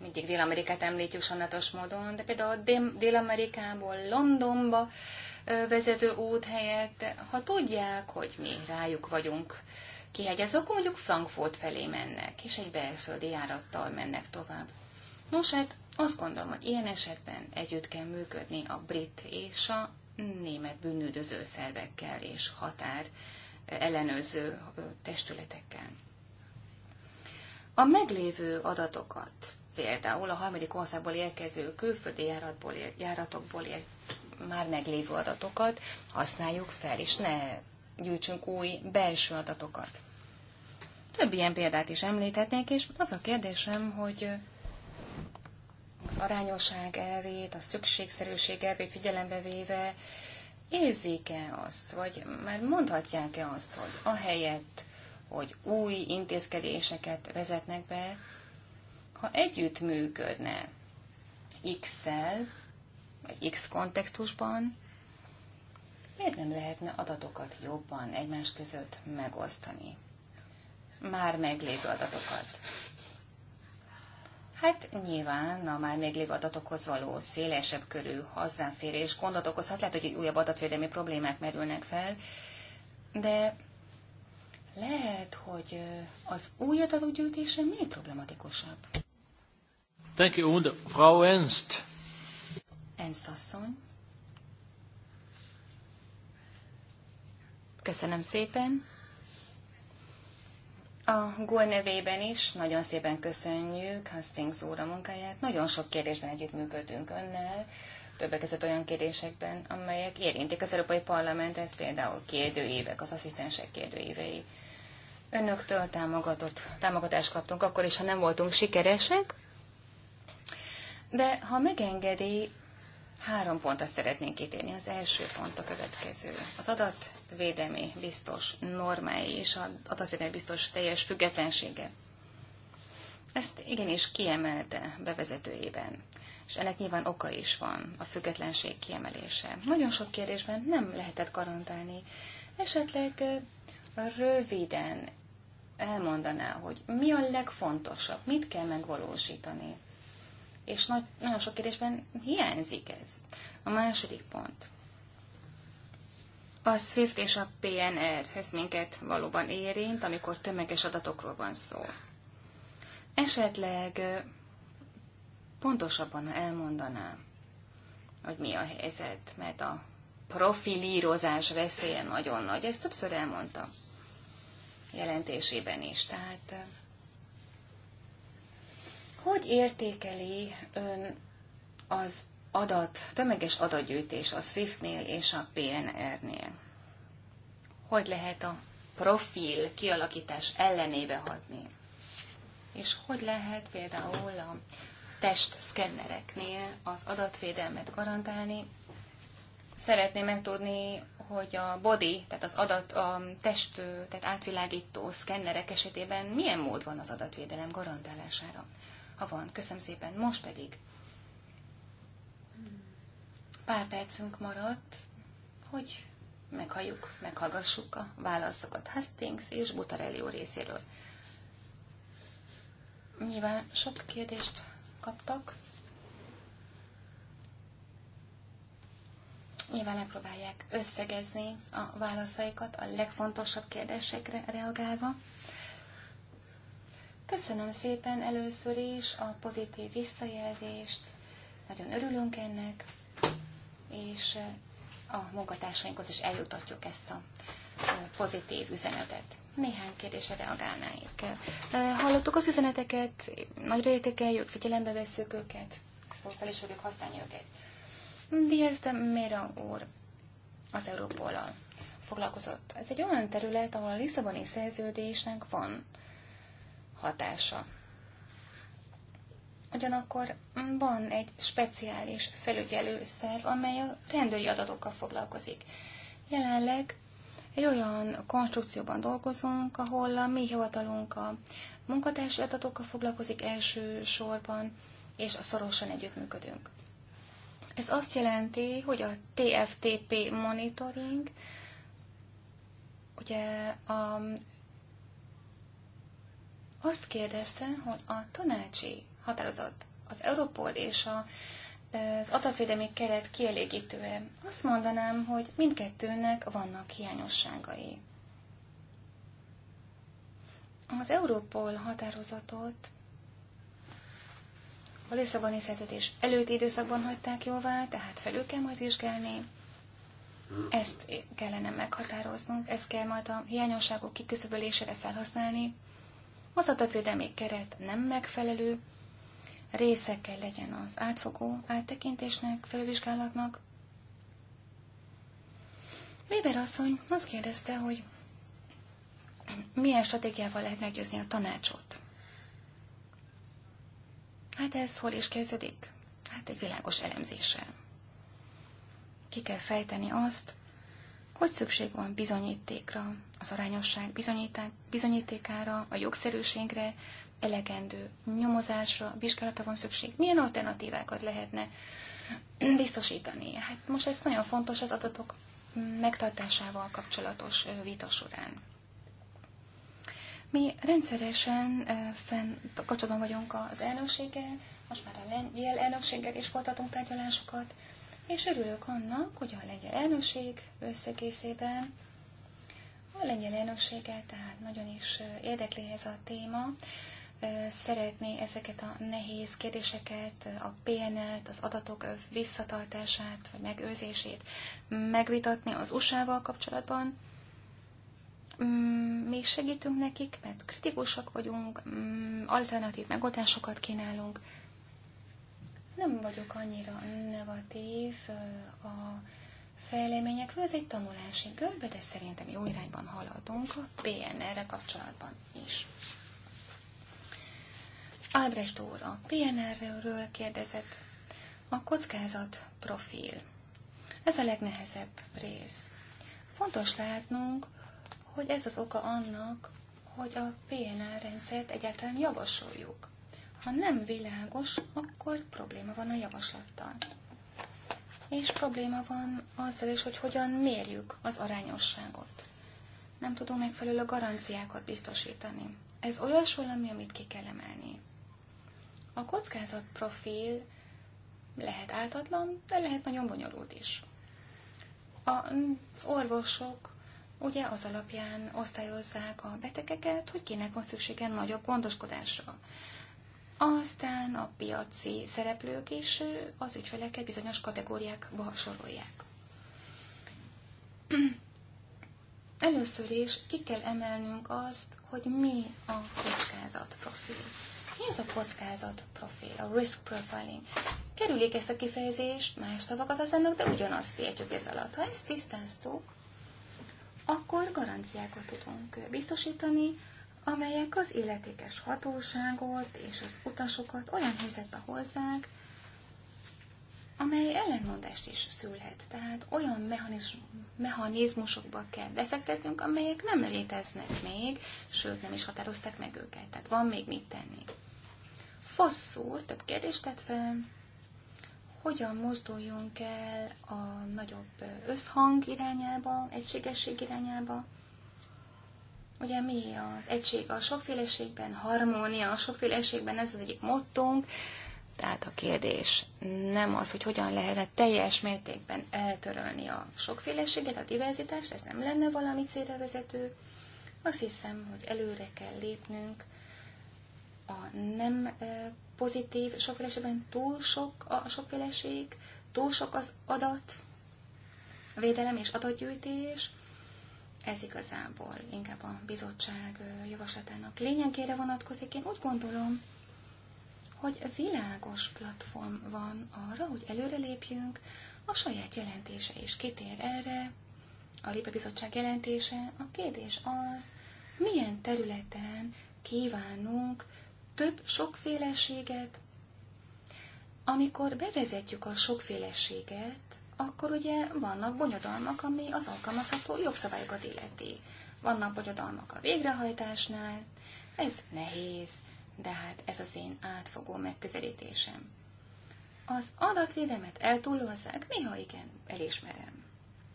Mindig Dél-Amerikát említjük sajnálatos módon, de például Dél-Amerikából Londonba vezető út helyett, ha tudják, hogy mi rájuk vagyunk kihegyezve, akkor mondjuk Frankfurt felé mennek, és egy belföldi járattal mennek tovább. Nos, hát azt gondolom, hogy ilyen esetben együtt kell működni a brit és a német bűnüldöző szervekkel és határ ellenőrző testületekkel. A meglévő adatokat, például a harmadik országból érkező külföldi járatból, járatokból ér, már meglévő adatokat használjuk fel, és ne gyűjtsünk új belső adatokat. Több ilyen példát is említhetnék, és az a kérdésem, hogy az arányosság elvét, a szükségszerűség elvét figyelembe véve érzik-e azt, vagy már mondhatják-e azt, hogy ahelyett, hogy új intézkedéseket vezetnek be, ha együtt működne X-szel, vagy X kontextusban, miért nem lehetne adatokat jobban egymás között megosztani? Már meglévő adatokat. Hát nyilván a már meglévő adatokhoz való szélesebb körű hozzáférés gondot okozhat, lehet, hogy újabb adatvédelmi problémák merülnek fel, de lehet, hogy az új adatok gyűjtése még problematikusabb. Thank you, Frau Ernst. Ernst asszony. Köszönöm szépen. A GOL nevében is nagyon szépen köszönjük Hastings úr a munkáját. Nagyon sok kérdésben együttműködünk önnel, többek között olyan kérdésekben, amelyek érintik az Európai Parlamentet, például kérdőívek, az asszisztensek kérdőívei. Önöktől támogatott, támogatást kaptunk, akkor is, ha nem voltunk sikeresek, de ha megengedi, Három pontra szeretnénk kitérni. Az első pont a következő. Az adatvédelmi biztos normái és az adatvédelmi biztos teljes függetlensége. Ezt igenis kiemelte bevezetőjében, és ennek nyilván oka is van, a függetlenség kiemelése. Nagyon sok kérdésben nem lehetett garantálni. Esetleg röviden elmondaná, hogy mi a legfontosabb, mit kell megvalósítani és nagy, nagyon sok kérdésben hiányzik ez. A második pont. A SWIFT és a PNR, ez minket valóban érint, amikor tömeges adatokról van szó. Esetleg pontosabban elmondanám, hogy mi a helyzet, mert a profilírozás veszélye nagyon nagy. Ezt többször elmondta jelentésében is. Tehát hogy értékeli ön az adat, tömeges adatgyűjtés a SWIFT-nél és a PNR-nél? Hogy lehet a profil kialakítás ellenébe hatni? És hogy lehet például a testszkennereknél az adatvédelmet garantálni? Szeretném megtudni, hogy a body, tehát az adat, a test, tehát átvilágító szkennerek esetében milyen mód van az adatvédelem garantálására ha van. Köszönöm szépen. Most pedig pár percünk maradt, hogy meghalljuk, meghallgassuk a válaszokat Hastings és Butarellió részéről. Nyilván sok kérdést kaptak. Nyilván megpróbálják összegezni a válaszaikat a legfontosabb kérdésekre reagálva. Köszönöm szépen először is a pozitív visszajelzést, nagyon örülünk ennek, és eh, a munkatársainkhoz is eljutatjuk ezt a eh, pozitív üzenetet. Néhány kérdésre reagálnáik. Eh, hallottuk az üzeneteket, nagyra értékeljük, figyelembe veszük őket, fel is fogjuk használni őket. Diaz de Mera úr az Európollal foglalkozott. Ez egy olyan terület, ahol a Lisszaboni szerződésnek van hatása. Ugyanakkor van egy speciális felügyelő szerv, amely a rendőri adatokkal foglalkozik. Jelenleg egy olyan konstrukcióban dolgozunk, ahol a mi hivatalunk a munkatársi adatokkal foglalkozik elsősorban, és a szorosan együttműködünk. Ez azt jelenti, hogy a TFTP monitoring, ugye a azt kérdezte, hogy a tanácsi határozat, az Europol és a, az adatvédelmi keret kielégítő-e. Azt mondanám, hogy mindkettőnek vannak hiányosságai. Az Europol határozatot a Lisszaboni szerződés előtti időszakban hagyták jóvá, tehát felül kell majd vizsgálni. Ezt kellene meghatároznunk, ezt kell majd a hiányosságok kiküszöbölésére felhasználni. Az adatvédelmi keret nem megfelelő, része kell legyen az átfogó áttekintésnek, felvizsgálatnak. Weber asszony azt kérdezte, hogy milyen stratégiával lehet meggyőzni a tanácsot. Hát ez hol is kezdődik? Hát egy világos elemzéssel. Ki kell fejteni azt, hogy szükség van bizonyítékra, az arányosság bizonyítékára, a jogszerűségre, elegendő nyomozásra, vizsgálatra van szükség. Milyen alternatívákat lehetne biztosítani? Hát most ez nagyon fontos az adatok megtartásával kapcsolatos vita során. Mi rendszeresen fenn kapcsolatban vagyunk az elnökséggel, most már a lengyel elnökséggel is folytatunk tárgyalásokat és örülök annak, hogy a lengyel elnökség összegészében a lengyel elnöksége, tehát nagyon is érdekli ez a téma, szeretné ezeket a nehéz kérdéseket, a PNL-t, az adatok visszatartását vagy megőrzését megvitatni az USA-val kapcsolatban. Mm, mi segítünk nekik, mert kritikusak vagyunk, mm, alternatív megoldásokat kínálunk, nem vagyok annyira negatív a fejleményekről, ez egy tanulási görbe, de szerintem jó irányban haladunk a PNR-re kapcsolatban is. Albrecht úr a PNR-ről kérdezett, a kockázat profil. Ez a legnehezebb rész. Fontos látnunk, hogy ez az oka annak, hogy a PNR rendszert egyáltalán javasoljuk. Ha nem világos, akkor probléma van a javaslattal. És probléma van azzal is, hogy hogyan mérjük az arányosságot. Nem tudunk megfelelő garanciákat biztosítani. Ez olyas valami, amit ki kell emelni. A kockázat profil lehet áltatlan, de lehet nagyon bonyolult is. Az orvosok ugye az alapján osztályozzák a betegeket, hogy kinek van szüksége nagyobb gondoskodásra. Aztán a piaci szereplők is az ügyfeleket bizonyos kategóriákba sorolják. Először is ki kell emelnünk azt, hogy mi a kockázat profil. Mi ez a kockázat profil, a risk profiling? Kerüljék ezt a kifejezést, más szavakat használnak, de ugyanazt értjük ez alatt. Ha ezt tisztáztuk, akkor garanciákat tudunk biztosítani, amelyek az illetékes hatóságot és az utasokat olyan helyzetbe hozzák, amely ellentmondást is szülhet. Tehát olyan mechanizmusokba kell befektetnünk, amelyek nem léteznek még, sőt nem is határozták meg őket. Tehát van még mit tenni. Fosszúr több kérdést tett fel, hogyan mozduljunk el a nagyobb összhang irányába, egységesség irányába, Ugye mi az egység a sokféleségben, harmónia a sokféleségben, ez az egyik mottunk. Tehát a kérdés nem az, hogy hogyan lehetne teljes mértékben eltörölni a sokféleséget, a diverzitást, ez nem lenne valami célra vezető. Azt hiszem, hogy előre kell lépnünk a nem eh, pozitív sokféleségben túl sok a sokféleség, túl sok az adat, védelem és adatgyűjtés, ez igazából inkább a bizottság javaslatának lényegére vonatkozik. Én úgy gondolom, hogy világos platform van arra, hogy előrelépjünk, a saját jelentése is kitér erre, a Libe Bizottság jelentése. A kérdés az, milyen területen kívánunk több sokféleséget, amikor bevezetjük a sokféleséget, akkor ugye vannak bonyodalmak, ami az alkalmazható jogszabályokat illeti. Vannak bonyodalmak a végrehajtásnál, ez nehéz, de hát ez az én átfogó megközelítésem. Az adatvédelmet eltúlozzák, néha igen, elismerem.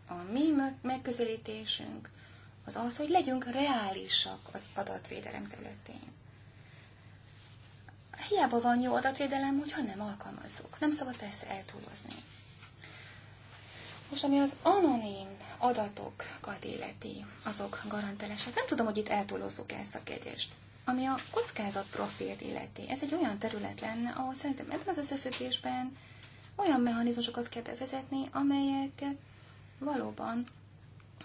A mi megközelítésünk az az, hogy legyünk reálisak az adatvédelem területén. Hiába van jó adatvédelem, hogyha nem alkalmazzuk. Nem szabad persze eltúlozni. Most ami az anonim adatokat illeti, azok garantálását. Nem tudom, hogy itt eltúlozzuk -e ezt a kérdést. Ami a kockázat profilt illeti, ez egy olyan terület lenne, ahol szerintem ebben az összefüggésben olyan mechanizmusokat kell bevezetni, amelyek valóban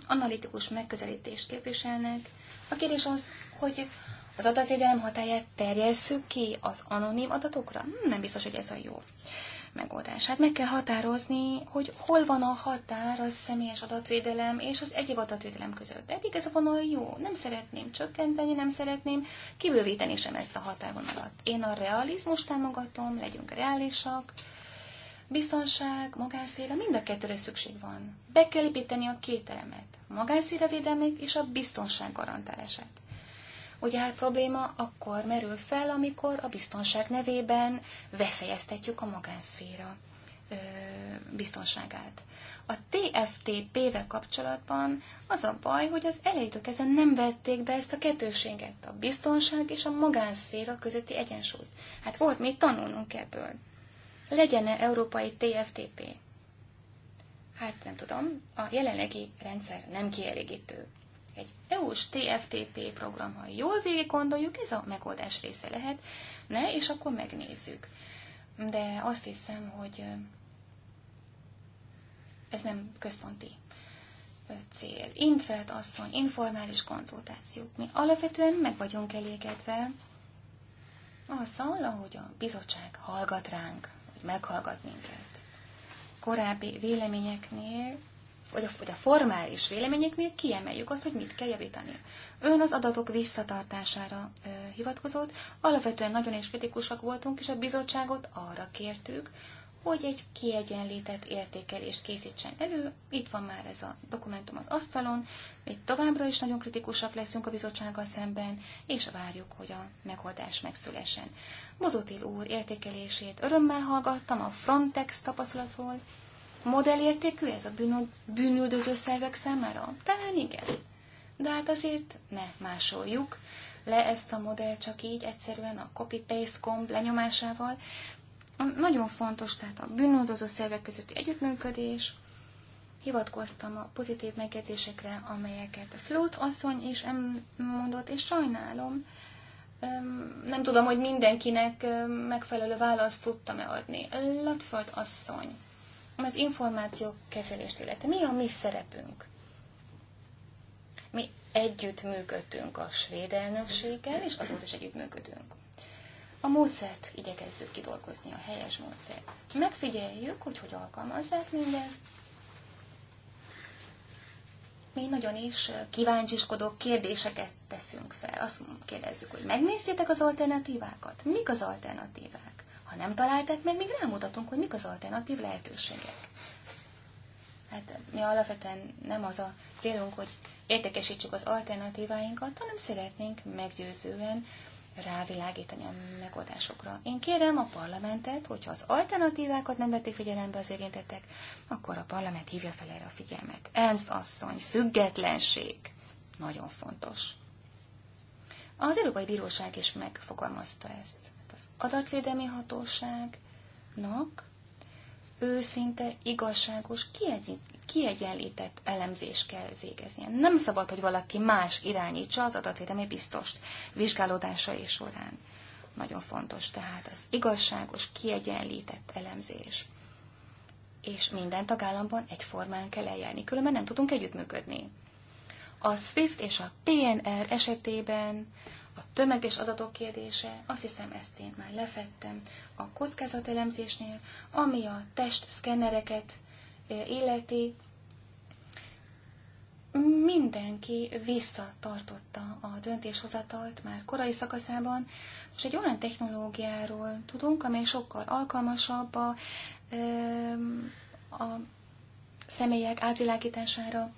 analitikus megközelítést képviselnek. A kérdés az, hogy az adatvédelem hatáját terjesszük ki az anonim adatokra? Nem biztos, hogy ez a jó megoldását. Meg kell határozni, hogy hol van a határ a személyes adatvédelem és az egyéb adatvédelem között. Eddig ez a vonal jó. Nem szeretném csökkenteni, nem szeretném kibővíteni sem ezt a határvonalat. Én a realizmus támogatom, legyünk reálisak. Biztonság, magánszféra, mind a kettőre szükség van. Be kell építeni a két elemet, a magánszféra védelmét és a biztonság garantálását. Ugye hát probléma akkor merül fel, amikor a biztonság nevében veszélyeztetjük a magánszféra biztonságát. A TFTP-vel kapcsolatban az a baj, hogy az elejétől kezdve nem vették be ezt a kettőséget, a biztonság és a magánszféra közötti egyensúlyt. Hát volt mit tanulnunk ebből. Legyen-e európai TFTP? Hát nem tudom, a jelenlegi rendszer nem kielégítő. Egy EU-s TFTP program, ha jól végig gondoljuk, ez a megoldás része lehet, ne, és akkor megnézzük. De azt hiszem, hogy ez nem központi cél. Intfeld asszony, informális konzultációk. Mi alapvetően meg vagyunk elégedve azzal, ahogy a bizottság hallgat ránk, hogy meghallgat minket. Korábbi véleményeknél vagy a, vagy a formális véleményeknél kiemeljük azt, hogy mit kell javítani. Ön az adatok visszatartására ö, hivatkozott, alapvetően nagyon is kritikusak voltunk, és a bizottságot arra kértük, hogy egy kiegyenlített értékelést készítsen elő. Itt van már ez a dokumentum az asztalon, még továbbra is nagyon kritikusak leszünk a bizottsággal szemben, és várjuk, hogy a megoldás megszülessen. Bozotil úr értékelését örömmel hallgattam a Frontex tapasztalatról, modellértékű ez a bűnüldöző szervek számára? Talán hát igen. De hát azért ne másoljuk le ezt a modell csak így egyszerűen a copy-paste komb lenyomásával. Nagyon fontos tehát a bűnüldöző szervek közötti együttműködés, hivatkoztam a pozitív megjegyzésekre, amelyeket a Flót asszony is mondott, és sajnálom, nem tudom, hogy mindenkinek megfelelő választ tudtam-e adni. Latford asszony az információk kezelést illeti. Mi a mi szerepünk? Mi együttműködtünk a svéd elnökséggel, és azóta is együttműködünk. A módszert igyekezzük kidolgozni, a helyes módszert. Megfigyeljük, hogy hogy alkalmazzák mindezt. Mi nagyon is kíváncsiskodó kérdéseket teszünk fel. Azt kérdezzük, hogy megnéztétek az alternatívákat? Mik az alternatívák? Ha nem találták meg, még rámutatunk, hogy mik az alternatív lehetőségek. Hát mi alapvetően nem az a célunk, hogy értekesítsük az alternatíváinkat, hanem szeretnénk meggyőzően rávilágítani a megoldásokra. Én kérem a parlamentet, hogyha az alternatívákat nem vették figyelembe az érintettek, akkor a parlament hívja fel erre a figyelmet. ENSZ asszony, függetlenség. Nagyon fontos. Az Európai Bíróság is megfogalmazta ezt az adatvédelmi hatóságnak őszinte, igazságos, kiegyenlített elemzés kell végeznie. Nem szabad, hogy valaki más irányítsa az adatvédelmi biztost vizsgálódásai során. Nagyon fontos tehát az igazságos, kiegyenlített elemzés. És minden tagállamban egyformán kell eljárni, különben nem tudunk együttműködni. A SWIFT és a PNR esetében a tömeges adatok kérdése, azt hiszem ezt én már lefettem a kockázatelemzésnél, ami a testszkennereket illeti, mindenki visszatartotta a döntéshozatalt már korai szakaszában, és egy olyan technológiáról tudunk, amely sokkal alkalmasabb a, a személyek átvilágítására,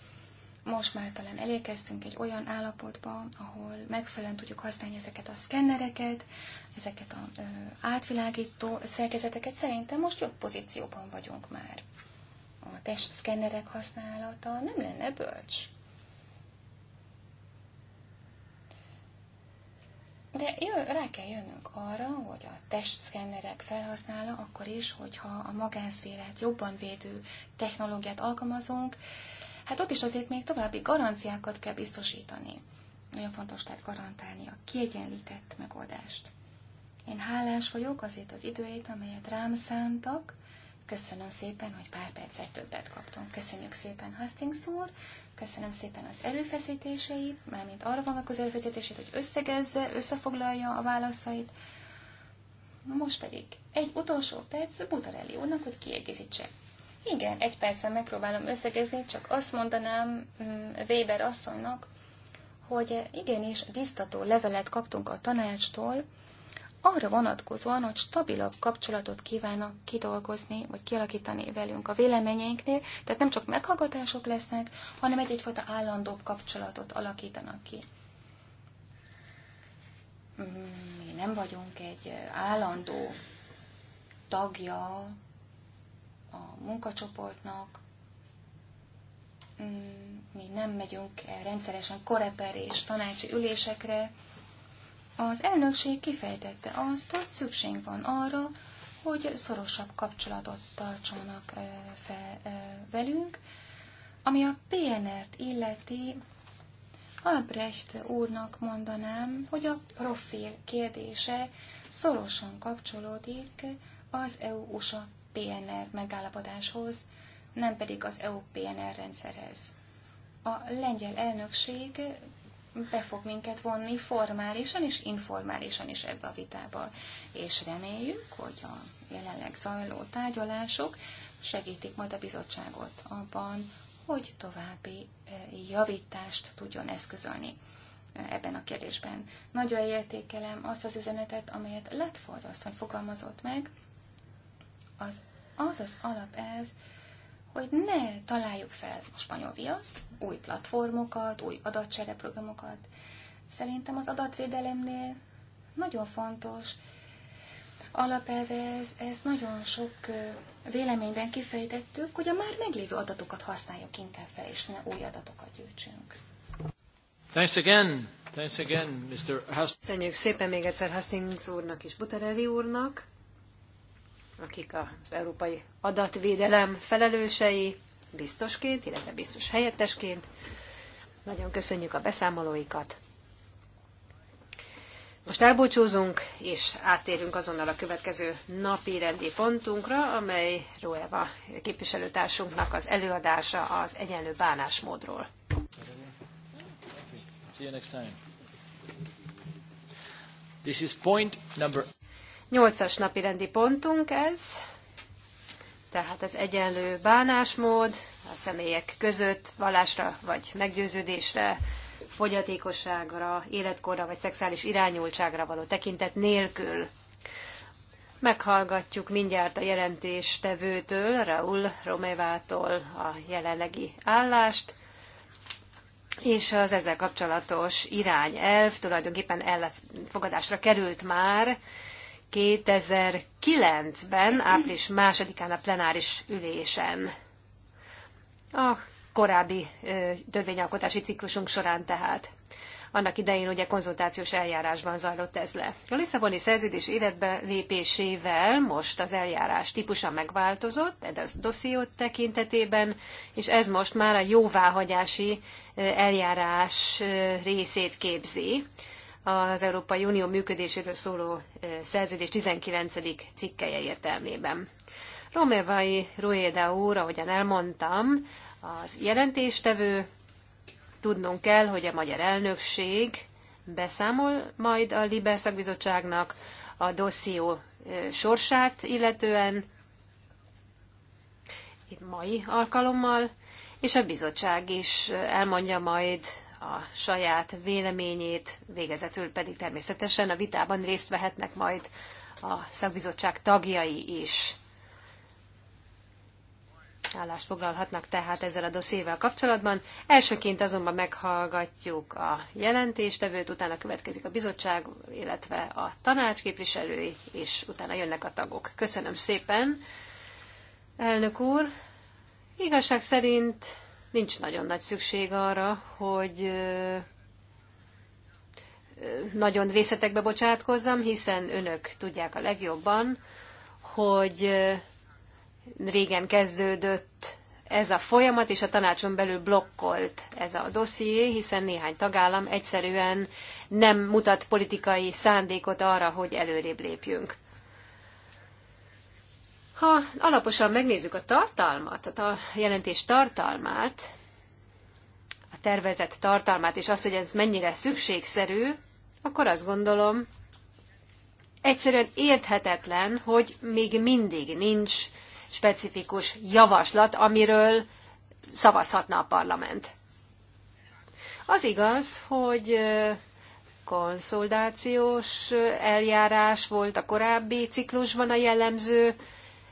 most már talán elérkeztünk egy olyan állapotba, ahol megfelelően tudjuk használni ezeket a szkennereket, ezeket a átvilágító szerkezeteket. Szerintem most jobb pozícióban vagyunk már. A testszkennerek használata nem lenne bölcs. De jön, rá kell jönnünk arra, hogy a testszkennerek felhasználó akkor is, hogyha a magánszférát jobban védő technológiát alkalmazunk, hát ott is azért még további garanciákat kell biztosítani. Nagyon fontos tehát garantálni a kiegyenlített megoldást. Én hálás vagyok azért az időét, amelyet rám szántak. Köszönöm szépen, hogy pár percet többet kaptam. Köszönjük szépen, Hastings úr. Köszönöm szépen az erőfeszítéseit, mármint arra vannak az erőfeszítését, hogy összegezze, összefoglalja a válaszait. Most pedig egy utolsó perc Butarelli úrnak, hogy kiegészítse igen, egy percben megpróbálom összegezni, csak azt mondanám mm, Weber asszonynak, hogy igenis biztató levelet kaptunk a tanácstól, arra vonatkozóan, hogy stabilabb kapcsolatot kívánnak kidolgozni, vagy kialakítani velünk a véleményeinknél, tehát nem csak meghallgatások lesznek, hanem egy egyfajta állandóbb kapcsolatot alakítanak ki. Mm, mi nem vagyunk egy állandó tagja a munkacsoportnak. Mm, mi nem megyünk el rendszeresen koreper és tanácsi ülésekre. Az elnökség kifejtette azt, hogy szükség van arra, hogy szorosabb kapcsolatot tartsanak e, fel e, velünk, ami a PNR-t illeti, Albrecht úrnak mondanám, hogy a profil kérdése szorosan kapcsolódik az EU-USA PNR megállapodáshoz, nem pedig az EU PNR rendszerhez. A lengyel elnökség be fog minket vonni formálisan és informálisan is ebbe a vitába. És reméljük, hogy a jelenleg zajló tárgyalások segítik majd a bizottságot abban, hogy további eh, javítást tudjon eszközölni eh, ebben a kérdésben. Nagyra értékelem azt az üzenetet, amelyet lett asszony fogalmazott meg, az az, az alapelv, hogy ne találjuk fel a spanyol viaszt, új platformokat, új adatcsereprogramokat. Szerintem az adatvédelemnél nagyon fontos alapelve ez, ez nagyon sok véleményben kifejtettük, hogy a már meglévő adatokat használjuk inkább fel, és ne új adatokat gyűjtsünk. Thanks again. Thanks again, Mr. Köszönjük szépen még egyszer Hastings úrnak és Butarelli úrnak akik az európai adatvédelem felelősei, biztosként, illetve biztos helyettesként. Nagyon köszönjük a beszámolóikat. Most elbúcsúzunk, és áttérünk azonnal a következő napi rendi pontunkra, amely Róeva képviselőtársunknak az előadása az egyenlő bánásmódról. See you next time. This is point number Nyolcas napi rendi pontunk ez, tehát az egyenlő bánásmód a személyek között vallásra vagy meggyőződésre, fogyatékosságra, életkorra vagy szexuális irányultságra való tekintet nélkül. Meghallgatjuk mindjárt a jelentéstevőtől, Raúl Romevától a jelenlegi állást, és az ezzel kapcsolatos irányelv tulajdonképpen elfogadásra került már, 2009-ben, április másodikán a plenáris ülésen. A korábbi törvényalkotási ciklusunk során tehát. Annak idején ugye konzultációs eljárásban zajlott ez le. A Lisszaboni szerződés életbe lépésével most az eljárás típusa megváltozott, ez a dossziót tekintetében, és ez most már a jóváhagyási eljárás részét képzi az Európai Unió működéséről szóló szerződés 19. cikkeje értelmében. Romevai Rueda úr, ahogyan elmondtam, az jelentéstevő, tudnunk kell, hogy a magyar elnökség beszámol majd a Libe szakbizottságnak a dosszió sorsát illetően mai alkalommal, és a bizottság is elmondja majd a saját véleményét, végezetül pedig természetesen a vitában részt vehetnek majd a szakbizottság tagjai is. Állást foglalhatnak tehát ezzel a doszével kapcsolatban. Elsőként azonban meghallgatjuk a jelentéstevőt, utána következik a bizottság, illetve a tanács képviselői, és utána jönnek a tagok. Köszönöm szépen, elnök úr! Igazság szerint nincs nagyon nagy szükség arra, hogy nagyon részletekbe bocsátkozzam, hiszen önök tudják a legjobban, hogy régen kezdődött ez a folyamat, és a tanácson belül blokkolt ez a dosszié, hiszen néhány tagállam egyszerűen nem mutat politikai szándékot arra, hogy előrébb lépjünk. Ha alaposan megnézzük a tartalmat, a jelentés tartalmát, a tervezett tartalmát, és azt, hogy ez mennyire szükségszerű, akkor azt gondolom, egyszerűen érthetetlen, hogy még mindig nincs specifikus javaslat, amiről szavazhatna a parlament. Az igaz, hogy konszoldációs eljárás volt a korábbi ciklusban a jellemző,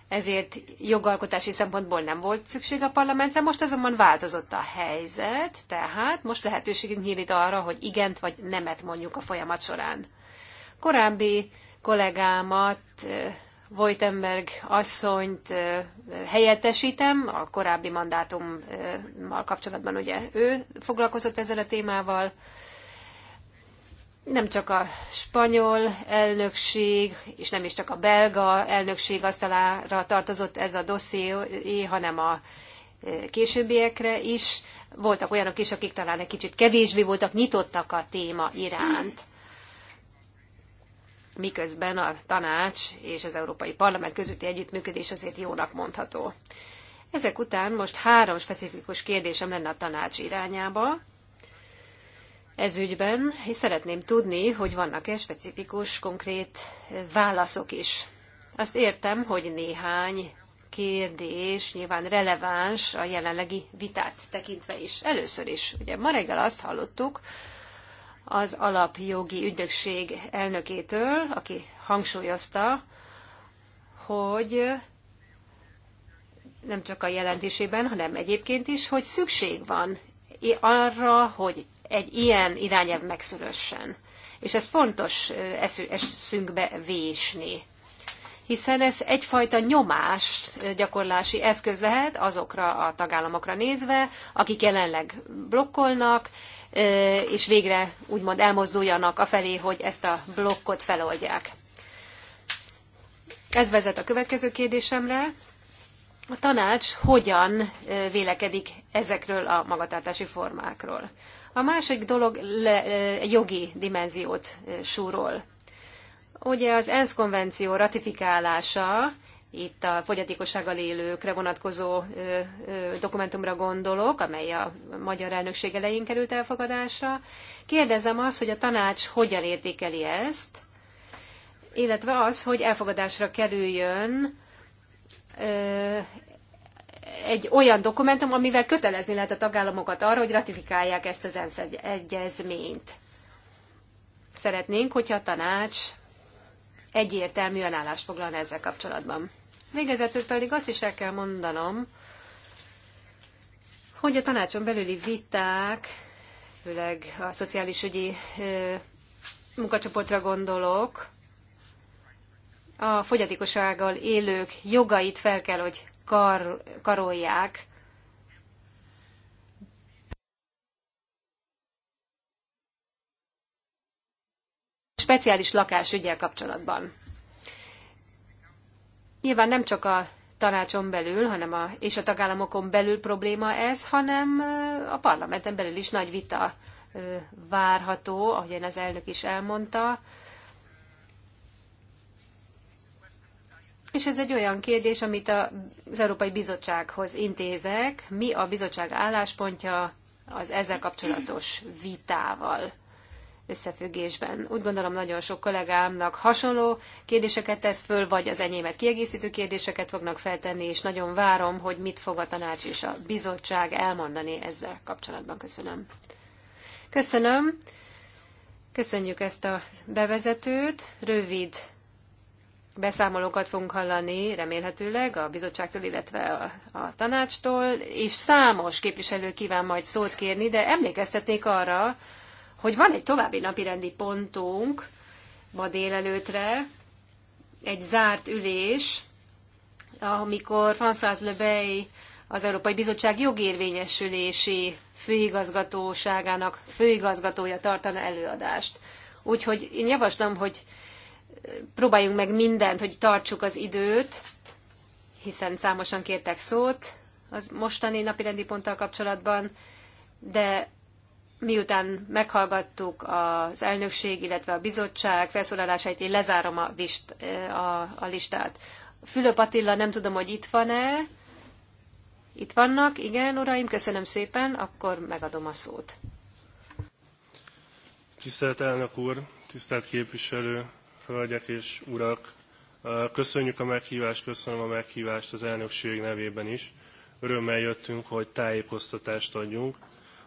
ezért jogalkotási szempontból nem volt szükség a parlamentre, most azonban változott a helyzet, tehát most lehetőségünk nyílik arra, hogy igent vagy nemet mondjuk a folyamat során. Korábbi kollégámat, Wojtenberg asszonyt helyettesítem, a korábbi mandátummal kapcsolatban ugye ő foglalkozott ezzel a témával, nem csak a spanyol elnökség, és nem is csak a belga elnökség asztalára tartozott ez a dosszié, hanem a e, későbbiekre is. Voltak olyanok is, akik talán egy kicsit kevésbé voltak nyitottak a téma iránt. Miközben a tanács és az Európai Parlament közötti együttműködés azért jónak mondható. Ezek után most három specifikus kérdésem lenne a tanács irányába ez ügyben, és szeretném tudni, hogy vannak-e specifikus, konkrét válaszok is. Azt értem, hogy néhány kérdés nyilván releváns a jelenlegi vitát tekintve is. Először is, ugye ma reggel azt hallottuk az alapjogi ügynökség elnökétől, aki hangsúlyozta, hogy nem csak a jelentésében, hanem egyébként is, hogy szükség van arra, hogy egy ilyen irányelv megszülössen. És ez fontos eszünkbe vésni hiszen ez egyfajta nyomás gyakorlási eszköz lehet azokra a tagállamokra nézve, akik jelenleg blokkolnak, és végre úgymond elmozduljanak a felé, hogy ezt a blokkot feloldják. Ez vezet a következő kérdésemre. A tanács hogyan vélekedik ezekről a magatartási formákról? A másik dolog le, jogi dimenziót súrol. Ugye az ENSZ konvenció ratifikálása, itt a fogyatékossággal élőkre vonatkozó ö, ö, dokumentumra gondolok, amely a magyar elnökség elején került elfogadásra. Kérdezem azt, hogy a tanács hogyan értékeli ezt, illetve az, hogy elfogadásra kerüljön ö, egy olyan dokumentum, amivel kötelezni lehet a tagállamokat arra, hogy ratifikálják ezt az ENSZ egyezményt. Szeretnénk, hogyha a tanács egyértelműen állást foglalna ezzel kapcsolatban. Végezetül pedig azt is el kell mondanom, hogy a tanácson belüli viták, főleg a szociális ügyi munkacsoportra gondolok, a fogyatékossággal élők jogait fel kell, hogy kar, karolják. Speciális ügyel kapcsolatban. Nyilván nem csak a tanácson belül, hanem a, és a tagállamokon belül probléma ez, hanem a parlamenten belül is nagy vita várható, ahogyan az elnök is elmondta, És ez egy olyan kérdés, amit az Európai Bizottsághoz intézek. Mi a bizottság álláspontja az ezzel kapcsolatos vitával összefüggésben? Úgy gondolom, nagyon sok kollégámnak hasonló kérdéseket tesz föl, vagy az enyémet kiegészítő kérdéseket fognak feltenni, és nagyon várom, hogy mit fog a tanács és a bizottság elmondani ezzel kapcsolatban. Köszönöm. Köszönöm. Köszönjük ezt a bevezetőt. Rövid beszámolókat fogunk hallani, remélhetőleg a bizottságtól, illetve a, a tanácstól, és számos képviselő kíván majd szót kérni, de emlékeztetnék arra, hogy van egy további napirendi pontunk ma délelőtre, egy zárt ülés, amikor François Lebey az Európai Bizottság jogérvényesülési főigazgatóságának főigazgatója tartana előadást. Úgyhogy én javaslom, hogy próbáljunk meg mindent, hogy tartsuk az időt, hiszen számosan kértek szót az mostani rendi ponttal kapcsolatban, de miután meghallgattuk az elnökség, illetve a bizottság felszólalásait, én lezárom a, vist, a, a listát. Fülöp Attila, nem tudom, hogy itt van-e. Itt vannak, igen, uraim, köszönöm szépen, akkor megadom a szót. Tisztelt elnök úr, tisztelt képviselő, hölgyek és urak! Köszönjük a meghívást, köszönöm a meghívást az elnökség nevében is. Örömmel jöttünk, hogy tájékoztatást adjunk,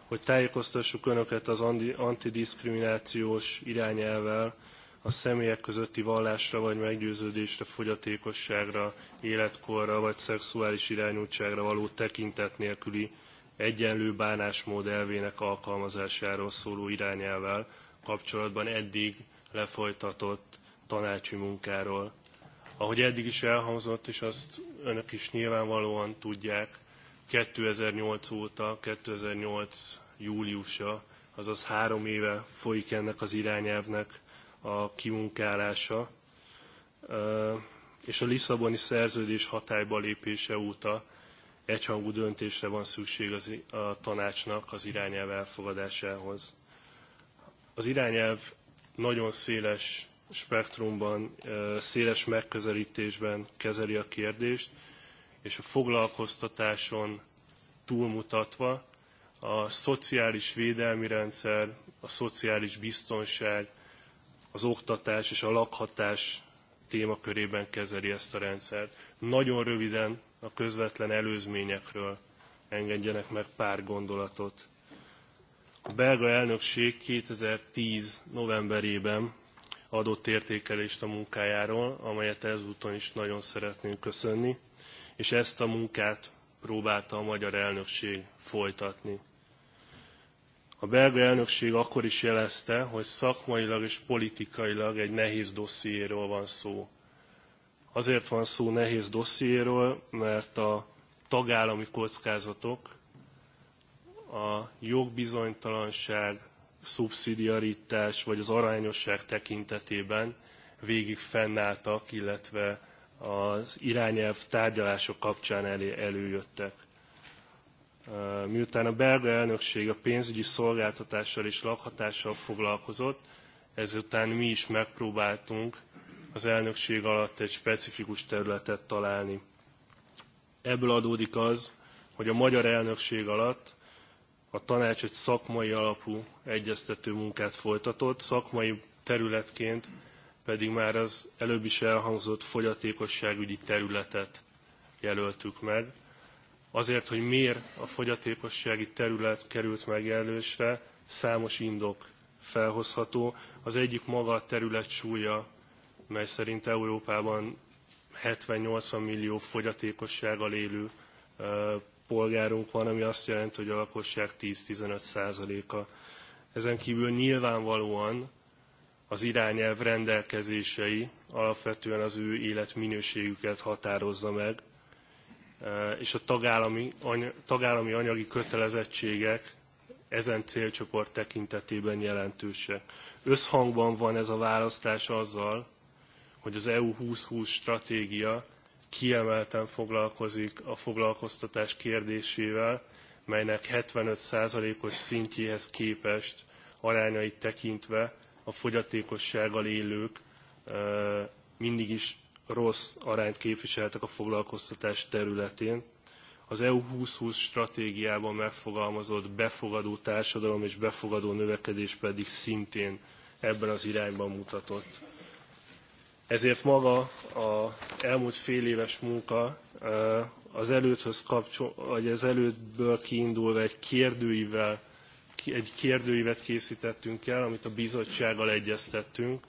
hogy tájékoztassuk Önöket az antidiszkriminációs irányelvel, a személyek közötti vallásra vagy meggyőződésre, fogyatékosságra, életkorra vagy szexuális irányultságra való tekintet nélküli egyenlő bánásmód elvének alkalmazásáról szóló irányelvvel kapcsolatban eddig lefolytatott tanácsi munkáról. Ahogy eddig is elhangzott, és azt önök is nyilvánvalóan tudják, 2008 óta, 2008 júliusa, azaz három éve folyik ennek az irányelvnek a kimunkálása, és a Lisszaboni szerződés hatályba lépése óta egyhangú döntésre van szükség az, a tanácsnak az irányelv elfogadásához. Az irányelv nagyon széles spektrumban, széles megközelítésben kezeli a kérdést, és a foglalkoztatáson túlmutatva a szociális védelmi rendszer, a szociális biztonság, az oktatás és a lakhatás témakörében kezeli ezt a rendszert. Nagyon röviden a közvetlen előzményekről engedjenek meg pár gondolatot. A belga elnökség 2010. novemberében adott értékelést a munkájáról, amelyet ezúton is nagyon szeretnénk köszönni, és ezt a munkát próbálta a magyar elnökség folytatni. A belga elnökség akkor is jelezte, hogy szakmailag és politikailag egy nehéz dossziéről van szó. Azért van szó nehéz dossziéről, mert a tagállami kockázatok, a jogbizonytalanság, szubszidiaritás vagy az arányosság tekintetében végig fennálltak, illetve az irányelv tárgyalások kapcsán előjöttek. Miután a belga elnökség a pénzügyi szolgáltatással és lakhatással foglalkozott, ezután mi is megpróbáltunk az elnökség alatt egy specifikus területet találni. Ebből adódik az, hogy a magyar elnökség alatt a tanács egy szakmai alapú egyeztető munkát folytatott, szakmai területként pedig már az előbb is elhangzott fogyatékosságügyi területet jelöltük meg. Azért, hogy miért a fogyatékossági terület került megjelölésre, számos indok felhozható. Az egyik maga a terület súlya, mely szerint Európában 70-80 millió fogyatékossággal élő polgárunk van, ami azt jelenti, hogy a lakosság 10-15 százaléka. Ezen kívül nyilvánvalóan az irányelv rendelkezései alapvetően az ő életminőségüket határozza meg, eh, és a tagállami, any, tagállami anyagi kötelezettségek ezen célcsoport tekintetében jelentősek. Összhangban van ez a választás azzal, hogy az EU 2020 stratégia kiemelten foglalkozik a foglalkoztatás kérdésével, melynek 75%-os szintjéhez képest arányait tekintve a fogyatékossággal élők mindig is rossz arányt képviseltek a foglalkoztatás területén. Az EU 2020 stratégiában megfogalmazott befogadó társadalom és befogadó növekedés pedig szintén ebben az irányban mutatott. Ezért maga a elmúlt fél éves munka az előtthöz kapcsol, vagy az előttből kiindulva egy kérdőivel, egy kérdőívet készítettünk el, amit a bizottsággal egyeztettünk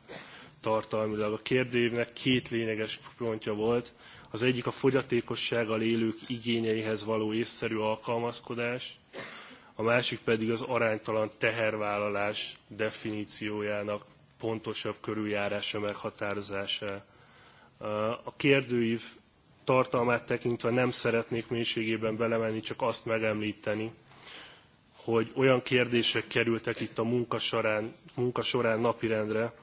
tartalmilag. A kérdőívnek két lényeges pontja volt. Az egyik a fogyatékossággal élők igényeihez való észszerű alkalmazkodás, a másik pedig az aránytalan tehervállalás definíciójának pontosabb körüljárása meghatározása. A kérdőív tartalmát tekintve nem szeretnék mélységében belemenni, csak azt megemlíteni, hogy olyan kérdések kerültek itt a munka során, munka során napirendre,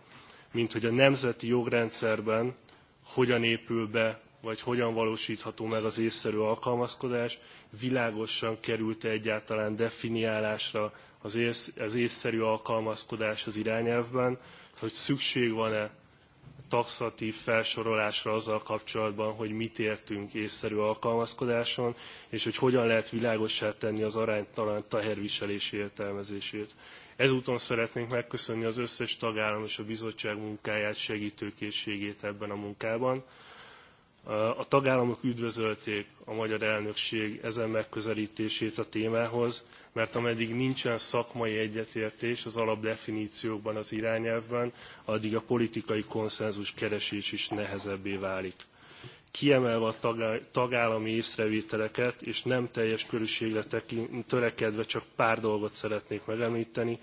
mint hogy a nemzeti jogrendszerben hogyan épül be, vagy hogyan valósítható meg az észszerű alkalmazkodás, világosan került-e egyáltalán definiálásra az, ész, az észszerű alkalmazkodás az irányelvben, hogy szükség van-e taxatív felsorolásra azzal kapcsolatban, hogy mit értünk észszerű alkalmazkodáson, és hogy hogyan lehet világossá tenni az aránytalan teherviselési értelmezését. Ezúton szeretnénk megköszönni az összes tagállam és a bizottság munkáját, segítőkészségét ebben a munkában. A tagállamok üdvözölték a magyar elnökség ezen megközelítését a témához, mert ameddig nincsen szakmai egyetértés az alapdefiníciókban, az irányelvben, addig a politikai konszenzus keresés is nehezebbé válik. Kiemelve a tagállami észrevételeket és nem teljes körűségre törekedve csak pár dolgot szeretnék megemlíteni,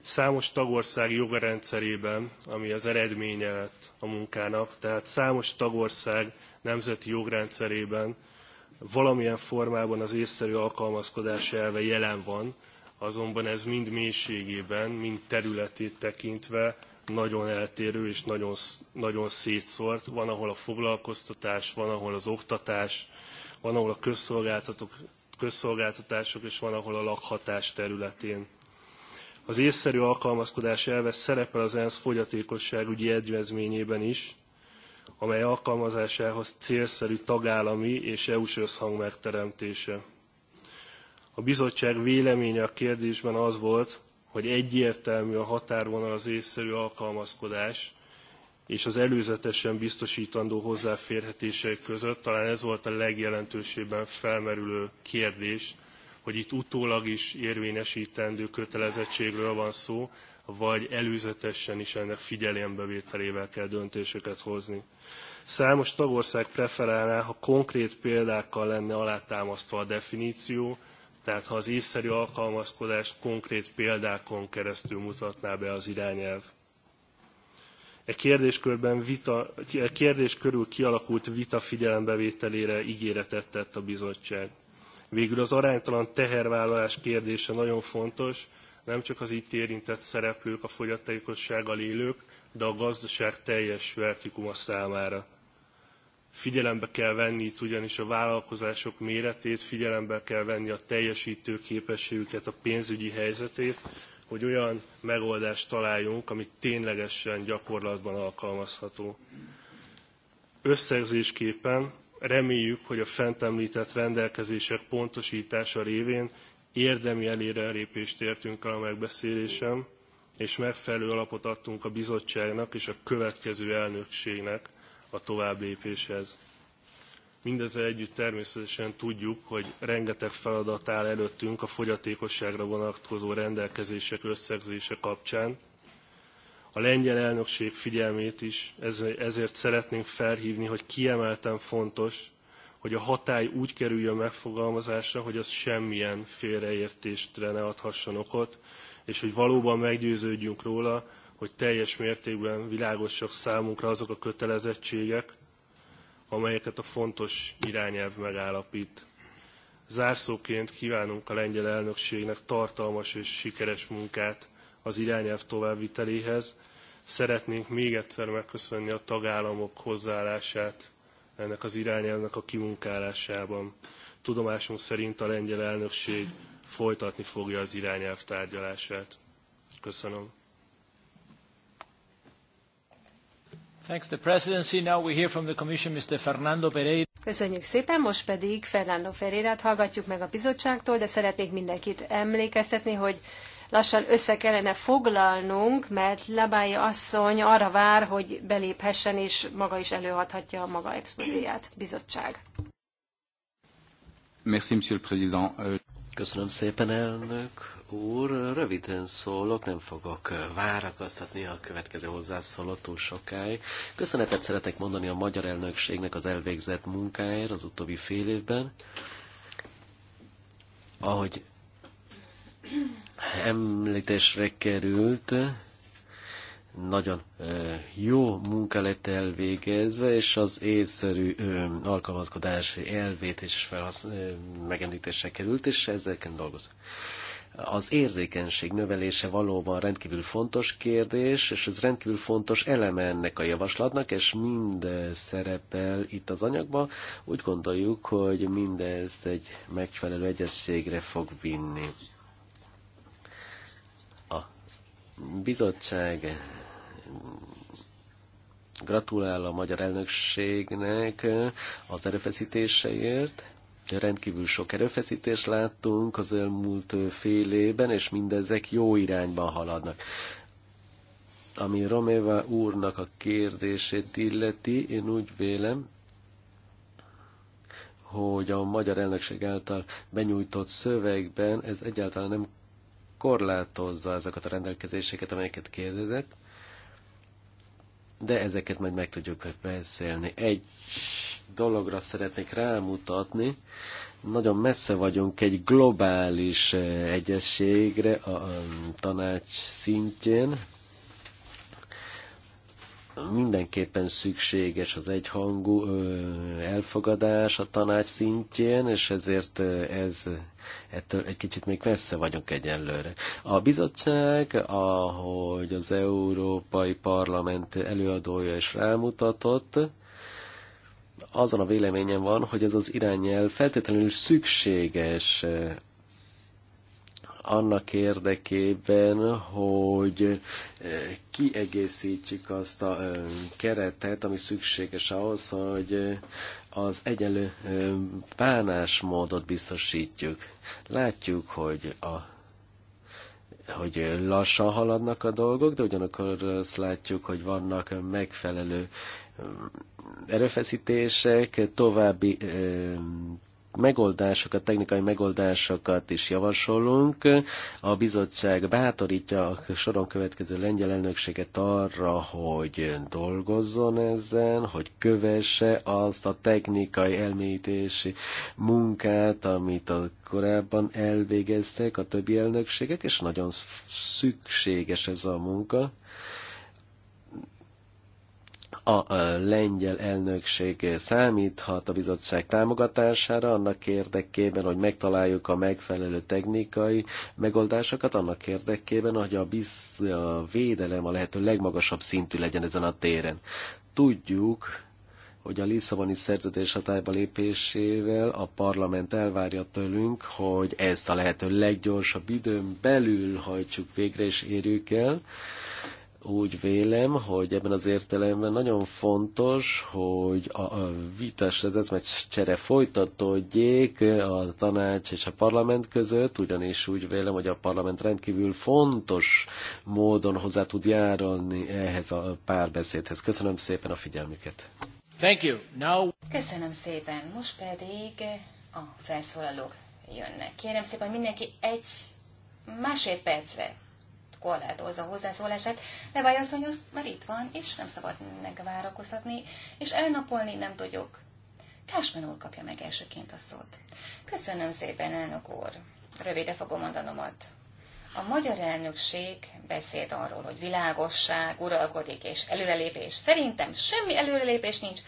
számos tagország jogrendszerében, ami az eredménye lett a munkának, tehát számos tagország nemzeti jogrendszerében valamilyen formában az észszerű alkalmazkodás elve jelen van, azonban ez mind mélységében, mind területét tekintve nagyon eltérő és nagyon, nagyon szétszórt. Van, ahol a foglalkoztatás, van, ahol az oktatás, van, ahol a közszolgáltatások, és van, ahol a lakhatás területén. Az észszerű alkalmazkodás elve szerepel az ENSZ fogyatékosságügyi egyezményében is, amely alkalmazásához célszerű tagállami és EU-s összhang megteremtése. A bizottság véleménye a kérdésben az volt, hogy egyértelmű a határvonal az észszerű alkalmazkodás és az előzetesen biztosítandó hozzáférhetések között. Talán ez volt a legjelentősebben felmerülő kérdés, hogy itt utólag is érvényesítendő kötelezettségről van szó, vagy előzetesen is ennek figyelembevételével kell döntéseket hozni. Számos tagország preferálná, ha konkrét példákkal lenne alátámasztva a definíció, tehát ha az észszerű alkalmazkodás konkrét példákon keresztül mutatná be az irányelv. E kérdéskörben vita, e kérdés körül kialakult vita figyelembevételére ígéretet tett a bizottság. Végül az aránytalan tehervállalás kérdése nagyon fontos, nem csak az itt érintett szereplők, a fogyatékossággal élők, de a gazdaság teljes vertikuma számára. Figyelembe kell venni itt ugyanis a vállalkozások méretét, figyelembe kell venni a teljesítő képességüket, a pénzügyi helyzetét, hogy olyan megoldást találjunk, ami ténylegesen gyakorlatban alkalmazható. Összegzésképpen reméljük, hogy a fent említett rendelkezések pontosítása révén érdemi előrelépést értünk el a megbeszélésen, és megfelelő alapot adtunk a bizottságnak és a következő elnökségnek a tovább lépéshez. Mindezzel együtt természetesen tudjuk, hogy rengeteg feladat áll előttünk a fogyatékosságra vonatkozó rendelkezések összegzése kapcsán. A lengyel elnökség figyelmét is ezért szeretnénk felhívni, hogy kiemelten fontos, hogy a hatály úgy kerüljön megfogalmazásra, hogy az semmilyen félreértésre ne adhasson okot, és hogy valóban meggyőződjünk róla, hogy teljes mértékben világosak számunkra azok a kötelezettségek, amelyeket a fontos irányelv megállapít. Zárszóként kívánunk a lengyel elnökségnek tartalmas és sikeres munkát az irányelv továbbviteléhez. Szeretnénk még egyszer megköszönni a tagállamok hozzáállását ennek az irányelvnek a kimunkálásában. Tudomásom szerint a lengyel elnökség folytatni fogja az irányelv tárgyalását. Köszönöm. Thanks the presidency. Now we hear from the commission Mr. Fernando Pereira. Köszönjük szépen, most pedig Fernando Ferreira-t hallgatjuk meg a bizottságtól, de szeretnék mindenkit emlékeztetni, hogy lassan össze kellene foglalnunk, mert Labája asszony arra vár, hogy beléphessen, és maga is előadhatja a maga expozéját. Bizottság. Merci, Monsieur le Président. Euh, Köszönöm szépen, elnök úr. Röviden szólok, nem fogok várakoztatni a következő hozzászólót túl sokáig. Köszönetet szeretek mondani a magyar elnökségnek az elvégzett munkáért az utóbbi fél évben. Ahogy említésre került, nagyon jó munka lett elvégezve, és az észszerű alkalmazkodási elvét is megemlítésre került, és ezeken dolgozunk. Az érzékenység növelése valóban rendkívül fontos kérdés, és ez rendkívül fontos eleme ennek a javaslatnak, és mind szerepel itt az anyagban. Úgy gondoljuk, hogy mindez egy megfelelő egyességre fog vinni. bizottság gratulál a magyar elnökségnek az erőfeszítéseért. Rendkívül sok erőfeszítést láttunk az elmúlt fél évben, és mindezek jó irányban haladnak. Ami Romeva úrnak a kérdését illeti, én úgy vélem, hogy a magyar elnökség által benyújtott szövegben ez egyáltalán nem korlátozza azokat a rendelkezéseket, amelyeket kérdezett, de ezeket majd meg tudjuk beszélni. Egy dologra szeretnék rámutatni, nagyon messze vagyunk egy globális eh, egyességre a tanács szintjén, mindenképpen szükséges az egyhangú elfogadás a tanács szintjén, és ezért ez ettől egy kicsit még messze vagyunk egyenlőre. A bizottság, ahogy az Európai Parlament előadója is rámutatott, azon a véleményen van, hogy ez az irányel feltétlenül szükséges annak érdekében, hogy eh, kiegészítsük azt a eh, keretet, ami szükséges ahhoz, hogy eh, az egyenlő bánásmódot biztosítjuk. Látjuk, hogy a hogy lassan haladnak a dolgok, de ugyanakkor azt látjuk, hogy vannak megfelelő erőfeszítések, további megoldásokat, technikai megoldásokat is javasolunk. A bizottság bátorítja a soron következő lengyel elnökséget arra, hogy dolgozzon ezen, hogy kövesse azt a technikai elmélyítési munkát, amit a korábban elvégeztek a többi elnökségek, és nagyon szükséges ez a munka. A lengyel elnökség számíthat a bizottság támogatására annak érdekében, hogy megtaláljuk a megfelelő technikai megoldásokat, annak érdekében, hogy a, biz, a védelem a lehető legmagasabb szintű legyen ezen a téren. Tudjuk, hogy a Lisszaboni szerződés hatályba lépésével a parlament elvárja tőlünk, hogy ezt a lehető leggyorsabb időn belül hajtsuk végre és érjük el úgy vélem, hogy ebben az értelemben nagyon fontos, hogy a, a vitás ez meg csere folytatódjék a tanács és a parlament között, ugyanis úgy vélem, hogy a parlament rendkívül fontos módon hozzá tud járulni ehhez a párbeszédhez. Köszönöm szépen a figyelmüket. Thank you. Now... Köszönöm szépen. Most pedig a felszólalók jönnek. Kérem szépen, mindenki egy másfél percre korlátozza a hozzászólását, de baj az, hogy az már itt van, és nem szabad megvárakozhatni, és elnapolni nem tudjuk. Kásmen úr kapja meg elsőként a szót. Köszönöm szépen, elnök úr. Rövide fogom mondanomat. A magyar elnökség beszéd arról, hogy világosság uralkodik és előrelépés. Szerintem semmi előrelépés nincs,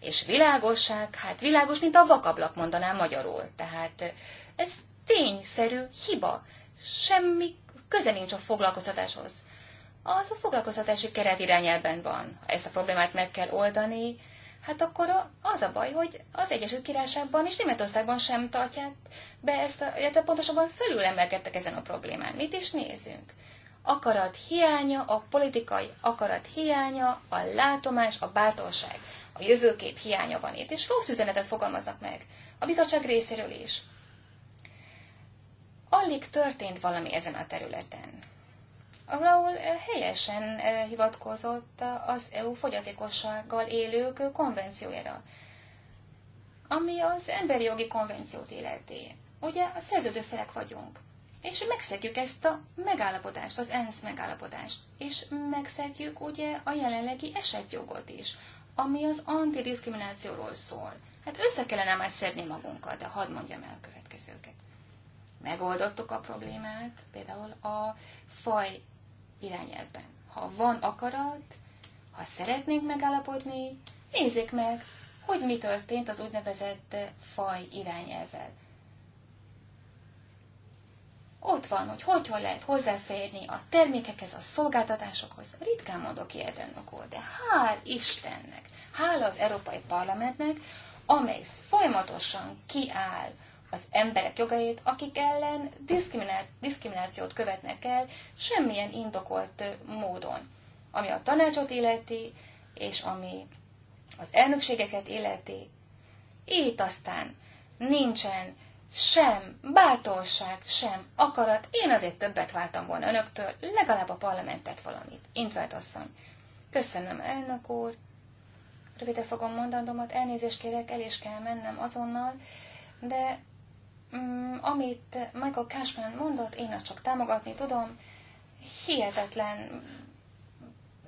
és világosság, hát világos, mint a vakablak mondanám magyarul. Tehát ez tényszerű hiba. Semmi köze nincs a foglalkoztatáshoz. Az a foglalkoztatási keret irányelben van. Ha ezt a problémát meg kell oldani, hát akkor az a baj, hogy az Egyesült Királyságban és Németországban sem tartják be ezt, a, illetve pontosabban felülemelkedtek ezen a problémán. Mit is nézünk? Akarat hiánya, a politikai akarat hiánya, a látomás, a bátorság, a jövőkép hiánya van itt, és rossz üzenetet fogalmaznak meg. A bizottság részéről is alig történt valami ezen a területen. Ahol eh, helyesen eh, hivatkozott az EU fogyatékossággal élők konvenciójára, ami az emberi jogi konvenciót illeti. Ugye a szerződő felek vagyunk, és megszegjük ezt a megállapodást, az ENSZ megállapodást, és megszegjük ugye a jelenlegi esetjogot is, ami az antidiszkriminációról szól. Hát össze kellene már szedni magunkat, de hadd mondjam el a következőket megoldottuk a problémát, például a faj irányelvben. Ha van akarat, ha szeretnénk megállapodni, nézzék meg, hogy mi történt az úgynevezett faj irányelvel. Ott van, hogy hogy lehet hozzáférni a termékekhez, a szolgáltatásokhoz. Ritkán mondok ilyet, elnök de hál' Istennek, hál' az Európai Parlamentnek, amely folyamatosan kiáll az emberek jogait, akik ellen diszkriminációt követnek el semmilyen indokolt módon, ami a tanácsot illeti, és ami az elnökségeket illeti. Itt aztán nincsen sem bátorság, sem akarat. Én azért többet váltam volna önöktől, legalább a parlamentet valamit. Intvált asszony. Köszönöm, elnök úr. Röviden fogom mondanomat, elnézést kérek, el is kell mennem azonnal, de Mm, amit Michael Cashman mondott, én azt csak támogatni tudom, hihetetlen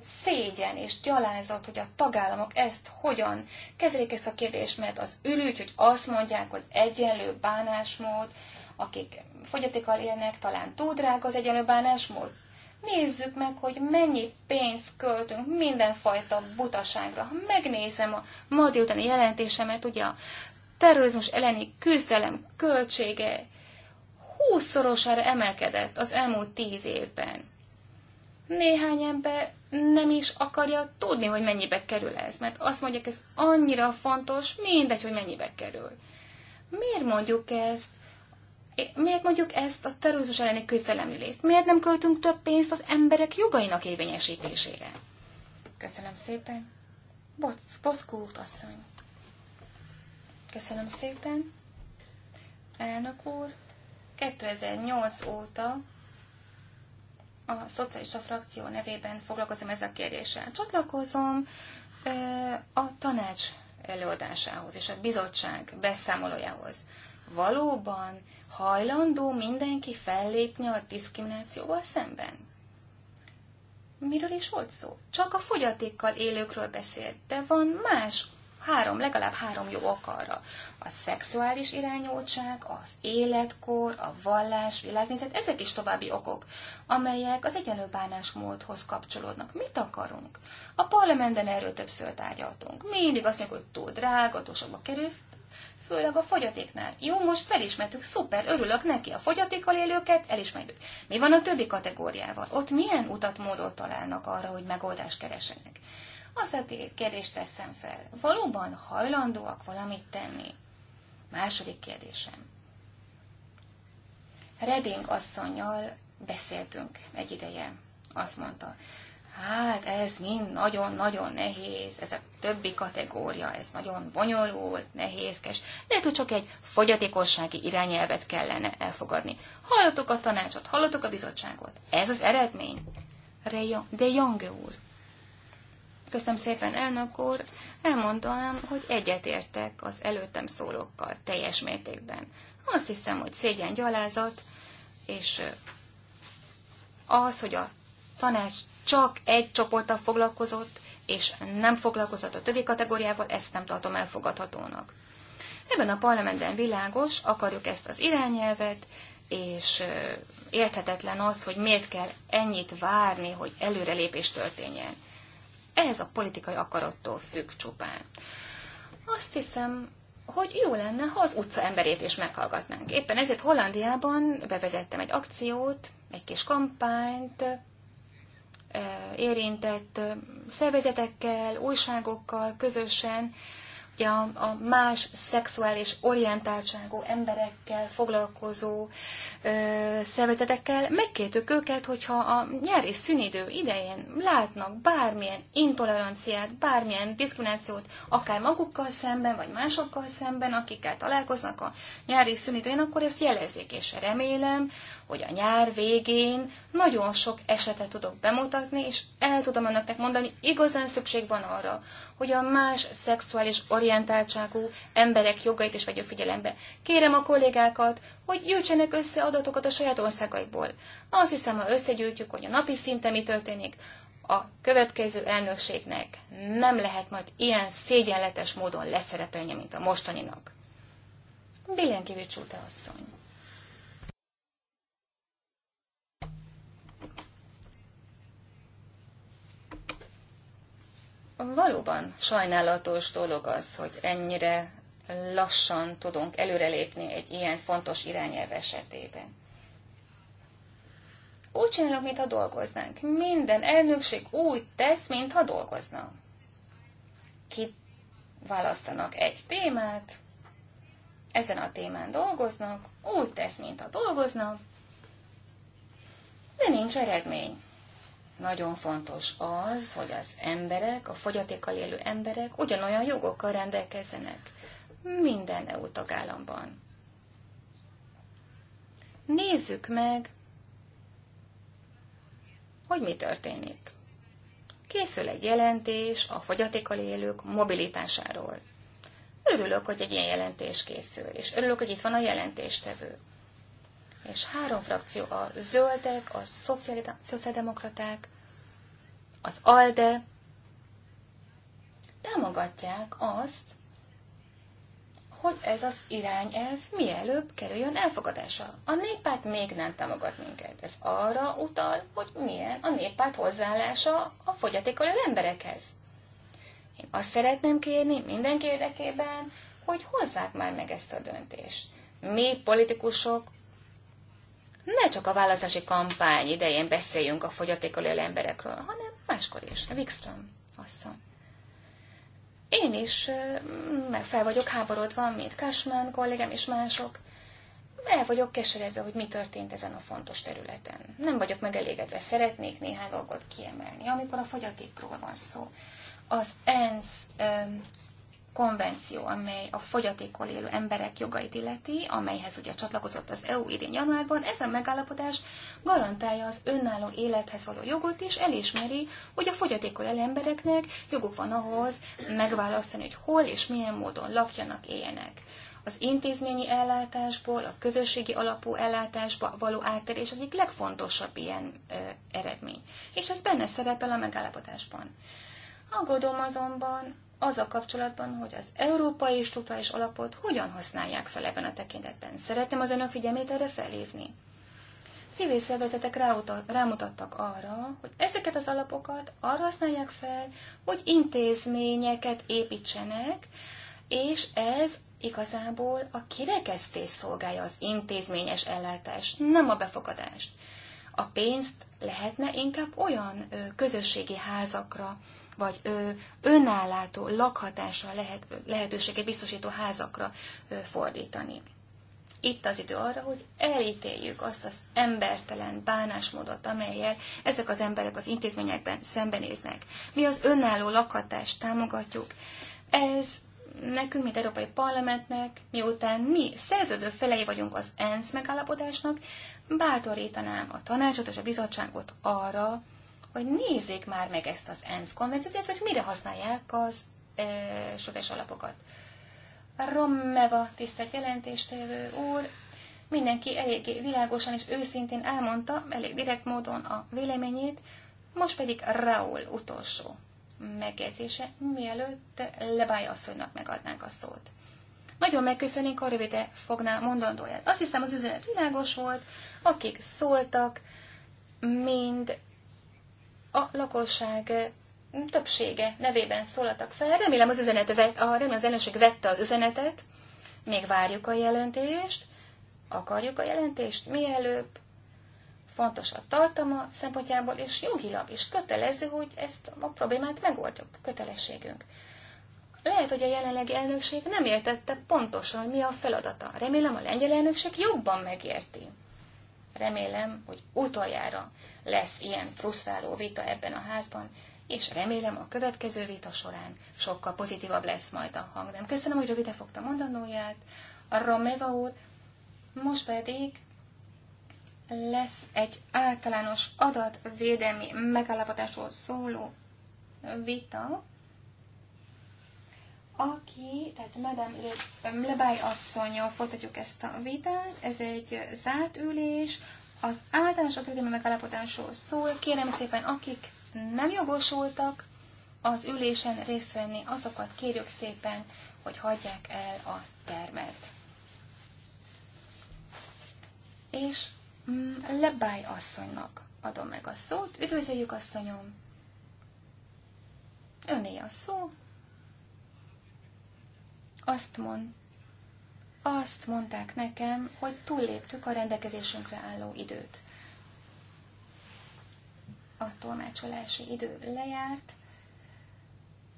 szégyen és gyalázat, hogy a tagállamok ezt hogyan kezelik ezt a kérdést, mert az ürügy, hogy azt mondják, hogy egyenlő bánásmód, akik fogyatékkal élnek, talán túl drága az egyenlő bánásmód. Nézzük meg, hogy mennyi pénzt költünk mindenfajta butaságra. Ha megnézem a ma délutáni jelentésemet, ugye a terrorizmus elleni küzdelem költsége 20-szorosára emelkedett az elmúlt 10 évben. Néhány ember nem is akarja tudni, hogy mennyibe kerül ez, mert azt mondják, ez annyira fontos, mindegy, hogy mennyibe kerül. Miért mondjuk ezt? Miért mondjuk ezt a terrorizmus elleni küzdelemülést? Miért nem költünk több pénzt az emberek jogainak érvényesítésére? Köszönöm szépen. Bocs, Boszkó asszony. Köszönöm szépen. Elnök úr, 2008 óta a szocialista frakció nevében foglalkozom ezzel a kérdéssel. Csatlakozom a tanács előadásához és a bizottság beszámolójához. Valóban hajlandó mindenki fellépni a diszkriminációval szemben? Miről is volt szó? Csak a fogyatékkal élőkről beszélt, de van más három, legalább három jó ok arra. A szexuális irányultság, az életkor, a vallás, világnézet, ezek is további okok, amelyek az egyenlő bánásmódhoz kapcsolódnak. Mit akarunk? A parlamentben erről többször tárgyaltunk. Mindig azt mondjuk, hogy túl drága, túl kerül, főleg a fogyatéknál. Jó, most felismertük, szuper, örülök neki, a fogyatékkal élőket elismerjük. Mi van a többi kategóriával? Ott milyen utat, módot találnak arra, hogy megoldást keresenek? Azt a kérdést teszem fel. Valóban hajlandóak valamit tenni? Második kérdésem. Reding asszonynal beszéltünk egy ideje. Azt mondta, hát ez mind nagyon-nagyon nehéz, ez a többi kategória, ez nagyon bonyolult, nehézkes, de hát csak egy fogyatékossági irányelvet kellene elfogadni. Hallottuk a tanácsot, hallottuk a bizottságot. Ez az eredmény. De Jange úr. Köszönöm szépen, elnök úr. Elmondanám, hogy egyetértek az előttem szólókkal teljes mértékben. Azt hiszem, hogy szégyen gyalázat, és az, hogy a tanács csak egy csoporttal foglalkozott, és nem foglalkozott a többi kategóriával, ezt nem tartom elfogadhatónak. Ebben a parlamentben világos, akarjuk ezt az irányelvet, és érthetetlen az, hogy miért kell ennyit várni, hogy előrelépés történjen. Ez a politikai akarattól függ csupán. Azt hiszem, hogy jó lenne, ha az utca emberét is meghallgatnánk. Éppen ezért Hollandiában bevezettem egy akciót, egy kis kampányt, érintett szervezetekkel, újságokkal közösen, a más szexuális orientáltságú emberekkel foglalkozó ö, szervezetekkel, megkértük őket, hogyha a nyári szünidő idején látnak bármilyen intoleranciát, bármilyen diszkriminációt, akár magukkal szemben, vagy másokkal szemben, akikkel találkoznak a nyári szünidőjén, akkor ezt jelezik, és remélem, hogy a nyár végén nagyon sok esetet tudok bemutatni, és el tudom önöknek mondani, igazán szükség van arra, hogy a más szexuális orientáltságú emberek jogait is vegyük figyelembe. Kérem a kollégákat, hogy gyűjtsenek össze adatokat a saját országaiból. Azt hiszem, ha összegyűjtjük, hogy a napi szinten mi történik, a következő elnökségnek nem lehet majd ilyen szégyenletes módon leszerepelni, mint a mostaninak. Billenkivics úte asszony. Valóban sajnálatos dolog az, hogy ennyire lassan tudunk előrelépni egy ilyen fontos irányelv esetében. Úgy csinálok, mintha dolgoznánk. Minden elnökség úgy tesz, mintha dolgozna. Ki választanak egy témát, ezen a témán dolgoznak, úgy tesz, mintha dolgozna, de nincs eredmény. Nagyon fontos az, hogy az emberek, a fogyatékkal élő emberek ugyanolyan jogokkal rendelkezzenek minden EU tagállamban. Nézzük meg, hogy mi történik. Készül egy jelentés a fogyatékkal élők mobilitásáról. Örülök, hogy egy ilyen jelentés készül, és örülök, hogy itt van a jelentéstevő és három frakció, a zöldek, a szociáldemokraták, az ALDE támogatják azt, hogy ez az irányelv mielőbb kerüljön elfogadása. A néppárt még nem támogat minket. Ez arra utal, hogy milyen a néppárt hozzáállása a fogyatékkal emberekhez. Én azt szeretném kérni mindenki érdekében, hogy hozzák már meg ezt a döntést. Mi politikusok ne csak a választási kampány idején beszéljünk a fogyatékkal élő emberekről, hanem máskor is. A Wikström asszony. Én is meg fel vagyok háborodva, mint Kasman kollégám és mások. El vagyok keseredve, hogy mi történt ezen a fontos területen. Nem vagyok megelégedve, szeretnék néhány dolgot kiemelni, amikor a fogyatékról van szó. Az ENSZ konvenció, amely a fogyatékkal élő emberek jogait illeti, amelyhez ugye csatlakozott az EU idén januárban, ez a megállapodás garantálja az önálló élethez való jogot, és elismeri, hogy a fogyatékkal élő embereknek joguk van ahhoz megválasztani, hogy hol és milyen módon lakjanak, éljenek. Az intézményi ellátásból, a közösségi alapú ellátásba való átterés az egyik legfontosabb ilyen ö, eredmény. És ez benne szerepel a megállapodásban. Aggódom azonban, az a kapcsolatban, hogy az európai struktúrális alapot hogyan használják fel ebben a tekintetben. Szeretném az önök figyelmét erre felhívni. Civil szervezetek rámutattak arra, hogy ezeket az alapokat arra használják fel, hogy intézményeket építsenek, és ez igazából a kirekesztés szolgálja az intézményes ellátást, nem a befogadást. A pénzt lehetne inkább olyan közösségi házakra vagy ö, önállátó lakhatásra lehet, lehetőséget biztosító házakra ö, fordítani. Itt az idő arra, hogy elítéljük azt az embertelen bánásmódot, amelyel ezek az emberek az intézményekben szembenéznek. Mi az önálló lakhatást támogatjuk. Ez nekünk, mint Európai Parlamentnek, miután mi szerződő felei vagyunk az ENSZ megállapodásnak, bátorítanám a tanácsot és a bizottságot arra, hogy nézzék már meg ezt az ENSZ konvenciót, hogy mire használják az e, sodes alapokat. Rommeva tisztelt jelentéstevő úr, mindenki eléggé világosan és őszintén elmondta, elég direkt módon a véleményét, most pedig Raúl utolsó megjegyzése, mielőtt Lebály asszonynak megadnánk a szót. Nagyon megköszönünk, ha rövide fogná mondandóját. Azt hiszem az üzenet világos volt, akik szóltak, mind a lakosság eh, többsége nevében szólaltak fel. Remélem az, üzenet vett, a, remélem az ellenség vette az üzenetet. Még várjuk a jelentést. Akarjuk a jelentést mielőbb. Fontos a tartalma szempontjából, és jogilag is kötelező, hogy ezt a problémát megoldjuk. Kötelességünk. Lehet, hogy a jelenlegi elnökség nem értette pontosan, mi a feladata. Remélem a lengyel elnökség jobban megérti. Remélem, hogy utoljára lesz ilyen frusztráló vita ebben a házban, és remélem a következő vita során sokkal pozitívabb lesz majd a hang. Nem köszönöm, hogy rövide fogta mondanóját. A Romeva úr, most pedig lesz egy általános adatvédelmi megállapodásról szóló vita, aki, tehát Madame Le, Lebály asszonyjal folytatjuk ezt a vitát, ez egy zárt ülés, az általános akadémia megállapodásról szól. Kérem szépen, akik nem jogosultak az ülésen részt venni, azokat kérjük szépen, hogy hagyják el a termet. És mm, Lebály asszonynak adom meg a szót. Üdvözöljük, asszonyom! Öné a szó, azt, mond, azt mondták nekem, hogy túlléptük a rendelkezésünkre álló időt. A tolmácsolási idő lejárt.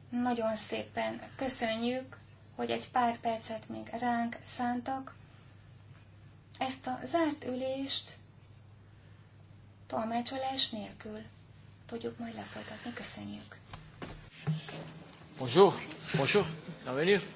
Nagyon szépen köszönjük, hogy egy pár percet még ránk szántak. Ezt a zárt ülést tolmácsolás nélkül tudjuk majd lefolytatni. Köszönjük! Bonjour, bonjour, bienvenue.